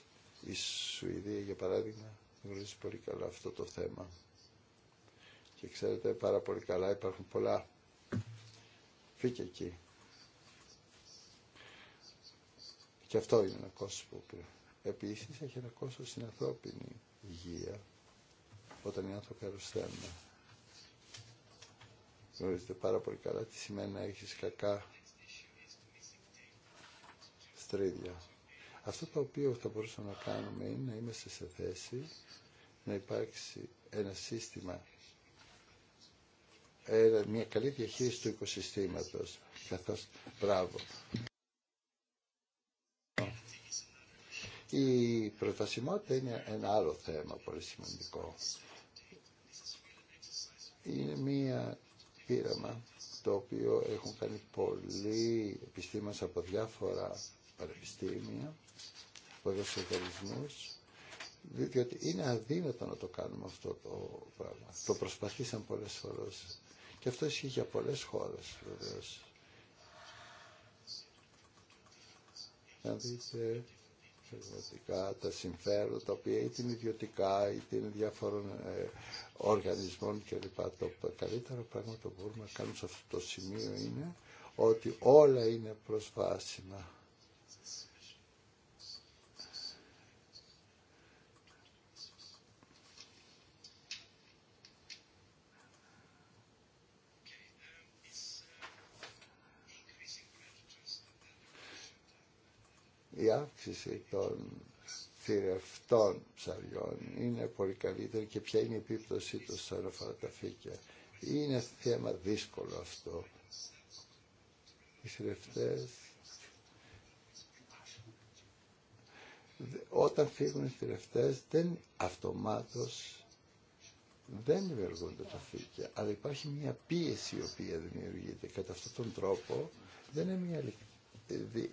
Η Σουηδία, για παράδειγμα, γνωρίζει πολύ καλά αυτό το θέμα. Και ξέρετε πάρα πολύ καλά, υπάρχουν πολλά. Φύγε εκεί. Και αυτό είναι ένα κόσμο που Επίσης έχει ένα κόστος στην ανθρώπινη υγεία, όταν οι άνθρωποι αρρωσταίνουν γνωρίζετε πάρα πολύ καλά τι σημαίνει να έχεις κακά στρίδια. Αυτό το οποίο θα μπορούσαμε να κάνουμε είναι να είμαστε σε θέση να υπάρξει ένα σύστημα, μια καλή διαχείριση του οικοσυστήματος. Καθώς, μπράβο. Η προτασιμότητα είναι ένα άλλο θέμα πολύ σημαντικό. Είναι μια το οποίο έχουν κάνει πολλοί επιστήμονες από διάφορα πανεπιστήμια, από οργανισμούς, διότι είναι αδύνατο να το κάνουμε αυτό το πράγμα. Το προσπαθήσαν πολλές φορές. Και αυτό ισχύει για πολλές χώρες βεβαίως τα συμφέροντα, τα οποία είτε είναι ιδιωτικά, είτε είναι διάφορων ε, οργανισμών κλπ. Το καλύτερο πράγμα που μπορούμε να κάνουμε σε αυτό το σημείο είναι ότι όλα είναι προσβάσιμα η αύξηση των θηρευτών ψαριών είναι πολύ καλύτερη και ποια είναι η επίπτωσή του σαν αφορά τα φύκια. Είναι θέμα δύσκολο αυτό. Οι θηρευτές όταν φύγουν οι θηρευτές δεν αυτομάτως δεν ευεργούνται τα φύκια, αλλά υπάρχει μια πίεση η οποία δημιουργείται. Κατά αυτόν τον τρόπο δεν είναι μια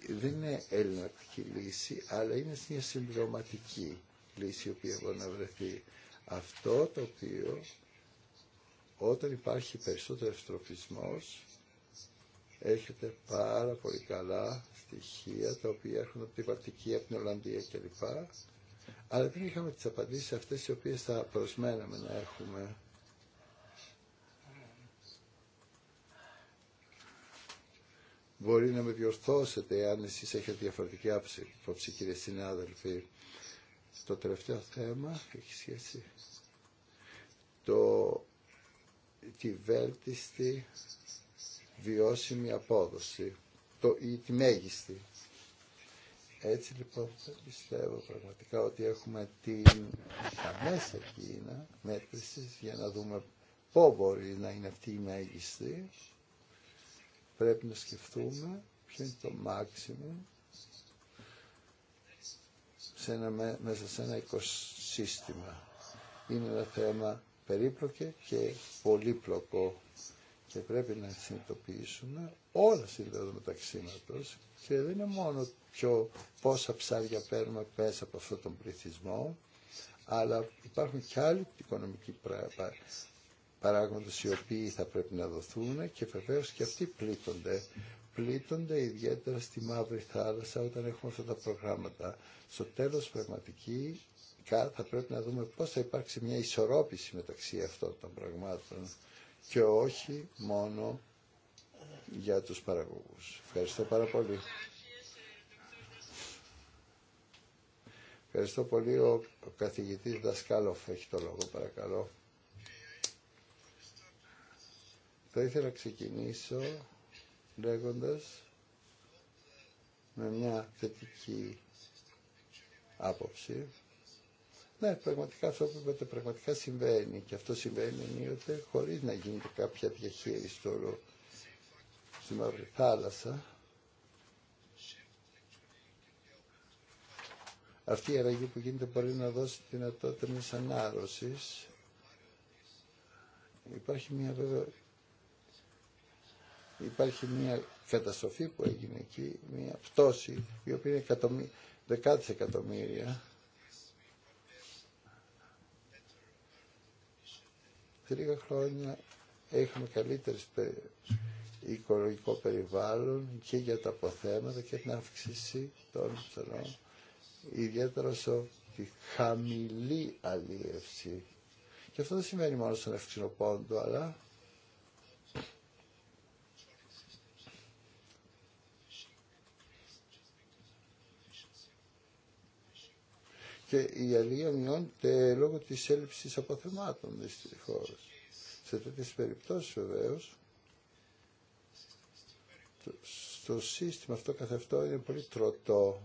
δεν είναι ελληνική λύση, αλλά είναι μια συμπληρωματική λύση η οποία μπορεί να βρεθεί. Αυτό το οποίο όταν υπάρχει περισσότερο ευστροφισμός έχετε πάρα πολύ καλά στοιχεία τα οποία έρχονται από την Βαλτική, από την Ολλανδία κλπ. Αλλά δεν είχαμε τις απαντήσεις αυτές οι οποίες θα προσμέναμε να έχουμε. Μπορεί να με διορθώσετε αν εσείς έχετε διαφορετική άποψη, άποψη κύριε συνάδελφοι. Το τελευταίο θέμα έχει σχέση το, τη βέλτιστη βιώσιμη απόδοση το, ή τη μέγιστη. Έτσι λοιπόν πιστεύω πραγματικά ότι έχουμε την μέσα εκείνα μέτρηση για να δούμε πού μπορεί να είναι αυτή η μέγιστη πρέπει να σκεφτούμε ποιο είναι το μάξιμο σε ένα, μέσα σε ένα οικοσύστημα. Είναι ένα θέμα περίπλοκο και πολύπλοκο και πρέπει να συνειδητοποιήσουμε όλα συνδέονται μεταξύ και δεν είναι μόνο ποιο, πόσα ψάρια παίρνουμε πέσα από αυτόν τον πληθυσμό, αλλά υπάρχουν και άλλοι οικονομικοί παράγοντες οι οποίοι θα πρέπει να δοθούν και βεβαίως και αυτοί πλήττονται. Πλήττονται ιδιαίτερα στη Μαύρη Θάλασσα όταν έχουμε αυτά τα προγράμματα. Στο τέλος πραγματική θα πρέπει να δούμε πώς θα υπάρξει μια ισορρόπηση μεταξύ αυτών των πραγμάτων και όχι μόνο για τους παραγωγούς. Ευχαριστώ πάρα πολύ. Ευχαριστώ πολύ. Ο καθηγητής Δασκάλοφ έχει το λόγο, παρακαλώ. Θα ήθελα να ξεκινήσω λέγοντας με μια θετική άποψη. Ναι, πραγματικά αυτό που είπατε πραγματικά συμβαίνει και αυτό συμβαίνει ενίοτε χωρίς να γίνεται κάποια διαχείριση όλο στη Μαύρη Θάλασσα. Αυτή η αλλαγή που γίνεται μπορεί να δώσει τη δυνατότητα μια ανάρρωση. Υπάρχει μια βέβαια υπάρχει μια καταστροφή που έγινε εκεί, μια πτώση η οποία είναι εκατομμύ... δεκάδες εκατομμύρια. Τρία χρόνια έχουμε καλύτερες οικολογικό περιβάλλον και για τα αποθέματα και την αύξηση των ψαρών, ιδιαίτερα στο τη χαμηλή αλίευση. Και αυτό δεν σημαίνει μόνο στον ευξηνοπόντο, αλλά και η αλληλεία μειώνεται λόγω της έλλειψης αποθεμάτων δυστυχώς. Σε τέτοιες περιπτώσεις βεβαίω. στο σύστημα αυτό καθ' αυτό είναι πολύ τροτό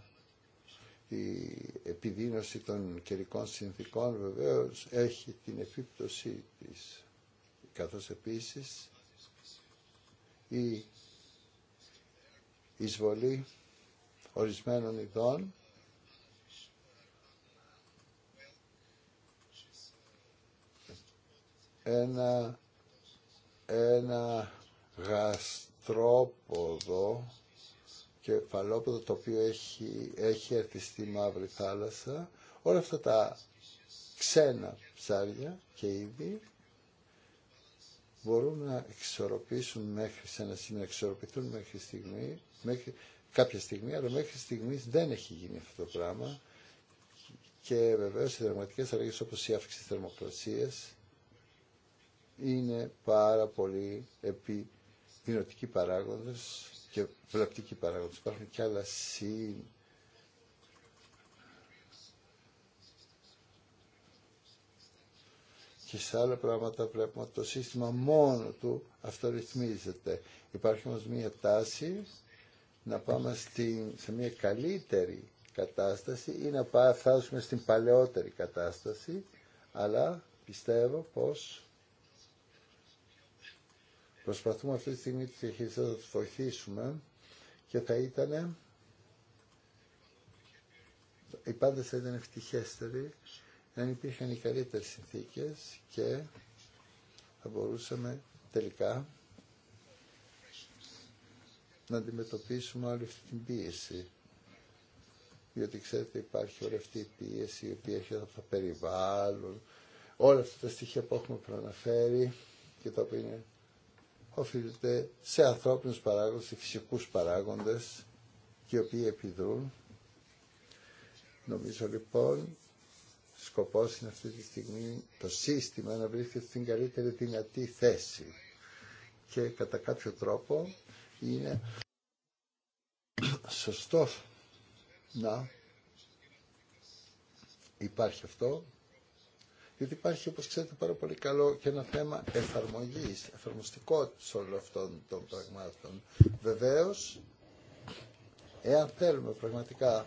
η επιδείνωση των καιρικών συνθήκων βεβαίως έχει την επίπτωσή της καθώς επίσης η εισβολή ορισμένων ειδών ένα, ένα γαστρόποδο κεφαλόποδο το οποίο έχει, έχει έρθει στη Μαύρη Θάλασσα όλα αυτά τα ξένα ψάρια και είδη μπορούν να εξορροπήσουν μέχρι σε ένα σημείο, να μέχρι στιγμή, μέχρι κάποια στιγμή, αλλά μέχρι στιγμή δεν έχει γίνει αυτό το πράγμα και βεβαίω οι δραματικέ αλλαγέ όπω η αύξηση θερμοκρασία είναι πάρα πολύ επί παράγοντες και βλαπτικοί παράγοντες. Υπάρχουν και άλλα συν και σε άλλα πράγματα βλέπουμε ότι το σύστημα μόνο του αυτορυθμίζεται. Υπάρχει όμως μία τάση να πάμε στην, σε μία καλύτερη κατάσταση ή να φτάσουμε στην παλαιότερη κατάσταση, αλλά πιστεύω πως Προσπαθούμε αυτή τη στιγμή τη διαχείριση να του βοηθήσουμε και θα ήταν οι πάντε θα ήταν ευτυχέστεροι αν υπήρχαν οι καλύτερε συνθήκες και θα μπορούσαμε τελικά να αντιμετωπίσουμε όλη αυτή την πίεση. Διότι ξέρετε υπάρχει όλη αυτή η πίεση η οποία έρχεται από το περιβάλλον, όλα αυτά τα στοιχεία που έχουμε προαναφέρει και τα οποία είναι οφείλεται σε ανθρώπινους παράγοντες, σε φυσικούς παράγοντες και οι οποίοι επιδρούν. Νομίζω λοιπόν σκοπός είναι αυτή τη στιγμή το σύστημα να βρίσκεται στην καλύτερη δυνατή θέση και κατά κάποιο τρόπο είναι σωστό να υπάρχει αυτό διότι υπάρχει, όπως ξέρετε, πάρα πολύ καλό και ένα θέμα εφαρμογής, εφαρμοστικότητας όλων αυτών των πραγμάτων. Βεβαίως, εάν θέλουμε πραγματικά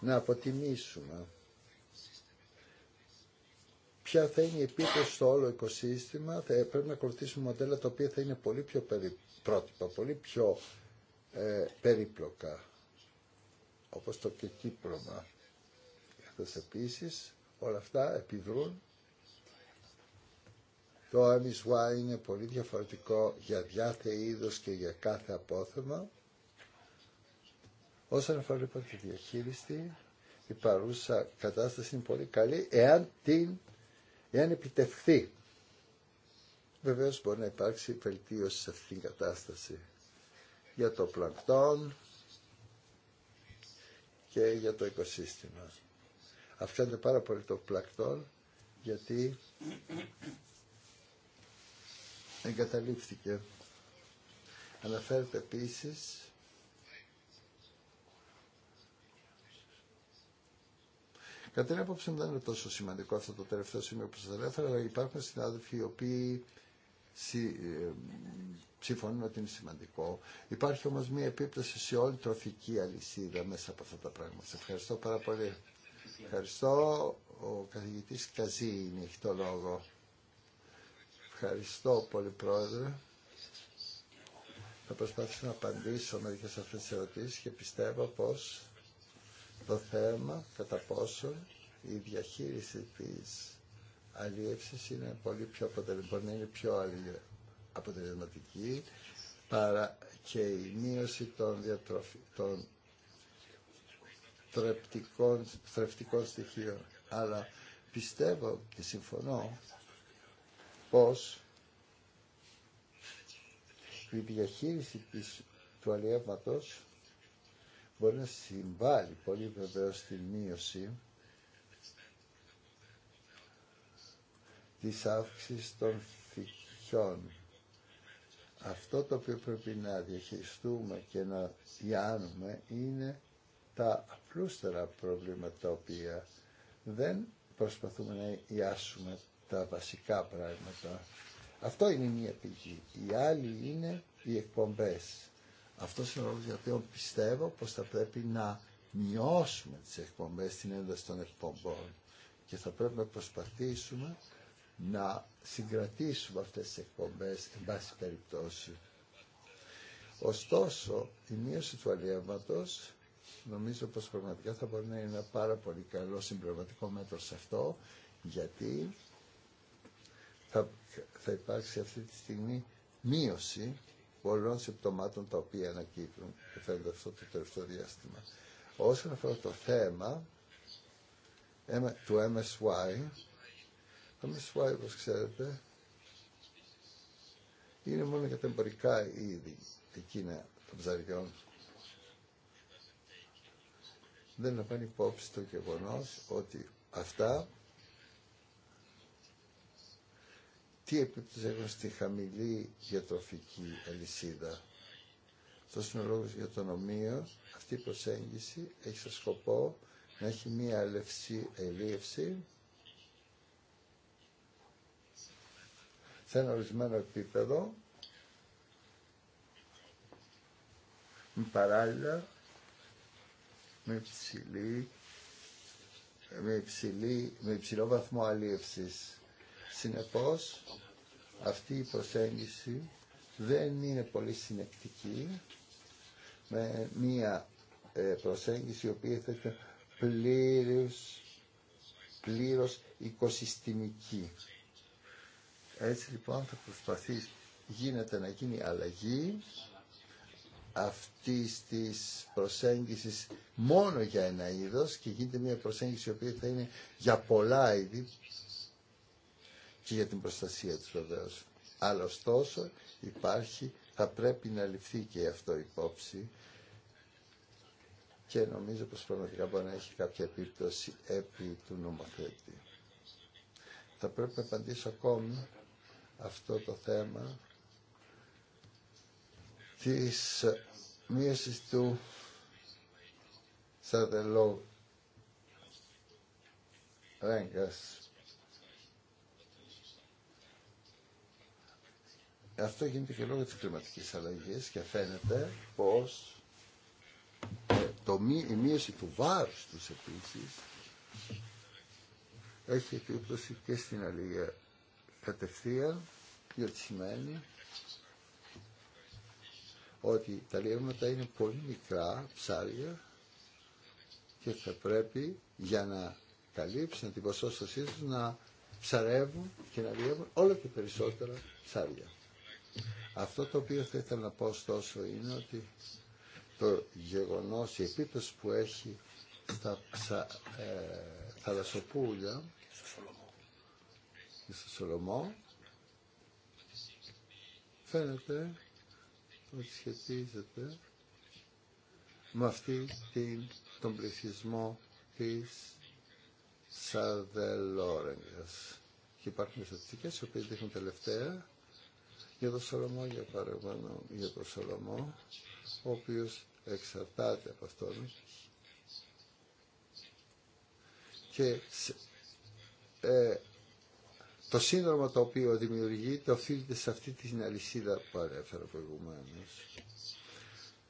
να αποτιμήσουμε ποια θα είναι η επίπτωση στο όλο οικοσύστημα, θα πρέπει να ακολουθήσουμε μοντέλα τα οποία θα είναι πολύ πιο περι, πρότυπα, πολύ πιο ε, περίπλοκα, όπως το και Καθώς όλα αυτά επιδρούν. Το MSY είναι πολύ διαφορετικό για διάθε είδος και για κάθε απόθεμα. Όσον αφορά λοιπόν τη διαχείριση, η παρούσα κατάσταση είναι πολύ καλή εάν, την, εάν επιτευχθεί. Βεβαίω μπορεί να υπάρξει βελτίωση σε αυτήν την κατάσταση για το πλανκτόν και για το οικοσύστημα αυξάνεται πάρα πολύ το πλακτόν γιατί εγκαταλείφθηκε. Αναφέρεται επίσης Κατά την άποψη μου δεν είναι τόσο σημαντικό αυτό το τελευταίο σημείο που σας ανέφερα, αλλά υπάρχουν συνάδελφοι οι οποίοι ε, συμφωνούν ότι είναι σημαντικό. Υπάρχει όμως μία επίπτωση σε όλη τροφική αλυσίδα μέσα από αυτά τα πράγματα. Σε ευχαριστώ πάρα πολύ. Ευχαριστώ. Ο καθηγητής Καζίνη έχει το λόγο. Ευχαριστώ πολύ πρόεδρε. Θα προσπάθησω να απαντήσω μερικές αυτέ τι ερωτήσει και πιστεύω πως το θέμα κατά πόσο η διαχείριση της αλλίευση είναι πολύ πιο αποτελεσματική, είναι πιο αποτελεσματική παρά και η μείωση των, διατροφι θρεπτικών στοιχείων. Αλλά πιστεύω και συμφωνώ πως η διαχείριση της, του αλλιεύματος μπορεί να συμβάλλει πολύ βεβαίω στη μείωση της αύξησης των φυτιών. Αυτό το οποίο πρέπει να διαχειριστούμε και να διάνουμε είναι τα απλούστερα προβλήματα τα οποία δεν προσπαθούμε να ιάσουμε τα βασικά πράγματα. Αυτό είναι μία πηγή. Η άλλη είναι οι εκπομπές. Αυτό είναι ο λόγος για πιστεύω πως θα πρέπει να μειώσουμε τις εκπομπές, στην ένταση των εκπομπών και θα πρέπει να προσπαθήσουμε να συγκρατήσουμε αυτές τις εκπομπές εν πάση περιπτώσει. Ωστόσο, η μείωση του αλλιεύματος νομίζω πως πραγματικά θα μπορεί να είναι ένα πάρα πολύ καλό συμπληρωματικό μέτρο σε αυτό, γιατί θα, θα υπάρξει αυτή τη στιγμή μείωση πολλών συμπτωμάτων τα οποία ανακύπτουν και φαίνεται αυτό το τελευταίο διάστημα. Όσον αφορά το θέμα του MSY, το MSY όπως ξέρετε είναι μόνο για τα εμπορικά είδη εκείνα των ψαριών δεν λαμβάνει υπόψη το γεγονός ότι αυτά τι επίπτωση έχουν στη χαμηλή διατροφική αλυσίδα. στον είναι ο λόγος για τον Αυτή η προσέγγιση έχει σαν σκοπό να έχει μία ελίευση σε ένα ορισμένο επίπεδο με παράλληλα με, με, υψηλή, με υψηλό βαθμό αλίευσης. Συνεπώς, αυτή η προσέγγιση δεν είναι πολύ συνεκτική με μία ε, προσέγγιση η οποία θα ήταν πλήρως, πλήρως οικοσυστημική. Έτσι λοιπόν θα προσπαθείς γίνεται να γίνει αλλαγή αυτής της προσέγγισης μόνο για ένα είδος και γίνεται μια προσέγγιση η οποία θα είναι για πολλά είδη και για την προστασία του βεβαίω. Αλλά υπάρχει, θα πρέπει να ληφθεί και αυτό υπόψη και νομίζω πως πραγματικά μπορεί να έχει κάποια επίπτωση επί του νομοθέτη. Θα πρέπει να απαντήσω ακόμη αυτό το θέμα της μείωσης του Σαρδελό Ρέγκας. Αυτό γίνεται και λόγω της κλιματικής αλλαγής και φαίνεται πως ε, το, η μείωση του βάρους τους επίσης έχει επίπτωση και στην αλληλεία κατευθείαν, διότι σημαίνει ότι τα λιεύματα είναι πολύ μικρά ψάρια και θα πρέπει για να καλύψουν την ποσόστοσή του να ψαρεύουν και να λιεύουν όλο και περισσότερα ψάρια. Αυτό το οποίο θα ήθελα να πω ωστόσο είναι ότι το γεγονός, η επίπτωση που έχει στα ψα, ε, θαλασσοπούλια και στο Σολομό φαίνεται σχετίζεται με αυτή την, τον πληθυσμό της Σαδελόρεγγας. Και υπάρχουν στατιστικές οι οποίες δείχνουν τελευταία για τον Σολομό, για, παρεμβάνω, για τον Σολομό, ο οποίος εξαρτάται από αυτόν και ε, το σύνδρομο το οποίο δημιουργείται οφείλεται σε αυτή την αλυσίδα που παρέφερα προηγουμένω.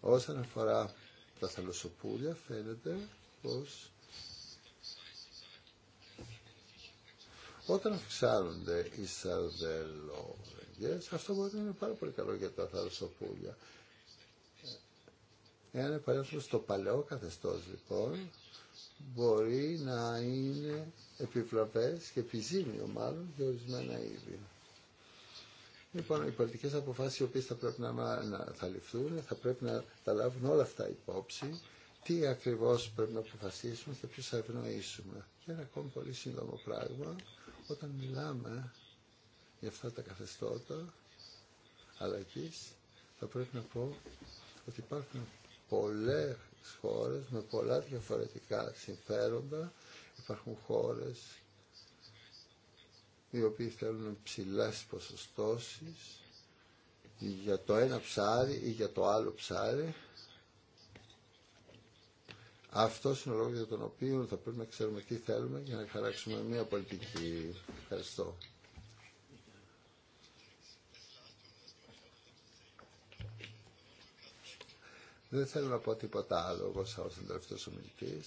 Όσον αφορά τα θαλασσοπούλια φαίνεται πως όταν αυξάνονται οι σαρδελόγγες αυτό μπορεί να είναι πάρα πολύ καλό για τα θαλασσοπούλια. Εάν επανέλθουμε στο παλαιό καθεστώς λοιπόν μπορεί να είναι επιβλαβές και επιζήμιο μάλλον για ορισμένα είδη. Λοιπόν, οι πολιτικέ αποφάσει οι οποίε θα πρέπει να, να θα ληφθούν θα πρέπει να τα λάβουν όλα αυτά υπόψη. Τι ακριβώ πρέπει να αποφασίσουμε και ποιου θα ευνοήσουμε. Και ένα ακόμη πολύ σύντομο πράγμα, όταν μιλάμε για αυτά τα καθεστώτα αλλαγή, θα πρέπει να πω ότι υπάρχουν πολλέ χώρες με πολλά διαφορετικά συμφέροντα. Υπάρχουν χώρες οι οποίοι θέλουν ψηλές ποσοστώσεις για το ένα ψάρι ή για το άλλο ψάρι. Αυτό είναι ο λόγος για τον οποίο θα πρέπει να ξέρουμε τι θέλουμε για να χαράξουμε μια πολιτική. Ευχαριστώ. Δεν θέλω να πω τίποτα άλλο εγώ σαν τον τελευταίο ομιλητή,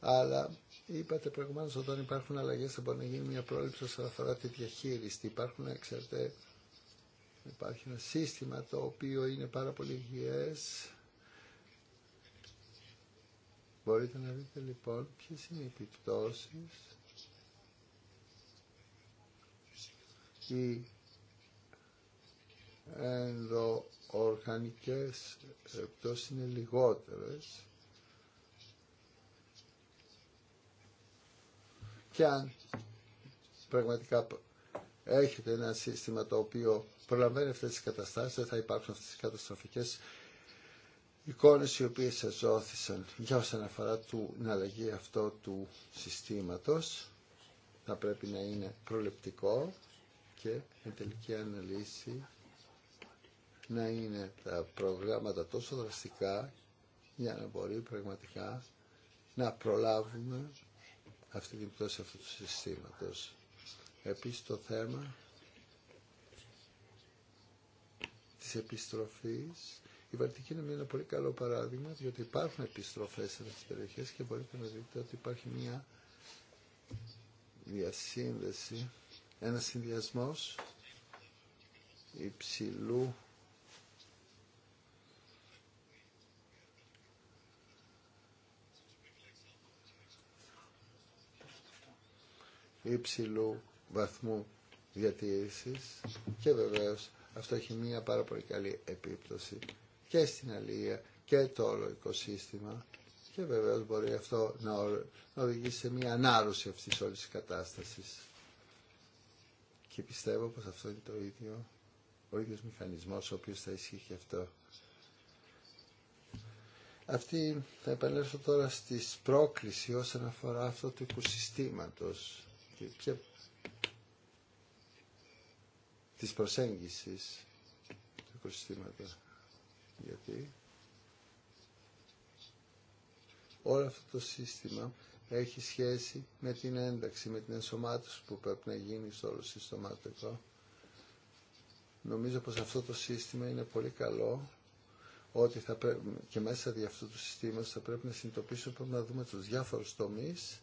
αλλά είπατε προηγουμένω όταν υπάρχουν αλλαγέ θα μπορεί να γίνει μια πρόληψη όσον αφορά τη διαχείριση. Υπάρχουν, ξέρετε, υπάρχει ένα σύστημα το οποίο είναι πάρα πολύ υγιέ. Μπορείτε να δείτε λοιπόν ποιε είναι οι επιπτώσει. Η ενδο οργανικές επιπτώσεις είναι λιγότερες και αν πραγματικά έχετε ένα σύστημα το οποίο προλαμβάνει αυτές τις καταστάσεις δεν θα υπάρξουν αυτές τις καταστροφικές εικόνες οι οποίες σας ζώθησαν για όσον αφορά την αλλαγή αυτό του συστήματος θα πρέπει να είναι προληπτικό και με τελική αναλύση να είναι τα προγράμματα τόσο δραστικά για να μπορεί πραγματικά να προλάβουμε αυτή την πτώση αυτού του συστήματος. Επίσης το θέμα της επιστροφής. Η Βαλτική είναι ένα πολύ καλό παράδειγμα, διότι υπάρχουν επιστροφές σε αυτές τις περιοχές και μπορείτε να δείτε ότι υπάρχει μια διασύνδεση, ένα συνδυασμός υψηλού υψηλού βαθμού διατήρησης και βεβαίως αυτό έχει μια πάρα πολύ καλή επίπτωση και στην αλληλεία και το όλο οικοσύστημα και βεβαίως μπορεί αυτό να οδηγήσει σε μια ανάρρωση αυτής όλης της κατάστασης. Και πιστεύω πως αυτό είναι το ίδιο, ο ίδιος μηχανισμός ο οποίος θα ισχύει και αυτό. Αυτή θα επανέλθω τώρα στις πρόκληση όσον αφορά αυτό του οικοσυστήματος και της προσέγγισης του οικοσυστήματος. Γιατί όλο αυτό το σύστημα έχει σχέση με την ένταξη, με την ενσωμάτωση που πρέπει να γίνει στο όλο συστομάτικο. Νομίζω πως αυτό το σύστημα είναι πολύ καλό ότι θα και μέσα δι' αυτού του συστήματος θα πρέπει να συνειδητοποιήσουμε, να δούμε τους διάφορους τομείς,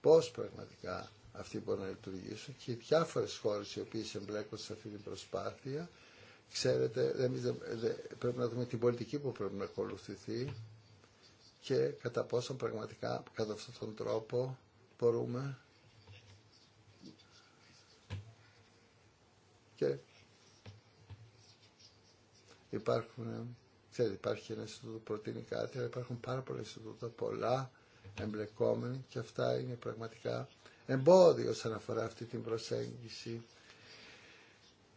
πώς πραγματικά αυτή μπορεί να λειτουργήσουν και οι διάφορες χώρες οι οποίες εμπλέκονται σε αυτή την προσπάθεια ξέρετε πρέπει να δούμε την πολιτική που πρέπει να ακολουθηθεί και κατά πόσο πραγματικά κατά αυτόν τον τρόπο μπορούμε και υπάρχουν ξέρετε υπάρχει ένα Ινστιτούτο που προτείνει κάτι αλλά υπάρχουν πάρα πολλά Ινστιτούτα πολλά εμπλεκόμενοι και αυτά είναι πραγματικά εμπόδιο όσον αφορά αυτή την προσέγγιση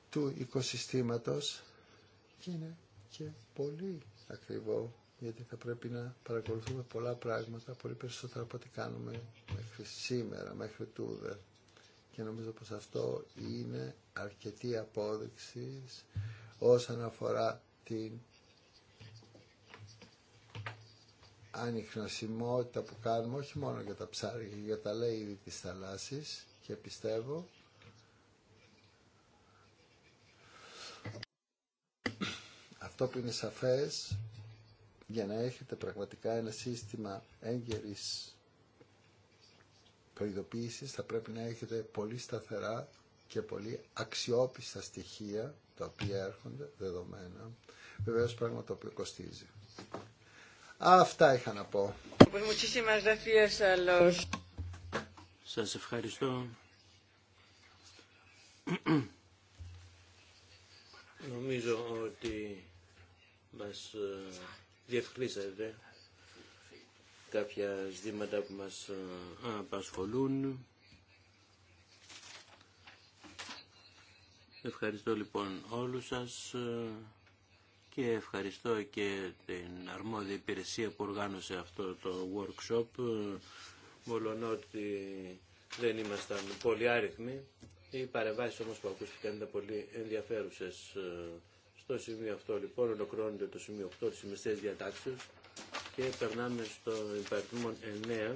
του οικοσυστήματος και είναι και πολύ ακριβό γιατί θα πρέπει να παρακολουθούμε πολλά πράγματα, πολύ περισσότερα από ό,τι κάνουμε μέχρι σήμερα, μέχρι τούδε. Και νομίζω πως αυτό είναι αρκετή απόδειξη όσον αφορά την ανιχνοσιμότητα που κάνουμε όχι μόνο για τα ψάρια για τα λέει της θαλάσσης και πιστεύω αυτό που είναι σαφές για να έχετε πραγματικά ένα σύστημα έγκαιρης προειδοποίησης θα πρέπει να έχετε πολύ σταθερά και πολύ αξιόπιστα στοιχεία τα οποία έρχονται δεδομένα βεβαίως πράγμα το οποίο κοστίζει. Αυτά είχα να πω. Σα ευχαριστώ. Νομίζω ότι μα ε, διευκρίνησατε κάποια ζητήματα που μας ε, απασχολούν. Ευχαριστώ λοιπόν όλους σας. Ε, και ευχαριστώ και την αρμόδια υπηρεσία που οργάνωσε αυτό το workshop ότι δεν ήμασταν πολύ άριθμοι οι παρεμβάσεις όμως που ακούστηκαν ήταν πολύ ενδιαφέρουσες στο σημείο αυτό λοιπόν ολοκληρώνεται το σημείο 8 της ημεστές διατάξεως και περνάμε στο υπαριθμό 9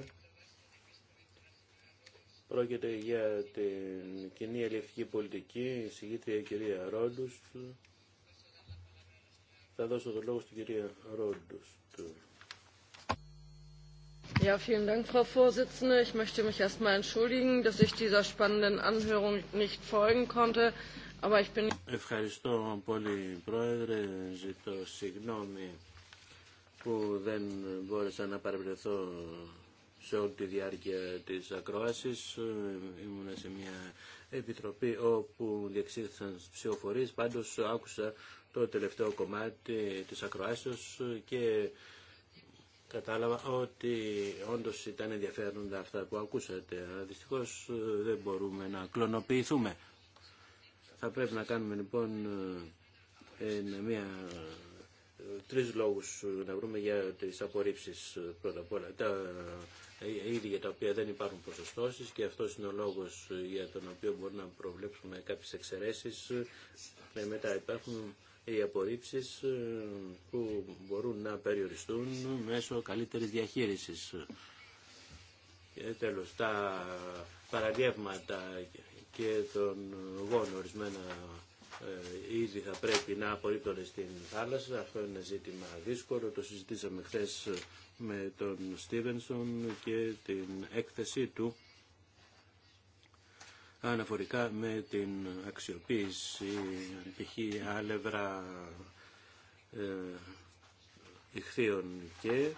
Πρόκειται για την κοινή ελευθερική πολιτική, η κυρία Ρόντους, θα δώσω το λόγο στην κυρία Ρόντους. Ja, vielen Ευχαριστώ πολύ, Πρόεδρε. Ζητώ συγγνώμη που δεν μπόρεσα να παρευρεθώ σε όλη τη διάρκεια της ακρόασης. σε μια Επιτροπή όπου διεξήχθησαν ψηφοφορίες. Πάντως άκουσα το τελευταίο κομμάτι της ακροάσεως και κατάλαβα ότι όντως ήταν ενδιαφέροντα αυτά που ακούσατε. Δυστυχώς ε, δεν μπορούμε να κλωνοποιηθούμε. Θα πρέπει να κάνουμε λοιπόν ε, μια ε, τρεις λόγους να βρούμε για τις απορρίψεις πρώτα απ' όλα. Ήδη για τα οποία δεν υπάρχουν ποσοστώσει και αυτό είναι ο λόγος για τον οποίο μπορούμε να προβλέψουμε κάποιες εξαιρέσεις. Ε, μετά υπάρχουν οι απορρίψεις ε, που μπορούν να περιοριστούν μέσω καλύτερη διαχείριση. Και τέλος, τα παραδείγματα και των γόνων ορισμένα ε, ήδη θα πρέπει να απορρίπτονται στην θάλασσα. Αυτό είναι ζήτημα δύσκολο. Το συζητήσαμε χθε με τον Στίβενσον και την έκθεσή του αναφορικά με την αξιοποίηση π.χ. άλευρα ε, ηχθείων και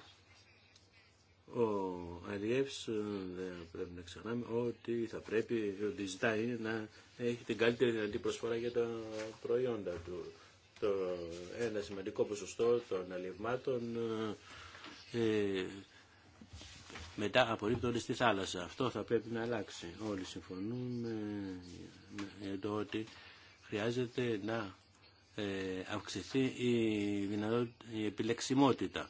ο Αλιεύς ε, δεν πρέπει να ξεχνάμε ότι θα πρέπει, ότι ζητάει να έχει την καλύτερη δυνατή προσφορά για τα προϊόντα του. Το, ένα σημαντικό ποσοστό των αλιευμάτων ε, ε, μετά απορρίπτονται στη θάλασσα. Αυτό θα πρέπει να αλλάξει. Όλοι συμφωνούμε για το ότι χρειάζεται να ε, αυξηθεί η επιλεξιμότητα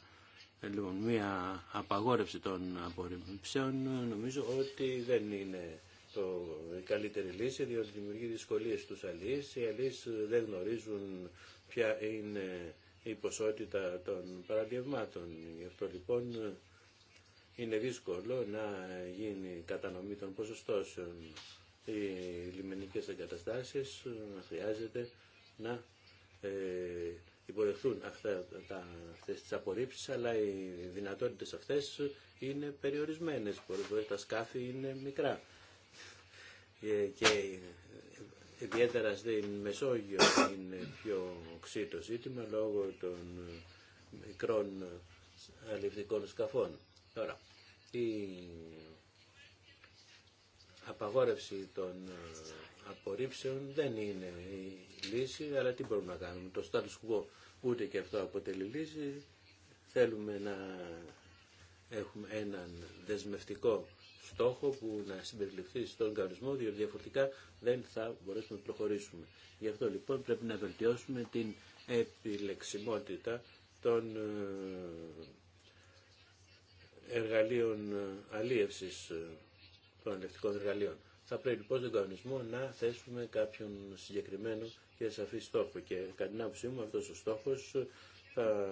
ε, λοιπόν, μια απαγόρευση των απορριμψέων νομίζω ότι δεν είναι το καλύτερη λύση διότι δημιουργεί δυσκολίες στους αλληλεί. Οι αλληλεί δεν γνωρίζουν ποια είναι η ποσότητα των παραδειγμάτων. Γι' αυτό λοιπόν είναι δύσκολο να γίνει κατανομή των ποσοστώσεων. Οι λιμενικές εγκαταστάσεις ε, χρειάζεται να ε, υποδεχθούν αυτά, τα, αυτές τις απορρίψεις, αλλά οι δυνατότητες αυτές είναι περιορισμένες. Πολλές τα σκάφη είναι μικρά. Ε, και ιδιαίτερα στην Μεσόγειο είναι πιο οξύ το ζήτημα λόγω των μικρών αληθικών σκαφών. Τώρα, η απαγόρευση των απορρίψεων δεν είναι λύση, αλλά τι μπορούμε να κάνουμε. Το status quo ούτε και αυτό αποτελεί λύση. Θέλουμε να έχουμε έναν δεσμευτικό στόχο που να συμπεριληφθεί στον κανονισμό, διότι διαφορετικά δεν θα μπορέσουμε να προχωρήσουμε. Γι' αυτό λοιπόν πρέπει να βελτιώσουμε την επιλεξιμότητα των ε, εργαλείων ε, αλίευσης ε, των ελεκτικών εργαλείων. Θα πρέπει λοιπόν στον κανονισμό να θέσουμε κάποιον συγκεκριμένο και σαφή στόχο. Και κατά την άποψή μου αυτός ο στόχος θα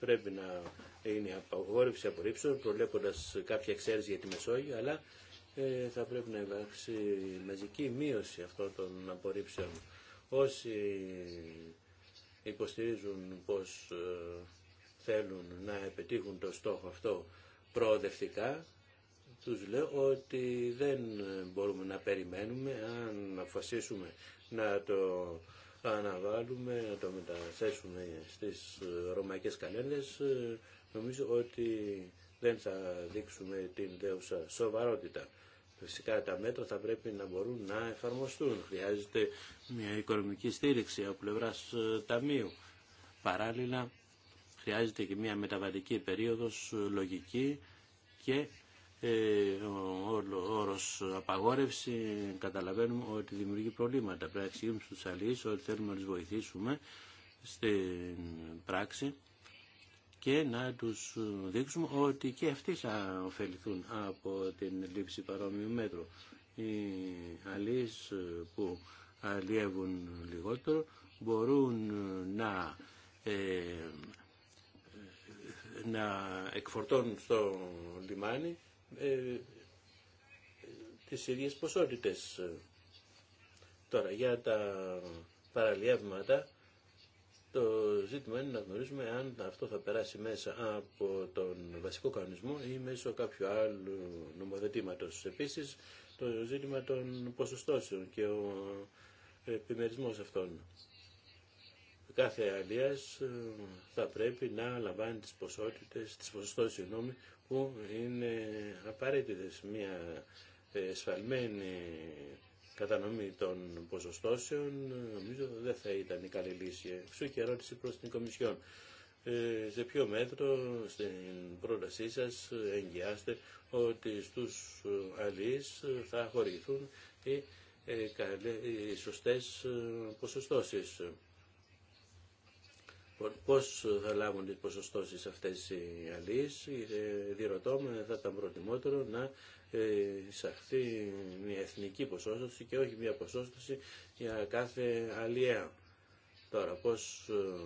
πρέπει να είναι απαγόρευση απορρίψεων, προλέποντας κάποια εξαίρεση για τη Μεσόγειο, αλλά ε, θα πρέπει να υπάρξει μαζική μείωση αυτών των απορρίψεων. Όσοι υποστηρίζουν πως ε, θέλουν να επιτύχουν το στόχο αυτό προοδευτικά, τους λέω ότι δεν μπορούμε να περιμένουμε αν αποφασίσουμε να το αναβάλουμε, να το μεταθέσουμε στις ρωμαϊκές καλένδες. Νομίζω ότι δεν θα δείξουμε την δέουσα σοβαρότητα. Φυσικά τα μέτρα θα πρέπει να μπορούν να εφαρμοστούν. Χρειάζεται μια οικονομική στήριξη από πλευρά ε, ταμείου. Παράλληλα, χρειάζεται και μια μεταβατική περίοδος ε, λογική και ε, ο όρος απαγόρευση καταλαβαίνουμε ότι δημιουργεί προβλήματα. Πρέπει να εξηγήσουμε στους αλληλείς ότι θέλουμε να τους βοηθήσουμε στην πράξη και να τους δείξουμε ότι και αυτοί θα ωφεληθούν από την λήψη παρόμοιου μέτρου. Οι αλληλείς που αλλιεύουν λιγότερο μπορούν να ε, να εκφορτώνουν στο λιμάνι ε, τις ίδιες ποσότητες. Τώρα, για τα παραλιεύματα, το ζήτημα είναι να γνωρίζουμε αν αυτό θα περάσει μέσα από τον βασικό κανονισμό ή μέσω κάποιου άλλου νομοθετήματος. Επίσης, το ζήτημα των ποσοστώσεων και ο επιμερισμός αυτών. Κάθε αλλιάς ε, θα πρέπει να λαμβάνει τις ποσότητες, τις ποσοστώσεις, συγγνώμη, που είναι απαραίτητες μια σφαλμένη κατανομή των ποσοστώσεων νομίζω δεν θα ήταν η καλή λύση. Εξού και ερώτηση προς την Κομισιόν. Ε, σε ποιο μέτρο στην πρότασή σας εγγυάστε ότι στους αλείς θα χορηγηθούν οι, ε, καλέ, οι σωστές ε, ποσοστώσεις. Λοιπόν, πώς θα λάβουν τις ποσοστώσεις αυτές οι αλίες, διερωτώ με θα ήταν προτιμότερο να ε, εισαχθεί μια εθνική ποσόστοση και όχι μια ποσόστοση για κάθε αλία. Τώρα πώς ε,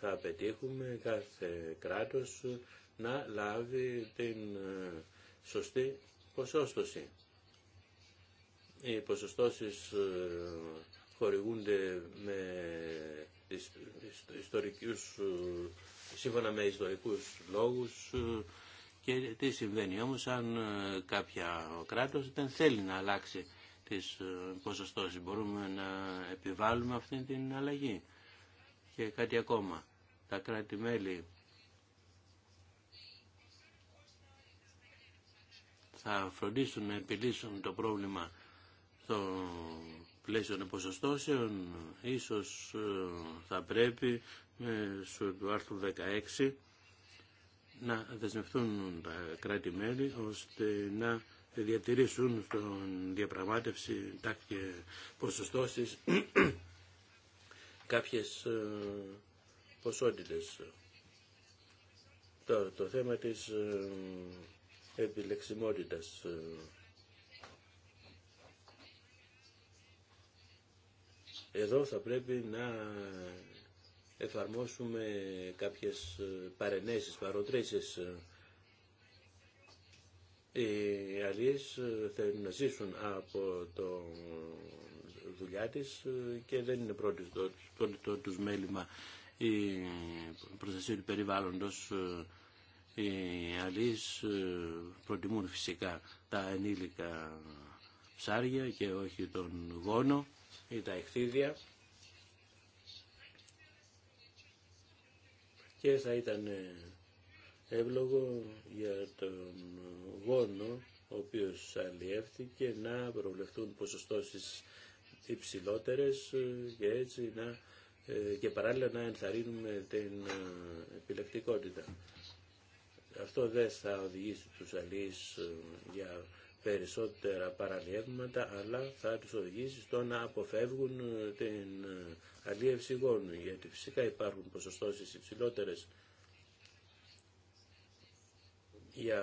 θα πετύχουμε κάθε κράτος να λάβει την ε, σωστή ποσόστοση. Οι ποσοστώσεις χορηγούνται με ιστορικούς, ε, σύμφωνα με ιστορικούς λόγους ε, και τι συμβαίνει όμως αν ε, κάποια κράτος δεν θέλει να αλλάξει τις ποσοστώσεις. Μπορούμε να επιβάλλουμε αυτή την αλλαγή. Και κάτι ακόμα. Τα κράτη-μέλη θα φροντίσουν να επιλύσουν το πρόβλημα στο των ποσοστώσεων ίσως ε, θα πρέπει μέσω του άρθρου 16 να δεσμευτούν τα κράτη-μέλη ώστε να διατηρήσουν στον διαπραγμάτευση τάκ και ποσοστώσεις κάποιες ε, ποσότητες. το το θέμα της ε, επιλεξιμότητας Εδώ θα πρέπει να εφαρμόσουμε κάποιες ε, παρενέσεις, παροτρήσεις. Ε, οι αλλιείς ε, θέλουν να ζήσουν από το δουλειά της και δεν είναι πρώτο το, τους μέλημα η προστασία του περιβάλλοντος. Οι αλλιείς προτιμούν φυσικά τα ενήλικα ψάρια και όχι τον γόνο ή τα εκτίδια. και θα ήταν ε, εύλογο για τον γόνο ο οποίος αλλιεύτηκε να προβλεφθούν ποσοστώσεις υψηλότερες ε, και έτσι να ε, και παράλληλα να ενθαρρύνουμε την επιλεκτικότητα. Αυτό δεν θα οδηγήσει τους αλείς για περισσότερα παραλιεύματα, αλλά θα τους οδηγήσει στο να αποφεύγουν ε, την ε, αλίευση γόνου, γιατί φυσικά υπάρχουν ποσοστώσεις υψηλότερες για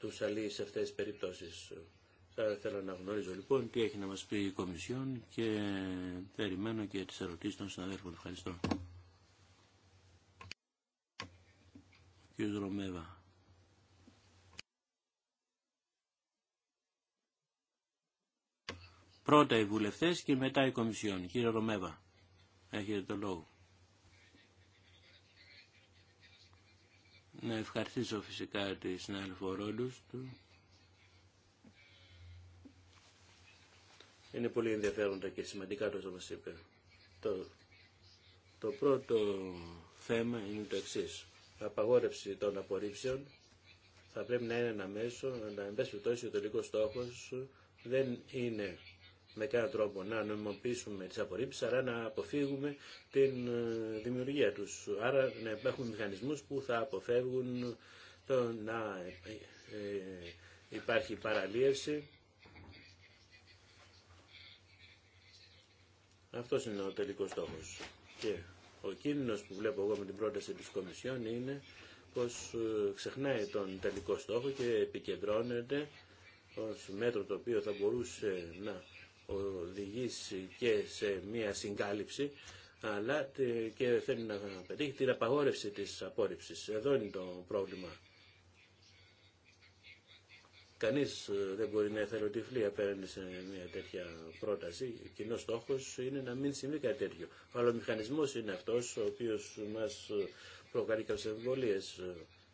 τους αλίες σε αυτές τις περιπτώσεις. Θα ήθελα να γνωρίζω λοιπόν τι έχει να μας πει η Κομισιόν και περιμένω και τις ερωτήσεις των συναδέλφων. Ευχαριστώ. Κύριος Ρωμέβα. Πρώτα οι βουλευτές και μετά η Κομισιόν. Κύριε Ρωμέβα, έχετε το λόγο. Να ευχαριστήσω φυσικά τη συνάδελφο Ρόντους του. Είναι πολύ ενδιαφέροντα και σημαντικά το μας είπε. Το, το πρώτο θέμα είναι το εξή. Απαγόρευση των απορρίψεων θα πρέπει να είναι ένα μέσο, αλλά εν πάση ο τελικό στόχο δεν είναι με κάποιο τρόπο να νομιμοποιήσουμε τις απορρίψεις, αλλά να αποφύγουμε την ε, δημιουργία τους. Άρα να υπάρχουν μηχανισμούς που θα αποφεύγουν το να ε, ε, υπάρχει παραλίευση. Αυτό είναι ο τελικός στόχος. Και ο κίνδυνος που βλέπω εγώ με την πρόταση της Κομισιόν είναι πως ξεχνάει τον τελικό στόχο και επικεντρώνεται ως μέτρο το οποίο θα μπορούσε να οδηγήσει και σε μία συγκάλυψη αλλά και θέλει να πετύχει την απαγόρευση της απόρριψης. Εδώ είναι το πρόβλημα. Κανείς ε, δεν μπορεί να φλή απέναντι σε μια τέτοια πρόταση. Ο κοινός στόχος είναι να μην συμβεί κάτι τέτοιο. Αλλά ο μηχανισμός είναι αυτός ο οποίος μας ε, προκαλεί κάποιες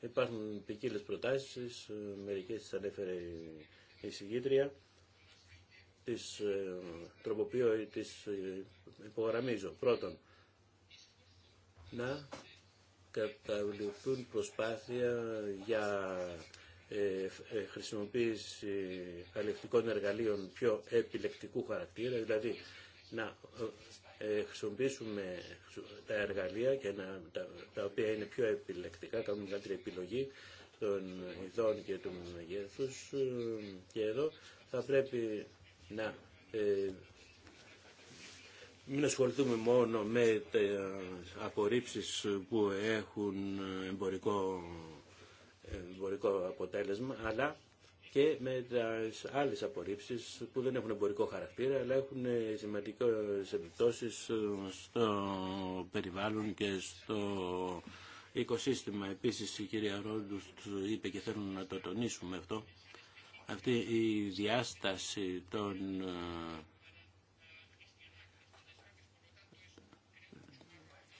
Υπάρχουν ποικίλε προτάσεις, ε, μερικές τις ανέφερε η τις ε, τροποποιώ ή τις ε, υπογραμμίζω. Πρώτον, να καταβληθούν προσπάθεια για ε, χρησιμοποίηση αλληλευτικών εργαλείων πιο επιλεκτικού χαρακτήρα, δηλαδή να χρησιμοποιήσουμε τα εργαλεία και να, τα, οποία είναι πιο επιλεκτικά, κάνουμε μεγαλύτερη επιλογή των ειδών και του μεγέθους και εδώ θα πρέπει να ε, μην ασχοληθούμε μόνο με απορρίψεις που έχουν εμπορικό, εμπορικό αποτέλεσμα, αλλά και με τις άλλες απορρίψεις που δεν έχουν εμπορικό χαρακτήρα, αλλά έχουν σημαντικές επιπτώσεις στο περιβάλλον και στο οικοσύστημα. Επίσης η κυρία Ρόντους είπε και θέλουν να το τονίσουμε αυτό, αυτή η διάσταση των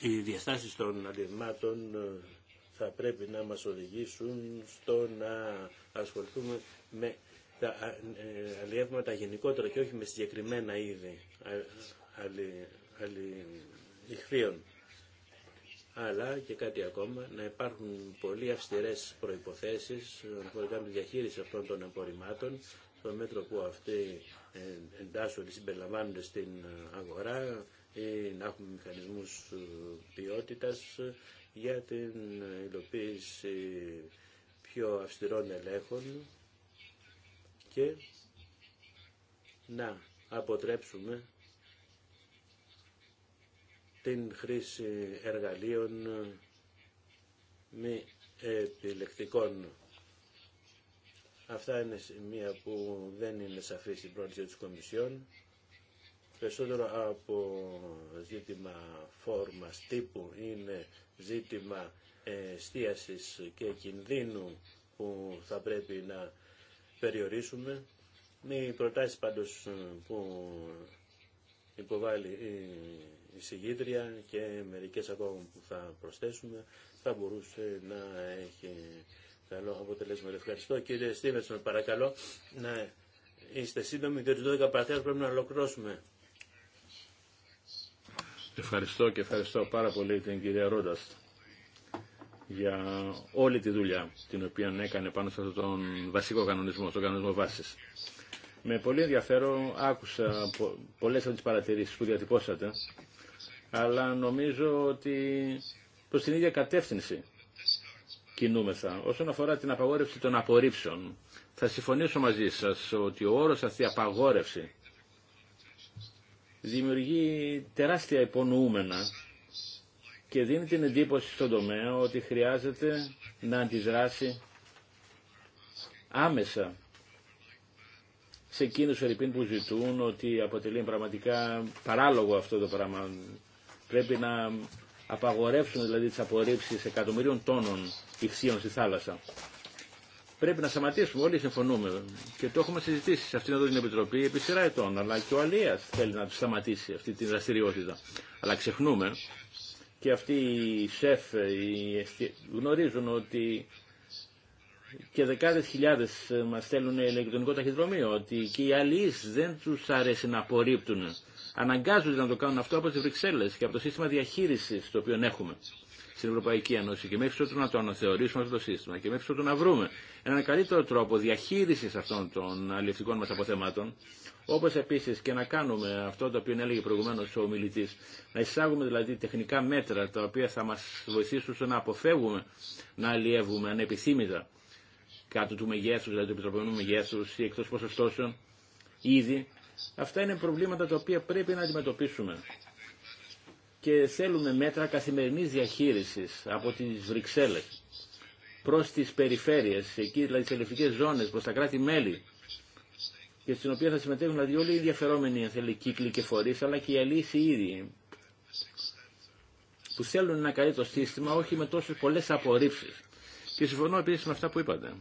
οι διαστάσεις των αντιδημάτων θα πρέπει να μας οδηγήσουν στο να ασχοληθούμε με τα αλλιεύματα γενικότερα και όχι με συγκεκριμένα είδη αλλη, αλλά και κάτι ακόμα, να υπάρχουν πολύ αυστηρές προϋποθέσεις αναφορικά με τη διαχείριση αυτών των απορριμμάτων, στο μέτρο που αυτοί ε, εντάσσονται, συμπεριλαμβάνονται στην αγορά, ή να έχουν μηχανισμούς ε, ποιότητας ε, για την υλοποίηση πιο αυστηρών ελέγχων και να αποτρέψουμε την χρήση εργαλείων μη επιλεκτικών. Αυτά είναι σημεία που δεν είναι σαφή στην πρόταση της Κομισιόν. Περισσότερο από ζήτημα φόρμας τύπου είναι ζήτημα εστίασης και κινδύνου που θα πρέπει να περιορίσουμε. Μη προτάσεις πάντως που υποβάλλει η εισηγήτρια και μερικές ακόμα που θα προσθέσουμε θα μπορούσε να έχει καλό αποτελέσμα. Ευχαριστώ κύριε Στίβενσον, παρακαλώ να είστε σύντομοι διότι 12 παραθέας πρέπει να ολοκληρώσουμε. Ευχαριστώ και ευχαριστώ πάρα πολύ την κυρία Ρόντας για όλη τη δουλειά την οποία έκανε πάνω σε αυτόν τον βασικό κανονισμό, τον κανονισμό βάσης. Με πολύ ενδιαφέρον άκουσα πολλές από τις παρατηρήσεις που διατυπώσατε αλλά νομίζω ότι προς την ίδια κατεύθυνση κινούμεθα. Όσον αφορά την απαγόρευση των απορρίψεων, θα συμφωνήσω μαζί σας ότι ο όρος αυτή απαγόρευση δημιουργεί τεράστια υπονοούμενα και δίνει την εντύπωση στον τομέα ότι χρειάζεται να αντιδράσει άμεσα σε εκείνους Φερρυπίν που ζητούν ότι αποτελεί πραγματικά παράλογο αυτό το πράγμα Πρέπει να απαγορεύσουν δηλαδή τις απορρίψεις εκατομμυρίων τόνων ηχθείων στη θάλασσα. Πρέπει να σταματήσουμε, όλοι συμφωνούμε και το έχουμε συζητήσει σε αυτήν εδώ την Επιτροπή επί σειρά ετών, αλλά και ο Αλίας θέλει να του σταματήσει αυτή τη δραστηριότητα. Αλλά ξεχνούμε και αυτοί οι σεφ οι... γνωρίζουν ότι και δεκάδες χιλιάδες μας στέλνουν ηλεκτρονικό ταχυδρομείο, ότι και οι αλλοίς δεν τους αρέσει να απορρίπτουν αναγκάζονται να το κάνουν αυτό από τι Βρυξέλλε και από το σύστημα διαχείριση το οποίο έχουμε στην Ευρωπαϊκή Ένωση. Και μέχρι τότε να το αναθεωρήσουμε αυτό το σύστημα και μέχρι τότε να βρούμε έναν καλύτερο τρόπο διαχείριση αυτών των αλληλευτικών μα αποθεμάτων, όπω επίση και να κάνουμε αυτό το οποίο έλεγε προηγουμένω ο ομιλητή, να εισάγουμε δηλαδή τεχνικά μέτρα τα οποία θα μα βοηθήσουν στο να αποφεύγουμε να αλλιεύουμε ανεπιθύμητα κάτω του μεγέθου, δηλαδή του επιτροπενού μεγέθου ή εκτό ποσοστώσεων, ήδη Αυτά είναι προβλήματα τα οποία πρέπει να αντιμετωπίσουμε. Και θέλουμε μέτρα καθημερινής διαχείρισης από τις Βρυξέλλες προς τις περιφέρειες, εκεί δηλαδή τις ελευθερικές ζώνες, προς τα κράτη-μέλη και στην οποία θα συμμετέχουν δηλαδή όλοι οι ενδιαφερόμενοι θέλει, κύκλοι και φορείς, αλλά και οι οι ίδιοι που θέλουν ένα καλύτερο σύστημα, όχι με τόσες πολλές απορρίψεις. Και συμφωνώ επίσης με αυτά που είπατε,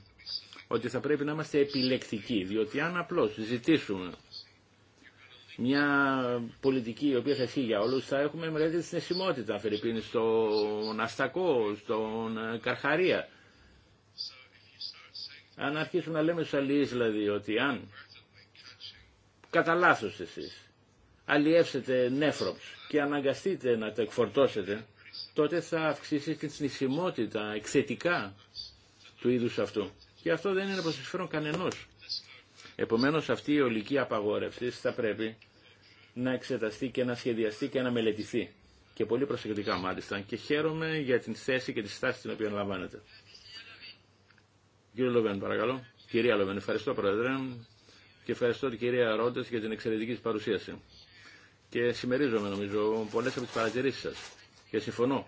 ότι θα πρέπει να είμαστε επιλεκτικοί, διότι αν απλώς ζητήσουμε μια πολιτική η οποία θα ισχύει για όλους, θα έχουμε μεγαλύτερη συναισθημότητα, Φερρυπίνη, στον Αστακό, στον Καρχαρία. Αν αρχίσουμε να λέμε στους αλληλείς, δηλαδή, ότι αν κατά λάθο εσείς αλλιεύσετε νέφροπς και αναγκαστείτε να τα εκφορτώσετε, τότε θα αυξήσει την συνεισιμότητα εκθετικά του είδους αυτού. Και αυτό δεν είναι προς συμφέρον κανενός. Επομένως αυτή η ολική απαγόρευση θα πρέπει να εξεταστεί και να σχεδιαστεί και να μελετηθεί. Και πολύ προσεκτικά μάλιστα. Και χαίρομαι για την θέση και τη στάση την οποία λαμβάνετε. Κύριε Λοβέν, παρακαλώ. Κυρία Λοβέν, ευχαριστώ Πρόεδρε και ευχαριστώ την κυρία Ρόντες για την εξαιρετική της παρουσίαση. Και συμμερίζομαι νομίζω πολλές από τις παρατηρήσεις σας και συμφωνώ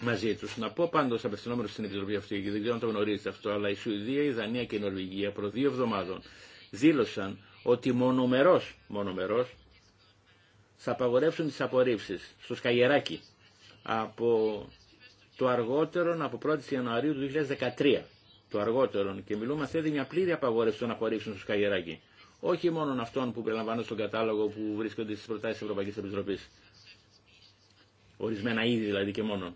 μαζί τους. Να πω πάντως απευθυνόμενο στην Επιτροπή αυτή γιατί δεν ξέρω αν το γνωρίζετε αυτό, αλλά η Σουηδία, η Δανία και η Νορβηγία προ δύο εβδομάδων δήλωσαν ότι μονομερός, μονομερός θα απαγορεύσουν τις απορρίψεις στο Σκαγεράκι από το αργοτερο απο από 1η Ιανουαρίου του 2013. Το αργότερο. και μιλούμε αυτή μια πλήρη απαγόρευση των απορρίψεων στο Σκαγεράκι. Όχι μόνο αυτών που περιλαμβάνουν στον κατάλογο που βρίσκονται στις προτάσεις της Ευρωπαϊκής Επιτροπής. Ορισμένα είδη δηλαδή και μόνο.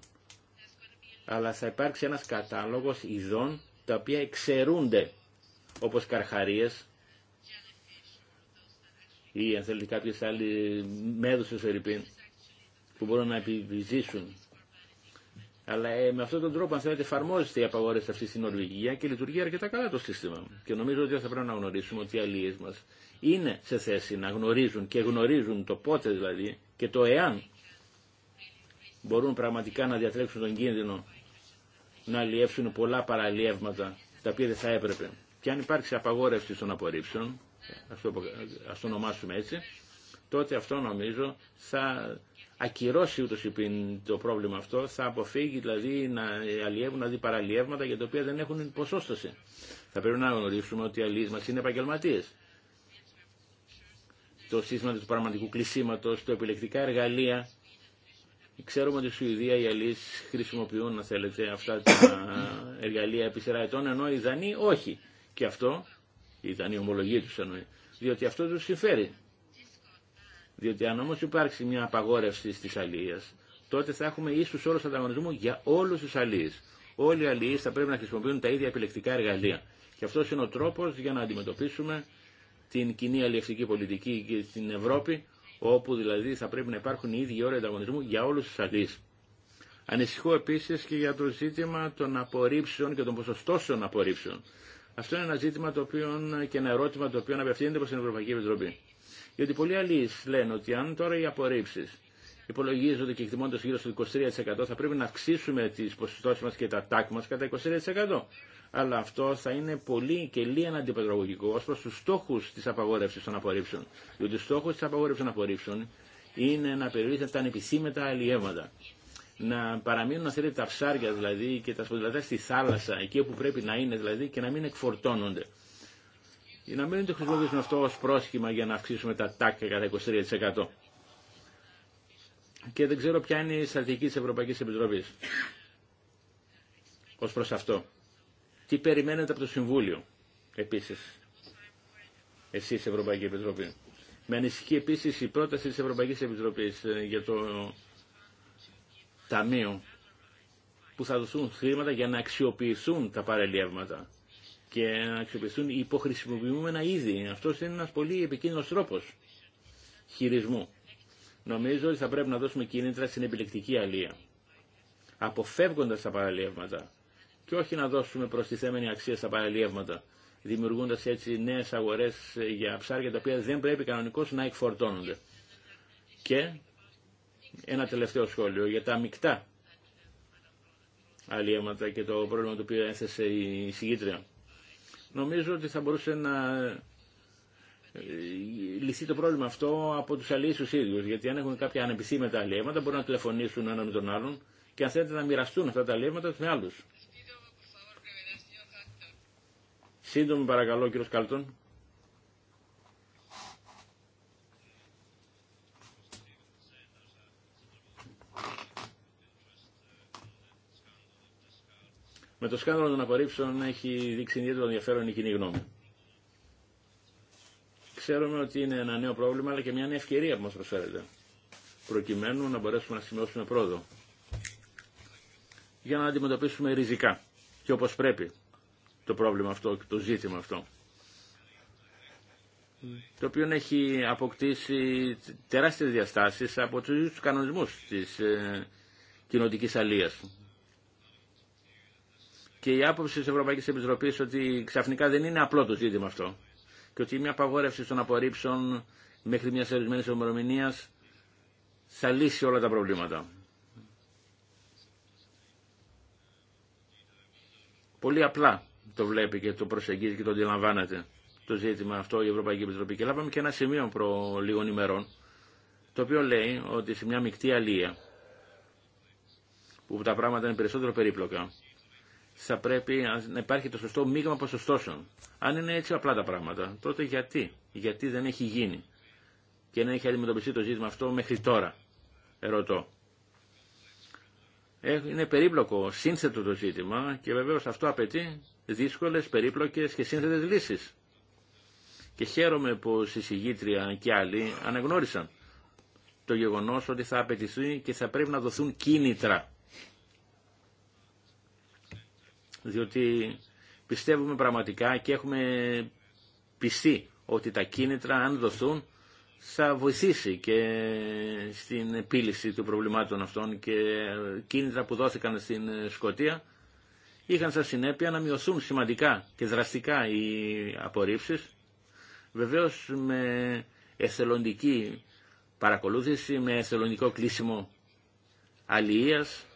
Αλλά θα υπάρξει ένας κατάλογος ειδών τα οποία εξαιρούνται όπως καρχαρίες, ή αν θέλετε κάποιες άλλες μέδους του Φερρυπίν που μπορούν να επιβιζήσουν. Αλλά ε, με αυτόν τον τρόπο, αν θέλετε, εφαρμόζεται η απαγόρευση αυτή στην Ορβηγία και λειτουργεί αρκετά καλά το σύστημα. Και νομίζω ότι θα πρέπει να γνωρίσουμε ότι οι αλληλεί μα είναι σε θέση να γνωρίζουν και γνωρίζουν το πότε δηλαδή και το εάν μπορούν πραγματικά να διατρέψουν τον κίνδυνο να αλλιεύσουν πολλά παραλλιεύματα τα οποία δεν θα έπρεπε. Και αν υπάρξει απαγόρευση των απορρίψεων, ας το, ας το ονομάσουμε έτσι, τότε αυτό νομίζω θα ακυρώσει ούτως ή το πρόβλημα αυτό, θα αποφύγει δηλαδή να αλλιεύουν δηλαδή παραλλιεύματα για τα οποία δεν έχουν ποσόστοση. Θα πρέπει να γνωρίσουμε ότι οι αλλιείς μας είναι επαγγελματίε. Το σύστημα του πραγματικού κλεισίματος, το επιλεκτικά εργαλεία, Ξέρουμε ότι στη Σουηδία οι αλλιείς χρησιμοποιούν, να θέλετε, αυτά τα εργαλεία επί σειρά ετών, ενώ οι Δανείοι όχι. Και αυτό ήταν η ομολογία του εννοεί, διότι αυτό του συμφέρει. Διότι αν όμω υπάρξει μια απαγόρευση στις αλληλεία, τότε θα έχουμε ίσους όρου ανταγωνισμού για όλου του αλληλεί. Όλοι οι αλληλεί θα πρέπει να χρησιμοποιούν τα ίδια επιλεκτικά εργαλεία. Και αυτό είναι ο τρόπο για να αντιμετωπίσουμε την κοινή αλληλευτική πολιτική και στην Ευρώπη, όπου δηλαδή θα πρέπει να υπάρχουν οι ίδιοι όροι ανταγωνισμού για όλου του αλληλεί. Ανησυχώ επίση και για το ζήτημα των απορρίψεων και των ποσοστώσεων απορρίψεων. Αυτό είναι ένα ζήτημα το οποίο και ένα ερώτημα το οποίο απευθύνεται προ την Ευρωπαϊκή Επιτροπή. Γιατί πολλοί άλλοι λένε ότι αν τώρα οι απορρίψει υπολογίζονται και εκτιμώντα γύρω στο 23% θα πρέπει να αυξήσουμε τι ποσοστώσει μα και τα τάκ μα κατά 23%. Αλλά αυτό θα είναι πολύ και λίγα αντιπαιδαγωγικό ω προ του στόχου τη απαγόρευση των απορρίψεων. Διότι ο στόχο τη απαγόρευση των απορρίψεων είναι να περιορίζεται τα ανεπιθύμητα αλλιεύματα να παραμείνουν αυτά τα ψάρια δηλαδή και τα σποντιλατά στη θάλασσα, εκεί όπου πρέπει να είναι δηλαδή και να μην εκφορτώνονται. Για να μην το χρησιμοποιήσουμε αυτό ως πρόσχημα για να αυξήσουμε τα τάκια κατά 23%. Και δεν ξέρω ποια είναι η στρατηγική της Ευρωπαϊκής Επιτροπής ως προς αυτό. Τι περιμένετε από το Συμβούλιο επίσης, εσείς Ευρωπαϊκή Επιτροπή. Με ανησυχεί επίσης η πρόταση της Ευρωπαϊκής Επιτροπής ε, για το ταμείο που θα δοθούν χρήματα για να αξιοποιηθούν τα παρελίευματα και να αξιοποιηθούν υποχρησιμοποιούμενα είδη. Αυτό είναι ένα πολύ επικίνδυνο τρόπο χειρισμού. Νομίζω ότι θα πρέπει να δώσουμε κίνητρα στην επιλεκτική αλία, αποφεύγοντα τα παραλίευματα και όχι να δώσουμε προστιθέμενη αξία στα παραλίευματα, δημιουργώντα έτσι νέε αγορέ για ψάρια τα οποία δεν πρέπει κανονικώ να εκφορτώνονται. Και ένα τελευταίο σχόλιο για τα μεικτά αλλιέματα και το πρόβλημα το οποίο έθεσε η συγκίτρια. Νομίζω ότι θα μπορούσε να ε, λυθεί το πρόβλημα αυτό από τους αλλιείς τους ίδιους, γιατί αν έχουν κάποια ανεπιθύμητα αλλιέματα μπορούν να τηλεφωνήσουν ένα με τον άλλον και αν θέλετε να μοιραστούν αυτά τα αλλιέματα με άλλους. Σύντομη παρακαλώ κύριο Καλτών. Με το σκάνδαλο των απορρίψεων έχει δείξει ιδιαίτερο ενδιαφέρον η κοινή γνώμη. Ξέρουμε ότι είναι ένα νέο πρόβλημα αλλά και μια νέα ευκαιρία που μας προσφέρεται προκειμένου να μπορέσουμε να σημειώσουμε πρόοδο για να αντιμετωπίσουμε ριζικά και όπως πρέπει το πρόβλημα αυτό και το ζήτημα αυτό το οποίο έχει αποκτήσει τεράστιες διαστάσεις από τους κανονισμούς της ε, κοινωτικής αλίας και η άποψη τη Ευρωπαϊκή Επιτροπή ότι ξαφνικά δεν είναι απλό το ζήτημα αυτό και ότι μια απαγόρευση των απορρίψεων μέχρι μια ορισμένη ημερομηνία θα λύσει όλα τα προβλήματα. Πολύ απλά το βλέπει και το προσεγγίζει και το αντιλαμβάνεται το ζήτημα αυτό η Ευρωπαϊκή Επιτροπή. Και λάβαμε και ένα σημείο προ λίγων ημερών, το οποίο λέει ότι σε μια μεικτή αλία, που τα πράγματα είναι περισσότερο περίπλοκα, θα πρέπει να υπάρχει το σωστό μείγμα ποσοστώσεων. Αν είναι έτσι απλά τα πράγματα, τότε γιατί, γιατί δεν έχει γίνει και να έχει αντιμετωπιστεί το ζήτημα αυτό μέχρι τώρα, ερωτώ. Ε, είναι περίπλοκο, σύνθετο το ζήτημα και βεβαίω αυτό απαιτεί δύσκολες, περίπλοκες και σύνθετες λύσεις. Και χαίρομαι πως η συγγήτρια και άλλοι αναγνώρισαν το γεγονό ότι θα απαιτηθεί και θα πρέπει να δοθούν κίνητρα διότι πιστεύουμε πραγματικά και έχουμε πιστεί ότι τα κίνητρα αν δοθούν θα βοηθήσει και στην επίλυση των προβλημάτων αυτών και κίνητρα που δόθηκαν στην Σκοτία είχαν σαν συνέπεια να μειωθούν σημαντικά και δραστικά οι απορρίψεις βεβαίως με εθελοντική παρακολούθηση, με εθελοντικό κλείσιμο αλληλείας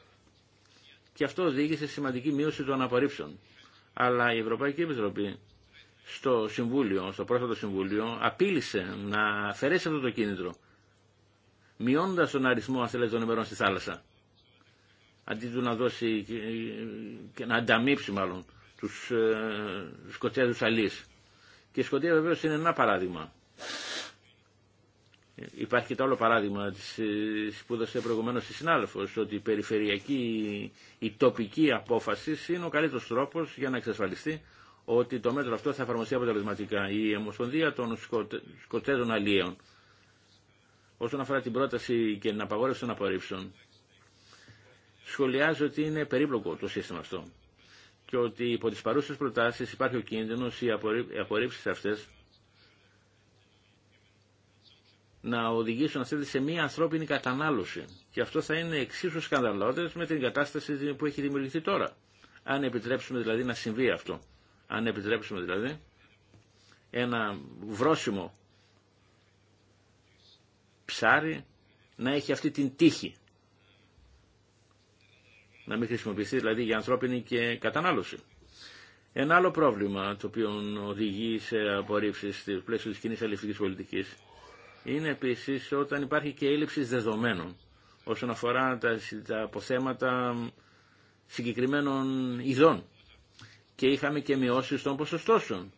και αυτό οδήγησε σε σημαντική μείωση των απορρίψεων. Αλλά η Ευρωπαϊκή Επιτροπή στο Συμβούλιο, στο πρόσφατο Συμβούλιο, απείλησε να αφαιρέσει αυτό το κίνητρο, μειώνοντα τον αριθμό αν θέλετε, των ημερών στη θάλασσα. Αντί του να δώσει και να ανταμείψει μάλλον τους ε, αλείς. Και η Σκοτία βεβαίω είναι ένα παράδειγμα Υπάρχει και το άλλο παράδειγμα ε, που έδωσε προηγουμένω η συνάδελφος, ότι η περιφερειακή, η τοπική απόφαση είναι ο καλύτερος τρόπος για να εξασφαλιστεί ότι το μέτρο αυτό θα εφαρμοστεί αποτελεσματικά. Η Ομοσπονδία των Σκοτε... Σκοτέζων Αλλιέων, όσον αφορά την πρόταση και την απαγόρευση των απορρίψεων, σχολιάζει ότι είναι περίπλοκο το σύστημα αυτό και ότι υπό τις παρούσες προτάσεις υπάρχει ο κίνδυνος οι απορρίψει αυτέ να οδηγήσουν αυτή σε μία ανθρώπινη κατανάλωση. Και αυτό θα είναι εξίσου σκανδαλώδες με την κατάσταση που έχει δημιουργηθεί τώρα. Αν επιτρέψουμε δηλαδή να συμβεί αυτό. Αν επιτρέψουμε δηλαδή ένα βρόσιμο ψάρι να έχει αυτή την τύχη. Να μην χρησιμοποιηθεί δηλαδή για ανθρώπινη και κατανάλωση. Ένα άλλο πρόβλημα το οποίο οδηγεί σε απορρίψεις στο πλαίσιο της κοινής αλληλευτικής πολιτικής είναι επίσης όταν υπάρχει και έλλειψη δεδομένων όσον αφορά τα αποθέματα συγκεκριμένων ειδών. Και είχαμε και μειώσει των ποσοστώσεων,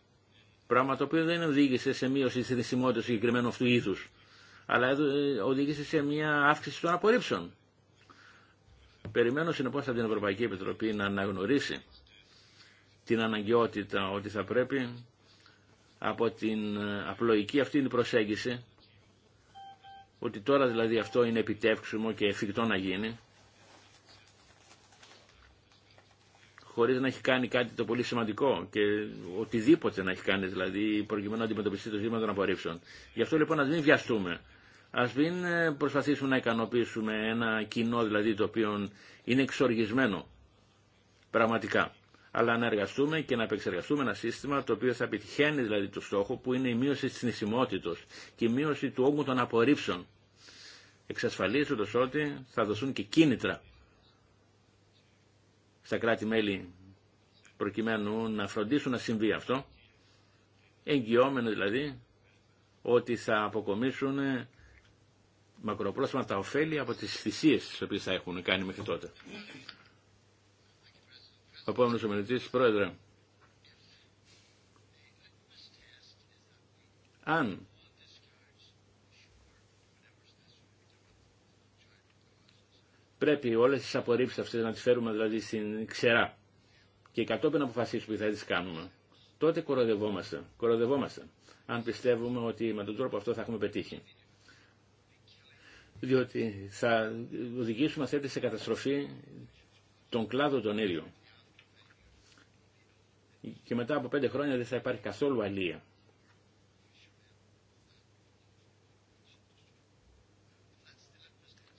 πράγμα το οποίο δεν οδήγησε σε μείωση τη θρησιμότητας συγκεκριμένου αυτού είδου, αλλά ε, οδήγησε σε μια αύξηση των απορρίψεων. Περιμένω συνεπώ από την Ευρωπαϊκή Επιτροπή να αναγνωρίσει την αναγκαιότητα ότι θα πρέπει από την ε, απλοϊκή αυτή την προσέγγιση ότι τώρα δηλαδή αυτό είναι επιτεύξιμο και εφικτό να γίνει, χωρίς να έχει κάνει κάτι το πολύ σημαντικό και οτιδήποτε να έχει κάνει δηλαδή προκειμένου να αντιμετωπιστεί το ζήτημα των απορρίψεων. Γι' αυτό λοιπόν να μην βιαστούμε. Ας μην ε, προσπαθήσουμε να ικανοποιήσουμε ένα κοινό δηλαδή το οποίο είναι εξοργισμένο πραγματικά αλλά να εργαστούμε και να επεξεργαστούμε ένα σύστημα το οποίο θα επιτυχαίνει δηλαδή το στόχο που είναι η μείωση της νησιμότητος και η μείωση του όγκου των απορρίψεων. Εξασφαλίζοντας ότι θα δοθούν και κίνητρα στα κράτη-μέλη προκειμένου να φροντίσουν να συμβεί αυτό, εγγυόμενο δηλαδή ότι θα αποκομίσουν μακροπρόθεσμα τα ωφέλη από τις θυσίες τις οποίες θα έχουν κάνει μέχρι τότε. Ο επόμενο ομιλητή, πρόεδρε. Αν πρέπει όλες τις απορρίψει αυτές να τις φέρουμε δηλαδή στην ξερά και κατόπιν αποφασίσουμε τι θα τις κάνουμε, τότε κοροδευόμαστε, κοροδευόμαστε, αν πιστεύουμε ότι με τον τρόπο αυτό θα έχουμε πετύχει. Διότι θα οδηγήσουμε αυτή σε καταστροφή τον κλάδο τον ίδιο και μετά από πέντε χρόνια δεν θα υπάρχει καθόλου αλία.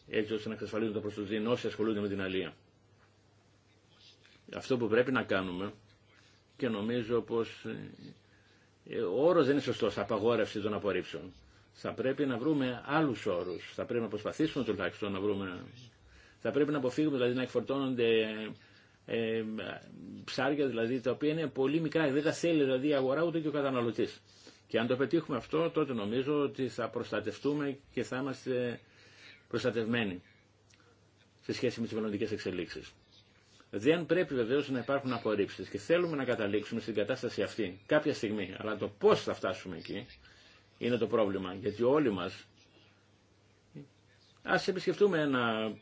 Έτσι ώστε να εξασφαλίζουν τα προστοζήν όσοι ασχολούνται με την αλία. Αυτό που πρέπει να κάνουμε και νομίζω πως ε, ο όρος δεν είναι σωστός, απαγόρευση των απορρίψεων. Θα πρέπει να βρούμε άλλους όρους, θα πρέπει να προσπαθήσουμε τουλάχιστον να βρούμε... Θα πρέπει να αποφύγουμε δηλαδή να εκφορτώνονται ε, ψάρια δηλαδή τα οποία είναι πολύ μικρά, δεν τα θέλει δηλαδή η αγορά ούτε και ο καταναλωτή. Και αν το πετύχουμε αυτό τότε νομίζω ότι θα προστατευτούμε και θα είμαστε προστατευμένοι σε σχέση με τις μελλοντικέ εξελίξεις. Δεν πρέπει βεβαίω να υπάρχουν απορρίψει και θέλουμε να καταλήξουμε στην κατάσταση αυτή κάποια στιγμή. Αλλά το πώ θα φτάσουμε εκεί είναι το πρόβλημα. Γιατί όλοι μα Α επισκεφτούμε ένα,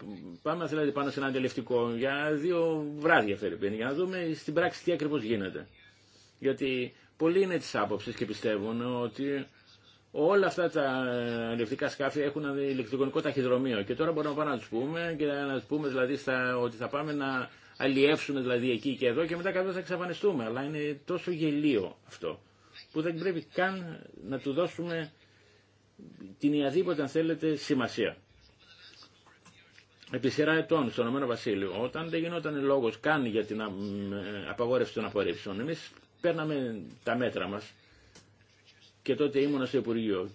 πάμε δηλαδή πάνω σε ένα αντιληφτικό για δύο βράδια φερειπίνη, για να δούμε στην πράξη τι ακριβώ γίνεται. Γιατί πολλοί είναι τη άποψη και πιστεύουν ότι όλα αυτά τα αλληλευτικά σκάφη έχουν ένα ηλεκτρονικό ταχυδρομείο και τώρα μπορούμε να πάμε να του πούμε και να πούμε δηλαδή στα, ότι θα πάμε να αλλιεύσουμε δηλαδή εκεί και εδώ και μετά καθώς θα εξαφανιστούμε. Αλλά είναι τόσο γελίο αυτό που δεν πρέπει καν να του δώσουμε την ιαδήποτε αν θέλετε σημασία επί σειρά ετών στον Ηνωμένο Βασίλειο, όταν δεν γινόταν λόγο καν για την ε, απαγόρευση των απορρίψεων, εμεί παίρναμε τα μέτρα μα και τότε ήμουν στο Υπουργείο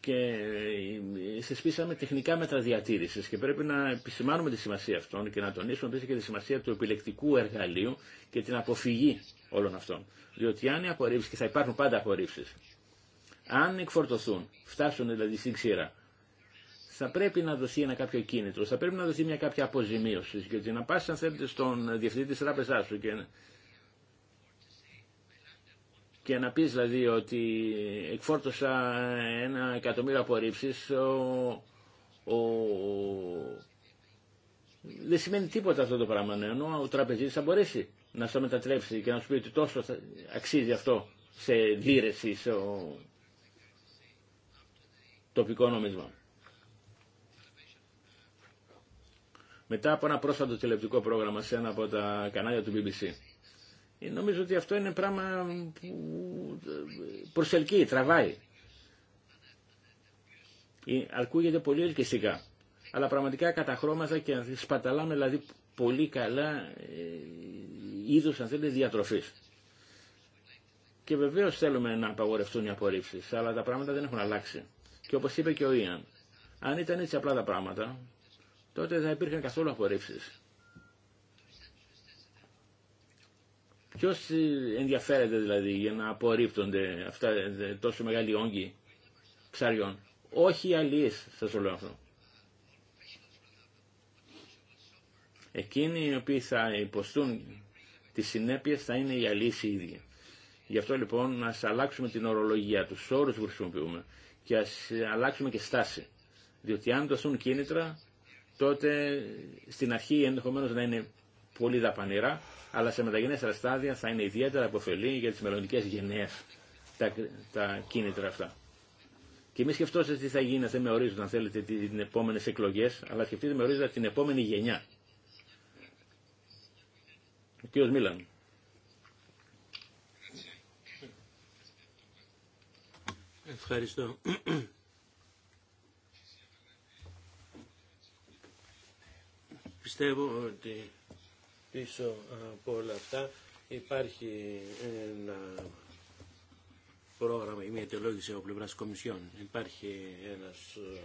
και ε, ε, συσπίσαμε τεχνικά μέτρα διατήρηση και πρέπει να επισημάνουμε τη σημασία αυτών και να τονίσουμε επίση και τη σημασία του επιλεκτικού εργαλείου και την αποφυγή όλων αυτών. Διότι αν οι απορρίψει, και θα υπάρχουν πάντα απορρίψει, αν εκφορτωθούν, φτάσουν δηλαδή στην ξύρα θα πρέπει να δοθεί ένα κάποιο κίνητρο, θα πρέπει να δοθεί μια κάποια αποζημίωση. Γιατί να πας αν θέλετε στον διευθυντή της τράπεζάς σου και, και να πεις δηλαδή ότι εκφόρτωσα ένα εκατομμύριο απορρίψεις, ο, ο, δεν σημαίνει τίποτα αυτό το πράγμα, ναι, ενώ ο τραπεζίτης θα μπορέσει να στο μετατρέψει και να σου πει ότι τόσο θα αξίζει αυτό σε δίρεση, σε τοπικό νομισμό. μετά από ένα πρόσφατο τηλεοπτικό πρόγραμμα σε ένα από τα κανάλια του BBC. Ε, νομίζω ότι αυτό είναι πράγμα που ε, προσελκύει, τραβάει. Ε, Αρκούγεται πολύ ελκυστικά. Αλλά πραγματικά καταχρώμαζα και σπαταλάμε δηλαδή πολύ καλά είδου αν θέλετε διατροφής. Και βεβαίως θέλουμε να απαγορευτούν οι απορρίψεις, αλλά τα πράγματα δεν έχουν αλλάξει. Και όπως είπε και ο Ιαν, αν ήταν έτσι απλά τα πράγματα, τότε δεν θα υπήρχαν καθόλου απορρίψεις. Ποιος ενδιαφέρεται δηλαδή για να απορρίπτονται αυτά τόσο μεγάλοι όγκοι ψαριών. Όχι οι αλληλείς, θα σου λέω αυτό. Εκείνοι οι οποίοι θα υποστούν τις συνέπειες θα είναι οι αλληλείς οι ίδιοι. Γι' αυτό λοιπόν να αλλάξουμε την ορολογία, τους όρους που χρησιμοποιούμε και ας αλλάξουμε και στάση. Διότι αν δοθούν κίνητρα τότε στην αρχή ενδεχομένω να είναι πολύ δαπανηρά, αλλά σε μεταγενέστερα στάδια θα είναι ιδιαίτερα αποφελή για τις μελλοντικέ γενναίε τα, τα κίνητρα αυτά. Και μην σκεφτόσαστε τι θα γίνει, δεν με ορίζουν, αν θέλετε, τι επόμενε εκλογέ, αλλά σκεφτείτε με ορίζοντα την επόμενη γενιά. Ο κ. Μίλαν. Ευχαριστώ. Πιστεύω ότι πίσω από όλα αυτά υπάρχει ένα πρόγραμμα ή μια τελόγηση από πλευρά Κομισιών. Υπάρχει ένας ε,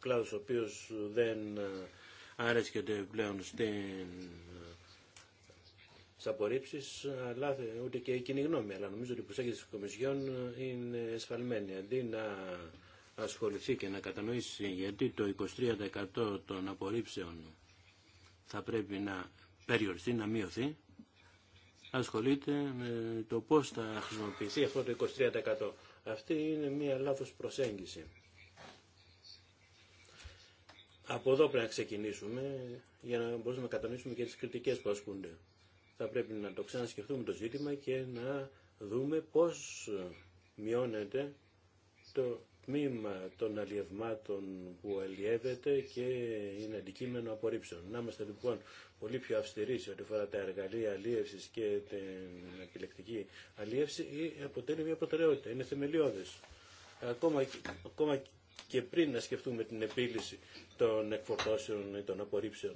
κλάδος ο οποίος δεν ε, αρέσκεται πλέον στην ε, στι απορρίψει, αλλά ούτε και η κοινή γνώμη. Αλλά νομίζω ότι η προσέγγιση της Κομισιόν είναι εσφαλμένη. Αντί να ασχοληθεί και να κατανοήσει γιατί το 23% των απορρίψεων θα πρέπει να περιοριστεί, να μειωθεί, ασχολείται με το πώς θα χρησιμοποιηθεί αυτό το 23%. Αυτή είναι μία λάθος προσέγγιση. Από εδώ πρέπει να ξεκινήσουμε για να μπορούμε να κατανοήσουμε και τις κριτικές που ασκούνται. Θα πρέπει να το ξανασκεφτούμε το ζήτημα και να δούμε πώς μειώνεται το τμήμα των αλλιευμάτων που αλλιεύεται και είναι αντικείμενο απορρίψεων. Να είμαστε λοιπόν πολύ πιο αυστηροί σε ό,τι αφορά τα εργαλεία αλλίευση και την επιλεκτική αλλίευση αποτελεί μια προτεραιότητα. Είναι θεμελιώδε. Ακόμα, ακόμα και πριν να σκεφτούμε την επίλυση των εκφορτώσεων ή των απορρίψεων.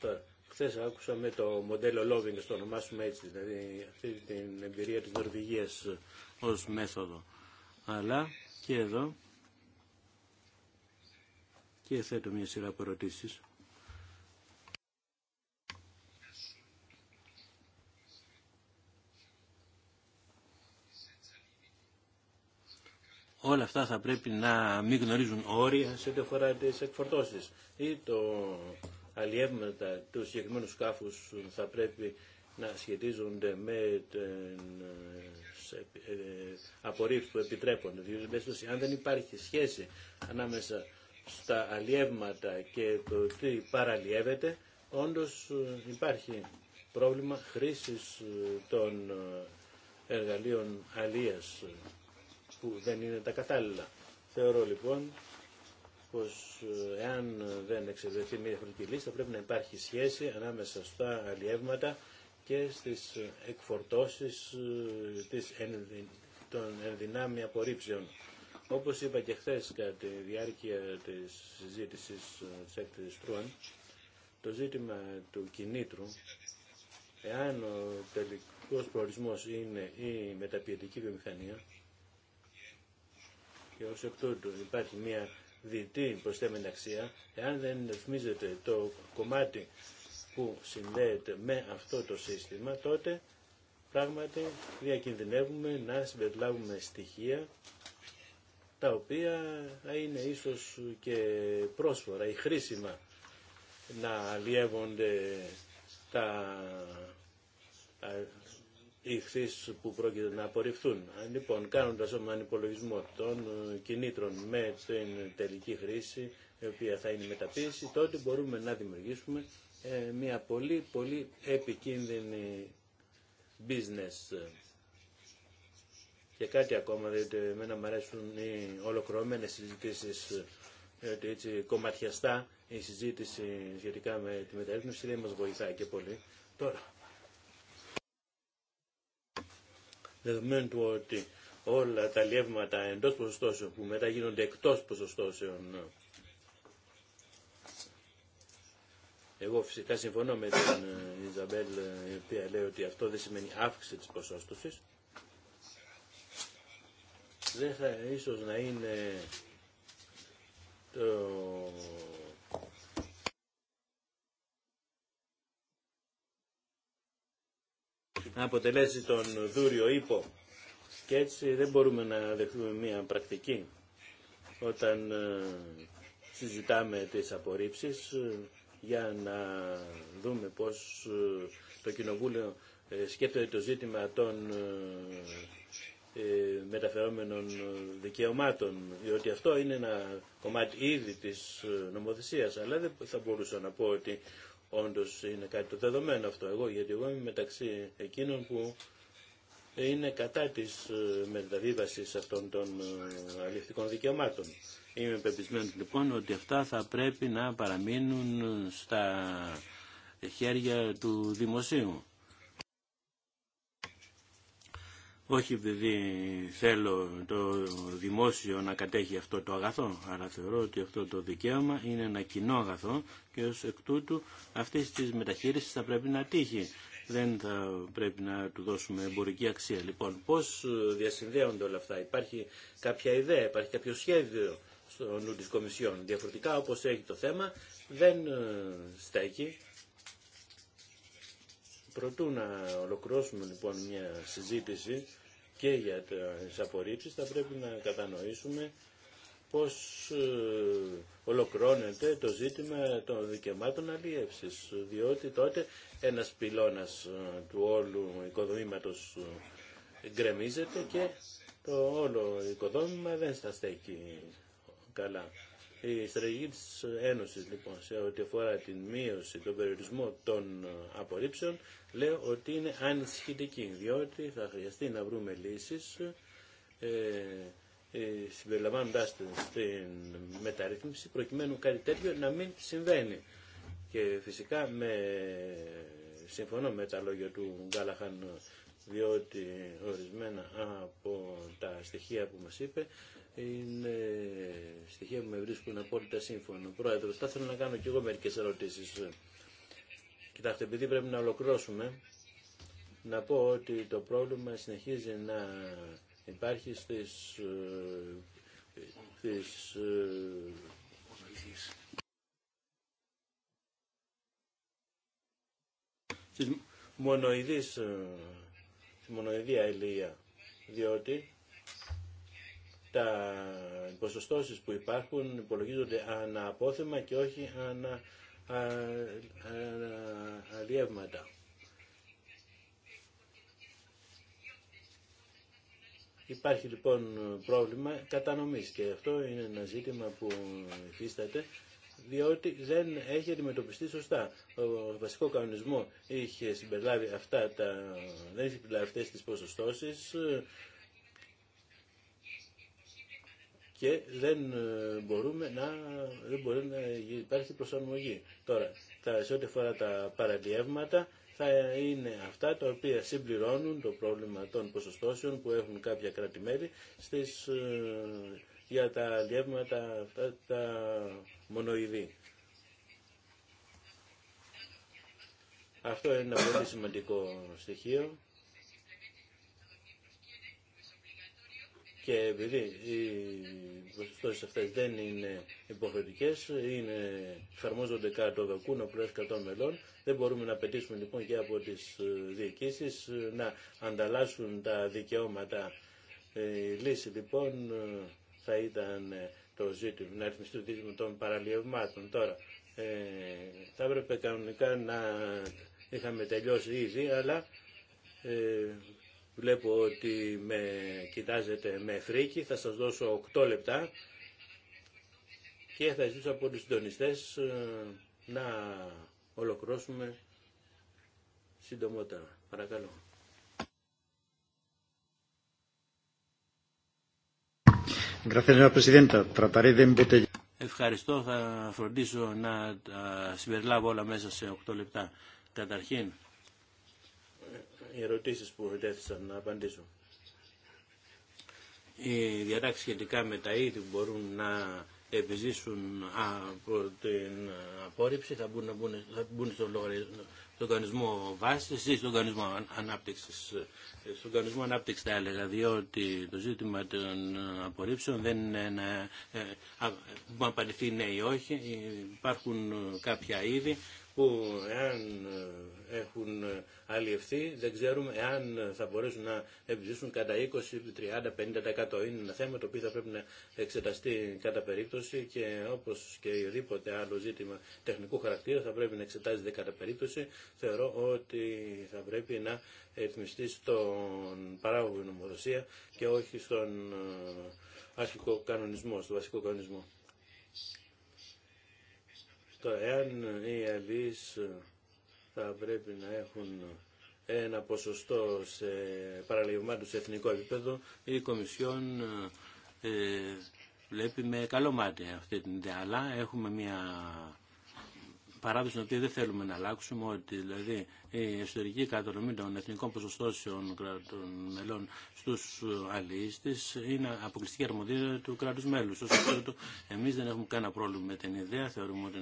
Τώρα, χθε άκουσαμε το μοντέλο Λόβινγκ, το ονομάσουμε έτσι, δηλαδή αυτή την εμπειρία τη Νορβηγία ω μέθοδο. Αλλά και εδώ και θέτω μια σειρά από όλα αυτά θα πρέπει να μην γνωρίζουν όρια σε ό,τι αφορά τι εκφορτώσει. Ή το αλλιεύματα του συγκεκριμένου σκάφου θα πρέπει να σχετίζονται με ε, ε, απορρίψη που επιτρέπονται. Διότι αν δεν υπάρχει σχέση ανάμεσα στα αλλιεύματα και το τι παραλλιεύεται, όντως ε, υπάρχει πρόβλημα χρήσης των εργαλείων αλίας που δεν είναι τα κατάλληλα. Θεωρώ λοιπόν πως εάν δεν εξεδεθεί μια διαφορετική λύση θα πρέπει να υπάρχει σχέση ανάμεσα στα αλλιεύματα και στις ε, εκφορτώσεις ε, της των ενδυνάμει απορρίψεων. Όπως είπα και χθε κατά τη διάρκεια της συζήτησης ε, της έκθεσης Τρούαν, το ζήτημα του κινήτρου, εάν ο τελικός προορισμός είναι η μεταποιητική βιομηχανία, και ως εκ τούτου υπάρχει μια διτή προσθέμενη αξία, εάν δεν ρυθμίζεται το κομμάτι που συνδέεται με αυτό το σύστημα, τότε πράγματι διακινδυνεύουμε να συμπεριλάβουμε στοιχεία τα οποία θα είναι ίσως και πρόσφορα ή χρήσιμα να αλλιεύονται τα ηχθείς που πρόκειται να απορριφθούν. Λοιπόν, κάνοντας τον ανυπολογισμό των κινήτρων με την τελική χρήση, η οποία θα είναι μεταποίηση, τότε μπορούμε να δημιουργήσουμε ε, μια πολύ πολύ επικίνδυνη business. Και κάτι ακόμα, διότι εμένα μου αρέσουν οι ολοκληρωμένες συζητήσεις, διότι έτσι κομματιαστά η συζήτηση σχετικά με τη μεταρρύθμιση δεν μας βοηθάει και πολύ. Τώρα, δεδομένου του ότι όλα τα λιεύματα εντός ποσοστώσεων που μετά γίνονται εκτός ποσοστώσεων Εγώ φυσικά συμφωνώ με την ε, Ιζαμπέλ ε, η οποία λέει ότι αυτό δεν σημαίνει αύξηση της ποσόστοσης. Δεν θα ίσως να είναι το... να αποτελέσει τον δούριο ύπο και έτσι δεν μπορούμε να δεχθούμε μια πρακτική όταν ε, συζητάμε τις απορρίψεις για να δούμε πώς ε, το Κοινοβούλιο ε, σκέφτεται το ζήτημα των ε, μεταφερόμενων δικαιωμάτων, διότι αυτό είναι ένα κομμάτι ήδη της νομοθεσίας, αλλά δεν θα μπορούσα να πω ότι όντως είναι κάτι το δεδομένο αυτό εγώ, γιατί εγώ είμαι μεταξύ εκείνων που είναι κατά της μεταβίβασης αυτών των αληθικών δικαιωμάτων. Είμαι πεπισμένος λοιπόν ότι αυτά θα πρέπει να παραμείνουν στα χέρια του δημοσίου. Όχι επειδή θέλω το δημόσιο να κατέχει αυτό το αγαθό, αλλά θεωρώ ότι αυτό το δικαίωμα είναι ένα κοινό αγαθό και ως εκ τούτου αυτή της μεταχείρισης θα πρέπει να τύχει. Δεν θα πρέπει να του δώσουμε εμπορική αξία. Λοιπόν, πώς διασυνδέονται όλα αυτά. Υπάρχει κάποια ιδέα, υπάρχει κάποιο σχέδιο στο νου της Κομισιόν. Διαφορετικά όπως έχει το θέμα δεν ε, στέκει. Προτού να ολοκληρώσουμε λοιπόν μια συζήτηση και για τις απορρίψεις θα πρέπει να κατανοήσουμε πώς ε, ολοκληρώνεται το ζήτημα των δικαιωμάτων αλίευσης, διότι τότε ένας πυλώνας ε, του όλου οικοδομήματος γκρεμίζεται και το όλο οικοδόμημα δεν στα στέκει καλά. Η στρατηγική τη Ένωση, λοιπόν σε ό,τι αφορά την μείωση, τον περιορισμό των ε, απορρίψεων λέω ότι είναι ανησυχητική διότι θα χρειαστεί να βρούμε λύσεις ε, ε, την στην μεταρρύθμιση προκειμένου κάτι τέτοιο να μην συμβαίνει. Και φυσικά με, συμφωνώ με τα λόγια του Γκάλαχαν διότι ορισμένα από τα στοιχεία που μας είπε είναι στοιχεία που με βρίσκουν απόλυτα σύμφωνο. Πρόεδρο, θα ήθελα να κάνω και εγώ μερικέ ερωτήσει. Κοιτάξτε, επειδή πρέπει να ολοκληρώσουμε, να πω ότι το πρόβλημα συνεχίζει να υπάρχει στις, στις μονοειδής, ε, διότι τα ποσοστώσεις που υπάρχουν υπολογίζονται αναπόθεμα και όχι ανά αλλιεύματα. Υπάρχει λοιπόν πρόβλημα κατανομής και αυτό είναι ένα ζήτημα που υφίσταται διότι δεν έχει αντιμετωπιστεί σωστά. Ο βασικό κανονισμό είχε συμπεριλάβει αυτά τα, δεν είχε συμπεριλάβει αυτές τις ποσοστώσεις και δεν ε, μπορούμε να, δεν μπορεί να υπάρχει προσαρμογή. Τώρα, τα, σε ό,τι αφορά τα παραδιεύματα, θα είναι αυτά τα οποία συμπληρώνουν το πρόβλημα των ποσοστώσεων που έχουν κάποια στις, ε, για τα αλλιεύματα, αυτά τα μονοειδή. Αυτό είναι ένα πολύ σημαντικό στοιχείο Και επειδή οι ποσοστώσεις αυτές δεν είναι υποχρεωτικές, είναι, εφαρμόζονται κάτω το πλέον κρατών μελών, δεν μπορούμε να απαιτήσουμε λοιπόν και από τις ε, διοικήσεις ε, να ανταλλάσσουν τα δικαιώματα. Ε, η λύση λοιπόν θα ήταν το ζήτημα, να ρυθμιστεί ζήτημα των παραλιευμάτων. Τώρα, θα έπρεπε κανονικά να είχαμε τελειώσει ήδη, αλλά Βλέπω ότι με κοιτάζετε με φρίκι. Θα σας δώσω 8 λεπτά και θα ζητήσω από τους συντονιστές ε, να ολοκληρώσουμε συντομότερα. Παρακαλώ. Ευχαριστώ. Θα φροντίσω να συμπεριλάβω όλα μέσα σε 8 λεπτά. Καταρχήν, οι ερωτήσεις που τέθησαν να απαντήσω. Οι διατάξει σχετικά με τα είδη που μπορούν να επιζήσουν από την απόρριψη θα μπουν, θα μπουν στον οργανισμό βάσης ή στον οργανισμό ανάπτυξης. Στον οργανισμό ανάπτυξης θα έλεγα, διότι το ζήτημα των απορρίψεων δεν είναι να ε, ε, απαντηθεί ναι ή όχι. Υπάρχουν κάποια είδη που εάν ε, έχουν ε, αλλιευθεί δεν ξέρουμε εάν ε, θα μπορέσουν να επιζήσουν κατά 20, 30, 50%. Είναι ένα θέμα το οποίο θα πρέπει να εξεταστεί κατά περίπτωση και όπως και οδήποτε άλλο ζήτημα τεχνικού χαρακτήρα θα πρέπει να εξετάζεται κατά περίπτωση. Θεωρώ ότι θα πρέπει να ρυθμιστεί στον παράγωγο νομοδοσία και όχι στον αρχικό κανονισμό, στο βασικό κανονισμό. Το εάν οι αλληλείς θα πρέπει να έχουν ένα ποσοστό σε παραλογισμάτων σε εθνικό επίπεδο, η Κομισιόν ε, βλέπει με καλό μάτι αυτή την ιδέα. Αλλά έχουμε μια παράδοση ότι δεν θέλουμε να αλλάξουμε, ότι δηλαδή η εσωτερική κατανομή των εθνικών ποσοστώσεων των μελών στου αλληλίστε είναι αποκλειστική αρμοδία του κράτου μέλους. Ωστόσο, εμείς δεν έχουμε κανένα πρόβλημα με την ιδέα, θεωρούμε ότι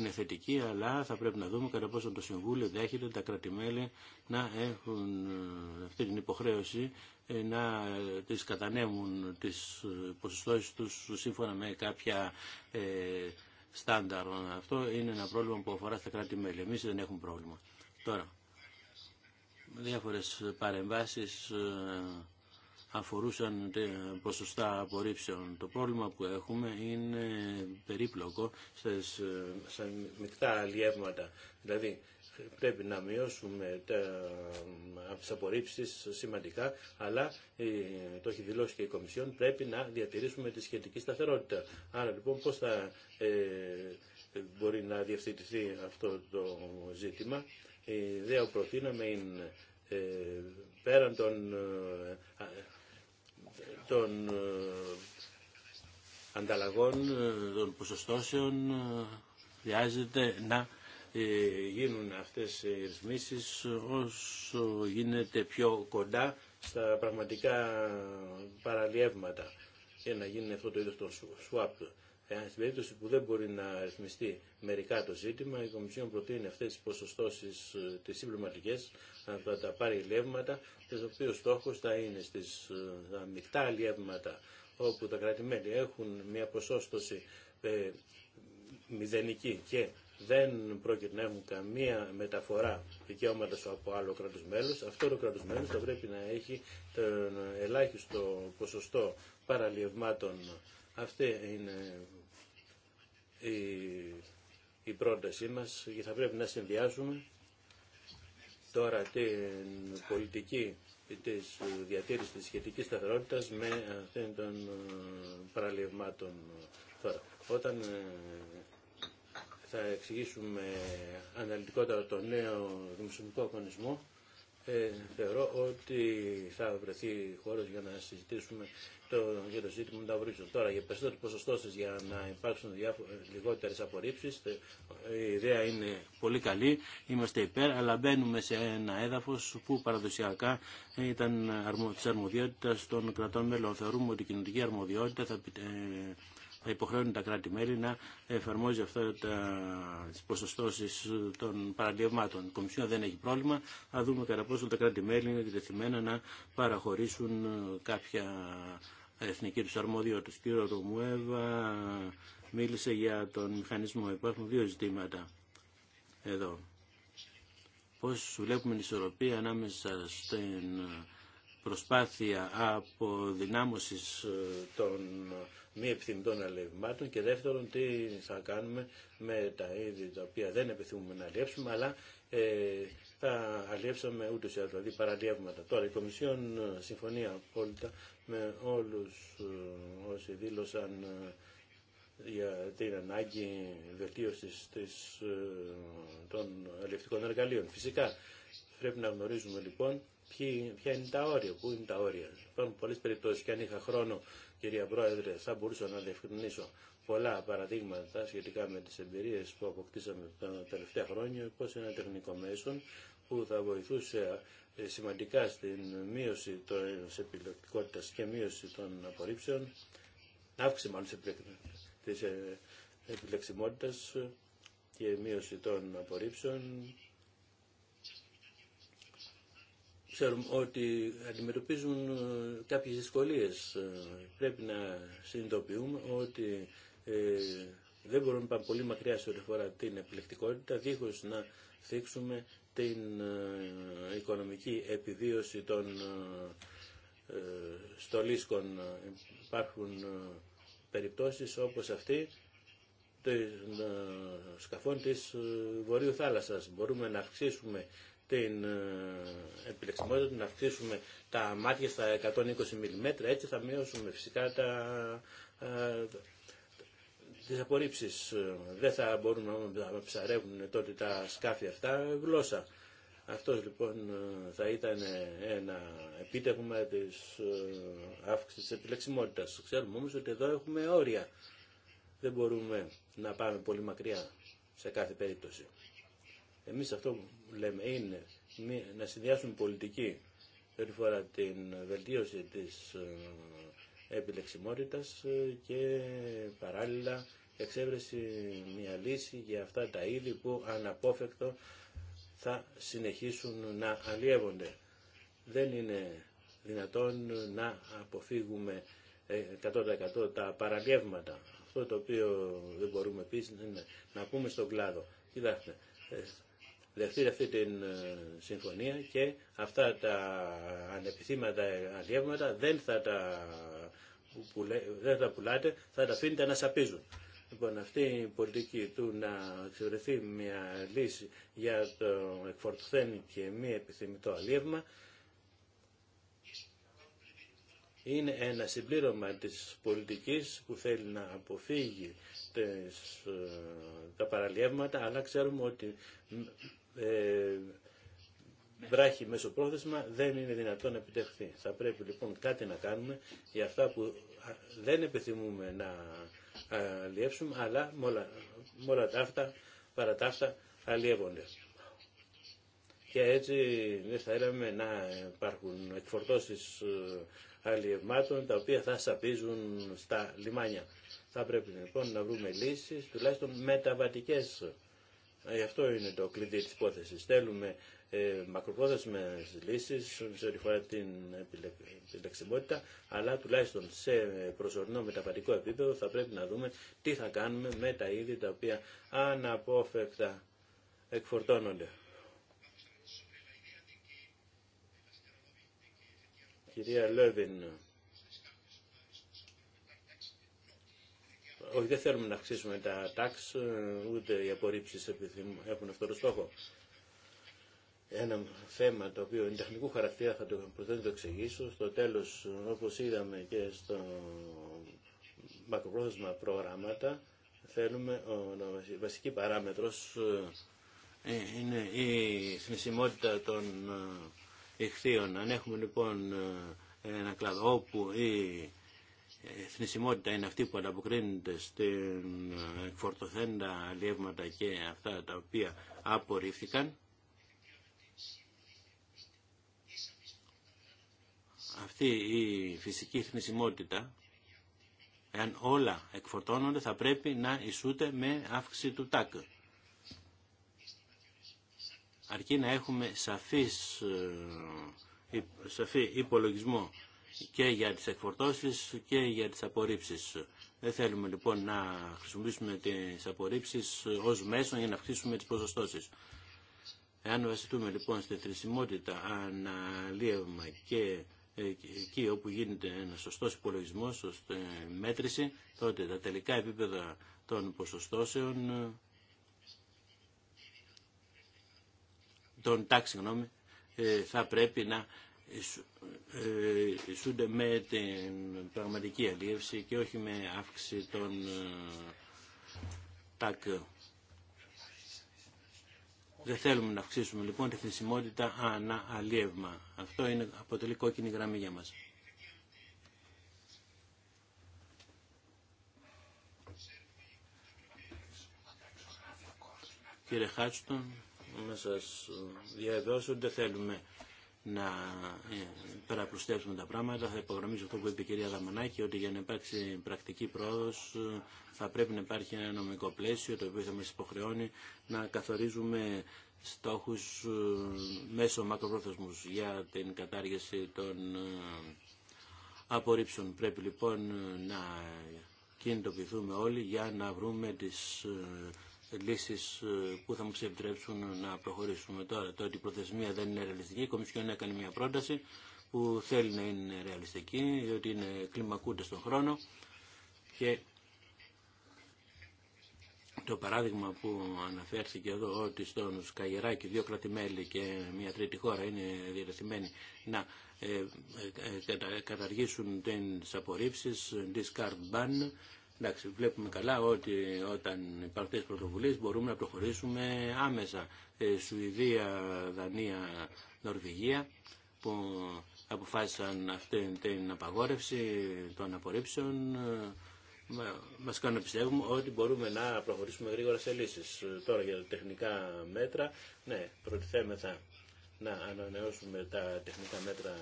είναι θετική, αλλά θα πρέπει να δούμε κατά πόσο το Συμβούλιο δέχεται τα κρατημέλη να έχουν ε, αυτή την υποχρέωση ε, να τις κατανέμουν τις ε, ποσοστώσεις τους σύμφωνα με κάποια στάνταρ. Αυτό είναι ένα πρόβλημα που αφορά στα κράτη-μέλη. Εμεί δεν έχουμε πρόβλημα. Τώρα, διάφορε παρεμβάσει ε, αφορούσαν ποσοστά απορρίψεων. Το πρόβλημα που έχουμε είναι περίπλοκο σε, σε μεικτά αλλιεύματα. Δηλαδή, πρέπει να μειώσουμε τα, τις σημαντικά, αλλά ε, το έχει δηλώσει και η Κομισιόν, πρέπει να διατηρήσουμε τη σχετική σταθερότητα. Άρα λοιπόν πώς θα ε, μπορεί να διευθυντηθεί αυτό το ζήτημα. Η ιδέα που προτείναμε είναι ε, πέραν των, ανταλλαγών, των ποσοστώσεων, χρειάζεται να ε, γίνουν αυτές οι ρυθμίσεις όσο γίνεται πιο κοντά στα πραγματικά παραλιεύματα για να γίνει αυτό το είδος των swap. Ε, στην περίπτωση που δεν μπορεί να ρυθμιστεί μερικά το ζήτημα, η Κομισιόν προτείνει αυτές τις ποσοστώσεις, ε, τις συμπληρωματικέ, να τα πάρει το το στόχος στόχο θα είναι στις μεικτά αλιεύματα όπου τα κρατη έχουν μια ποσόστοση μηδενική και δεν πρόκειται καμία μεταφορά δικαιώματο από άλλο κράτο μέλο, αυτό το κράτο μέλο θα πρέπει να έχει το ελάχιστο ποσοστό παραλιευμάτων. Αυτή είναι η, η πρότασή μας και θα πρέπει να συνδυάσουμε τώρα την πολιτική της διατήρησης της σχετική σταθερότητας με αυτήν των παραλιευμάτων τώρα. Όταν ε, θα εξηγήσουμε αναλυτικότερα το νέο δημοσιονομικό αγωνισμό, ε, θεωρώ ότι θα βρεθεί χώρος για να συζητήσουμε το, για το ζήτημα των ταυρίσεων. Τώρα, για περισσότερες ποσοστώσεις για να υπάρξουν διάφο- λιγότερες απορρίψεις, η ιδέα είναι πολύ καλή, είμαστε υπέρ, αλλά μπαίνουμε σε ένα έδαφος που παραδοσιακά ήταν αρμο, της αρμοδιότητας των κρατών μέλων. Θεωρούμε ότι η κοινωνική αρμοδιότητα θα θα υποχρεώνει τα κράτη-μέλη να εφαρμόζει αυτά τα ποσοστώσει των παραλίευμάτων. Η Κομισιόν δεν έχει πρόβλημα. Θα δούμε κατά πόσο τα κράτη-μέλη είναι διτεθειμένα να παραχωρήσουν κάποια εθνική του αρμοδιότητα. Κύριο Ρομουέβα μίλησε για τον μηχανισμό. Υπάρχουν δύο ζητήματα εδώ. Πώς βλέπουμε την ισορροπία ανάμεσα στην προσπάθεια αποδυνάμωσης των μη επιθυμητών αλευμάτων και δεύτερον τι θα κάνουμε με τα είδη τα οποία δεν επιθυμούμε να αλλιεύσουμε αλλά ε, θα αλλιεύσαμε ούτε ή άλλως, δηλαδή παραλιεύματα. Τώρα η δηλαδη παραλλιευματα συμφωνεί απόλυτα με όλους ε, όσοι δήλωσαν ε, για την ανάγκη βελτίωσης ε, των αλλιευτικών εργαλείων. Φυσικά πρέπει να γνωρίζουμε λοιπόν ποια είναι τα όρια, πού είναι τα όρια. Υπάρχουν πολλές περιπτώσεις και αν είχα χρόνο κυρία Πρόεδρε, θα μπορούσα να διευκρινίσω πολλά παραδείγματα σχετικά με τις εμπειρίες που αποκτήσαμε τα τελευταία χρόνια, πώς ένα τεχνικό μέσο που θα βοηθούσε ε, σημαντικά στην μείωση της επιλεκτικότητας και μείωση των απορρίψεων, αύξηση μάλλον της ε, επιλεξιμότητας και μείωση των απορρίψεων ξέρουμε ότι αντιμετωπίζουν ε, κάποιες δυσκολίες. Ε, πρέπει να συνειδητοποιούμε ότι ε, δεν μπορούμε να πάμε πολύ μακριά σε ό,τι αφορά την επιλεκτικότητα, δίχως να θίξουμε την οικονομική επιβίωση των στολίσκων. Υπάρχουν περιπτώσεις όπως αυτή των σκαφών της Βορείου Θάλασσας. Μπορούμε να αυξήσουμε την ε, επιλεξιμότητα, να αυξήσουμε τα μάτια στα 120 mm, έτσι θα μειώσουμε φυσικά τα, ε, τις απορρίψεις. Δεν θα μπορούν να ψαρεύουν τότε τα σκάφη αυτά γλώσσα. Αυτός λοιπόν ε, θα ήταν ένα επίτευγμα της αύξησης της επιλεξιμότητας. Ξέρουμε όμως ότι εδώ έχουμε όρια. Δεν μπορούμε να πάμε πολύ μακριά σε κάθε περίπτωση. Εμείς αυτό λέμε είναι να συνδυάσουν πολιτική περιφορά την βελτίωση της ε, επιλεξιμότητας ε, και παράλληλα εξέβρεση μια λύση για αυτά τα είδη που αναπόφευκτο θα συνεχίσουν να αλλιεύονται. Δεν είναι δυνατόν να αποφύγουμε 100% ε, τα παραλιεύματα. Αυτό το οποίο δεν μπορούμε επίσης είναι να πούμε στον κλάδο. Κοιτάξτε, δεχτείτε αυτή την ε, συμφωνία και αυτά τα ανεπιθύματα αλλιεύματα δεν θα τα, δεν θα πουλάτε, θα τα αφήνετε να σαπίζουν. Λοιπόν, αυτή η πολιτική του να εξευρεθεί μια λύση για το εκφορτωθέν και μη επιθυμητό αλλιεύμα είναι ένα συμπλήρωμα της πολιτικής που θέλει να αποφύγει ε, τα παραλιεύματα, αλλά ξέρουμε ότι ε, μέσω πρόθεσμα δεν είναι δυνατόν να επιτευχθεί. Θα πρέπει λοιπόν κάτι να κάνουμε για αυτά που δεν επιθυμούμε να αλλιεύσουμε, αλλά με όλα τα αυτά, παρά τα αυτά, αλλιεύονται. Και έτσι δεν ναι, θα έλαμε να υπάρχουν εκφορτώσεις ε, αλλιευμάτων τα οποία θα σαπίζουν στα λιμάνια. Θα πρέπει λοιπόν να βρούμε λύσεις, τουλάχιστον μεταβατικές Γι' ε, αυτό είναι το κλειδί της υπόθεση. Θέλουμε ε, μακροπρόθεσμες λύσεις σε ό,τι φορά την επιλεξιμότητα, αλλά τουλάχιστον σε προσωρινό μεταβατικό επίπεδο θα πρέπει να δούμε τι θα κάνουμε με τα είδη τα οποία αναπόφευκτα εκφορτώνονται. Κυρία Λόβιν, όχι δεν θέλουμε να αυξήσουμε τα τάξ, ούτε οι απορρίψει έχουν αυτό το στόχο. Ένα θέμα το οποίο είναι τεχνικού χαρακτήρα θα το προσθέσω το εξηγήσω. Στο τέλος, όπως είδαμε και στο μακροπρόθεσμα προγράμματα, θέλουμε, ο, βασική παράμετρος ε, είναι η θνησιμότητα των ε, ηχθείων. Αν έχουμε λοιπόν ε, ένα κλάδο όπου η θνησιμότητα είναι αυτή που ανταποκρίνεται στην ε, εκφορτωθέντα αλλιεύματα και αυτά τα οποία απορρίφθηκαν. Αυτή η φυσική θνησιμότητα, εάν όλα εκφορτώνονται, θα πρέπει να ισούται με αύξηση του τάκ. Αρκεί να έχουμε σαφής, ε, σαφή υπολογισμό και για τις εκφορτώσεις και για τις απορρίψεις. Δεν θέλουμε λοιπόν να χρησιμοποιήσουμε τις απορρίψεις ως μέσο για να αυξήσουμε τις ποσοστώσεις. Εάν βασιστούμε λοιπόν στη θρησιμότητα αναλύευμα και εκεί όπου γίνεται ένα σωστό υπολογισμό, σωστή μέτρηση, τότε τα τελικά επίπεδα των ποσοστώσεων, των τάξη γνώμη, ε, θα πρέπει να ε, ισούνται με την πραγματική αλλίευση και όχι με αύξηση των ε, τάκ. Δεν θέλουμε να αυξήσουμε λοιπόν τη θνησιμότητα ανά αλλίευμα. Αυτό είναι, αποτελεί κόκκινη γραμμή για μας. Κύριε Χάτστον, να σας διαβεβαιώσω ότι δεν θέλουμε να ε, παραπλουστεύσουμε τα πράγματα. Θα υπογραμμίσω αυτό που είπε η κυρία Δαμανάκη, ότι για να υπάρξει πρακτική πρόοδο ε, θα πρέπει να υπάρχει ένα νομικό πλαίσιο το οποίο θα μα υποχρεώνει να καθορίζουμε στόχου ε, μέσω μακροπρόθεσμου για την κατάργηση των απορρίψεων. Πρέπει λοιπόν να κινητοποιηθούμε όλοι για να βρούμε τις Λύσει ε, που θα μου επιτρέψουν να προχωρήσουμε τώρα. Το ότι η προθεσμία δεν είναι ρεαλιστική, η Κομισιόν έκανε μια πρόταση που θέλει να είναι ρεαλιστική, διότι είναι κλιμακούνται στον χρόνο και το παράδειγμα που αναφέρθηκε εδώ ότι στον Σκαγεράκι δύο κρατημέλη και μια τρίτη χώρα είναι διαιρεθειμένοι να ε, ε, καταργήσουν τι απορρίψει discard ban, Εντάξει, βλέπουμε καλά ότι όταν υπάρχουν τέτοιε πρωτοβουλίε μπορούμε να προχωρήσουμε άμεσα. Ε, Σουηδία, Δανία, Νορβηγία που αποφάσισαν αυτή την απαγόρευση των απορρίψεων ε, μας κάνουν να πιστεύουμε ότι μπορούμε να προχωρήσουμε γρήγορα σε λύσεις. Τώρα για τεχνικά μέτρα, ναι, προτιθέμεθα να ανανεώσουμε τα τεχνικά μέτρα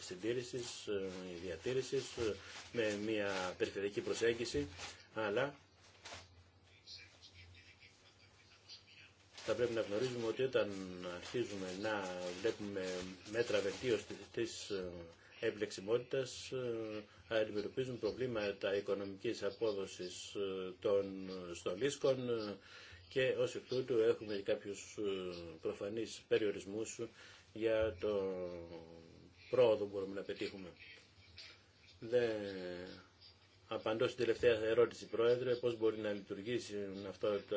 συντήρησης, ε, διατήρησης ε, με μια περιφερειακή προσέγγιση, αλλά θα πρέπει να γνωρίζουμε ότι όταν αρχίζουμε να βλέπουμε μέτρα βελτίωση της ε, επιλεξιμότητας αντιμετωπίζουν προβλήματα οικονομικής απόδοσης των στολίσκων, και ως εκ τούτου έχουμε κάποιους ε, προφανείς περιορισμούς για το πρόοδο που μπορούμε να πετύχουμε. Δε... απαντώ στην τελευταία ερώτηση, Πρόεδρε, πώς μπορεί να λειτουργήσει αυτό το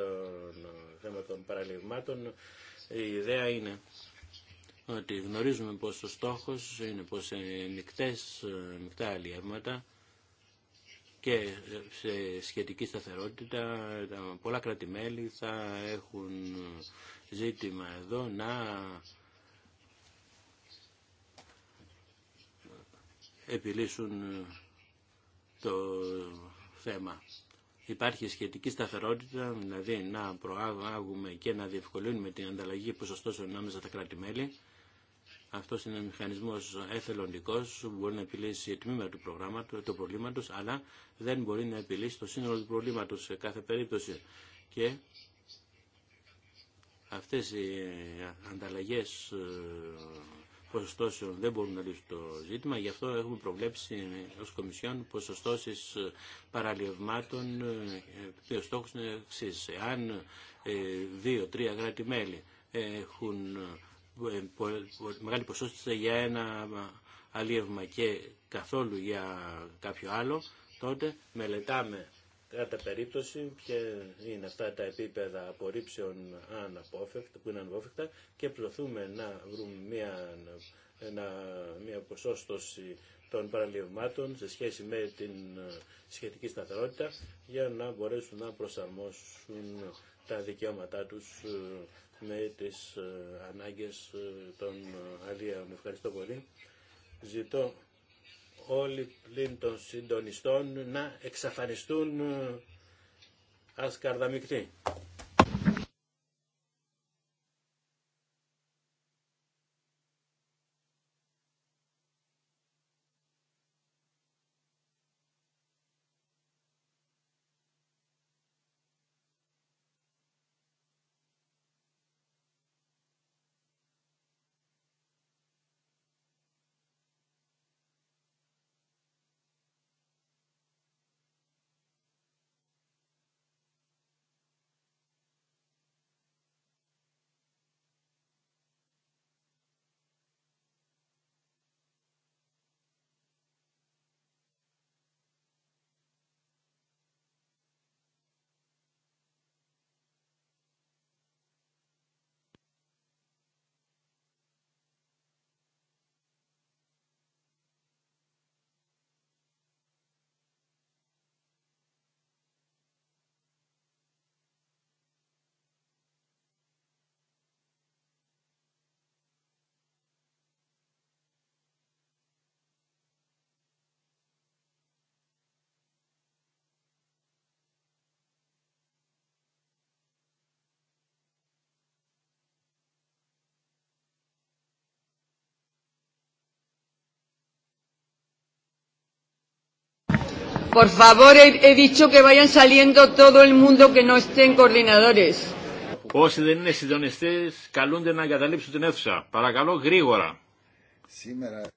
θέμα των παραλυγμάτων. Η ιδέα είναι ότι γνωρίζουμε πως ο στόχος είναι πως σε νυχτές, ε, νυχτά και σε σχετική σταθερότητα τα πολλά κρατημέλη θα έχουν ζήτημα εδώ να επιλύσουν το θέμα. Υπάρχει σχετική σταθερότητα, δηλαδή να προάγουμε και να διευκολύνουμε την ανταλλαγή ποσοστώσεων ανάμεσα τα κράτη-μέλη αυτό είναι ένα μηχανισμό εθελοντικό που μπορεί να επιλύσει τμήμα του, προγράμματος, του προβλήματο, αλλά δεν μπορεί να επιλύσει το σύνολο του προβλήματο σε κάθε περίπτωση. Και αυτέ οι ανταλλαγέ ε, ποσοστώσεων δεν μπορούν να λύσουν το ζήτημα. Γι' αυτό έχουμε προβλέψει ω Κομισιόν ποσοστώσει ε, παραλιευμάτων. Ε, ο στόχο είναι Αν Εάν δύο-τρία κράτη-μέλη έχουν μεγάλη ποσότητα για ένα αλίευμα και καθόλου για κάποιο άλλο, τότε μελετάμε κατά περίπτωση και είναι αυτά τα επίπεδα απορρίψεων αναπόφευκτα, που είναι αναπόφευκτα και προσπαθούμε να βρούμε μια, μια ποσόστοση των παραλίευμάτων σε σχέση με την σχετική σταθερότητα για να μπορέσουν να προσαρμόσουν τα δικαιώματά τους με τις ε, ανάγκες ε, των ε, αδείων. Ευχαριστώ πολύ. Ζητώ όλοι πλην των συντονιστών να εξαφανιστούν ας καρδαμικτή. Por favor, he, he dicho que vayan saliendo todo el mundo que no estén coordinadores. Όσοι δεν είναι συντονιστές, καλούνται να εγκαταλείψουν την αίθουσα. Παρακαλώ γρήγορα. Σήμερα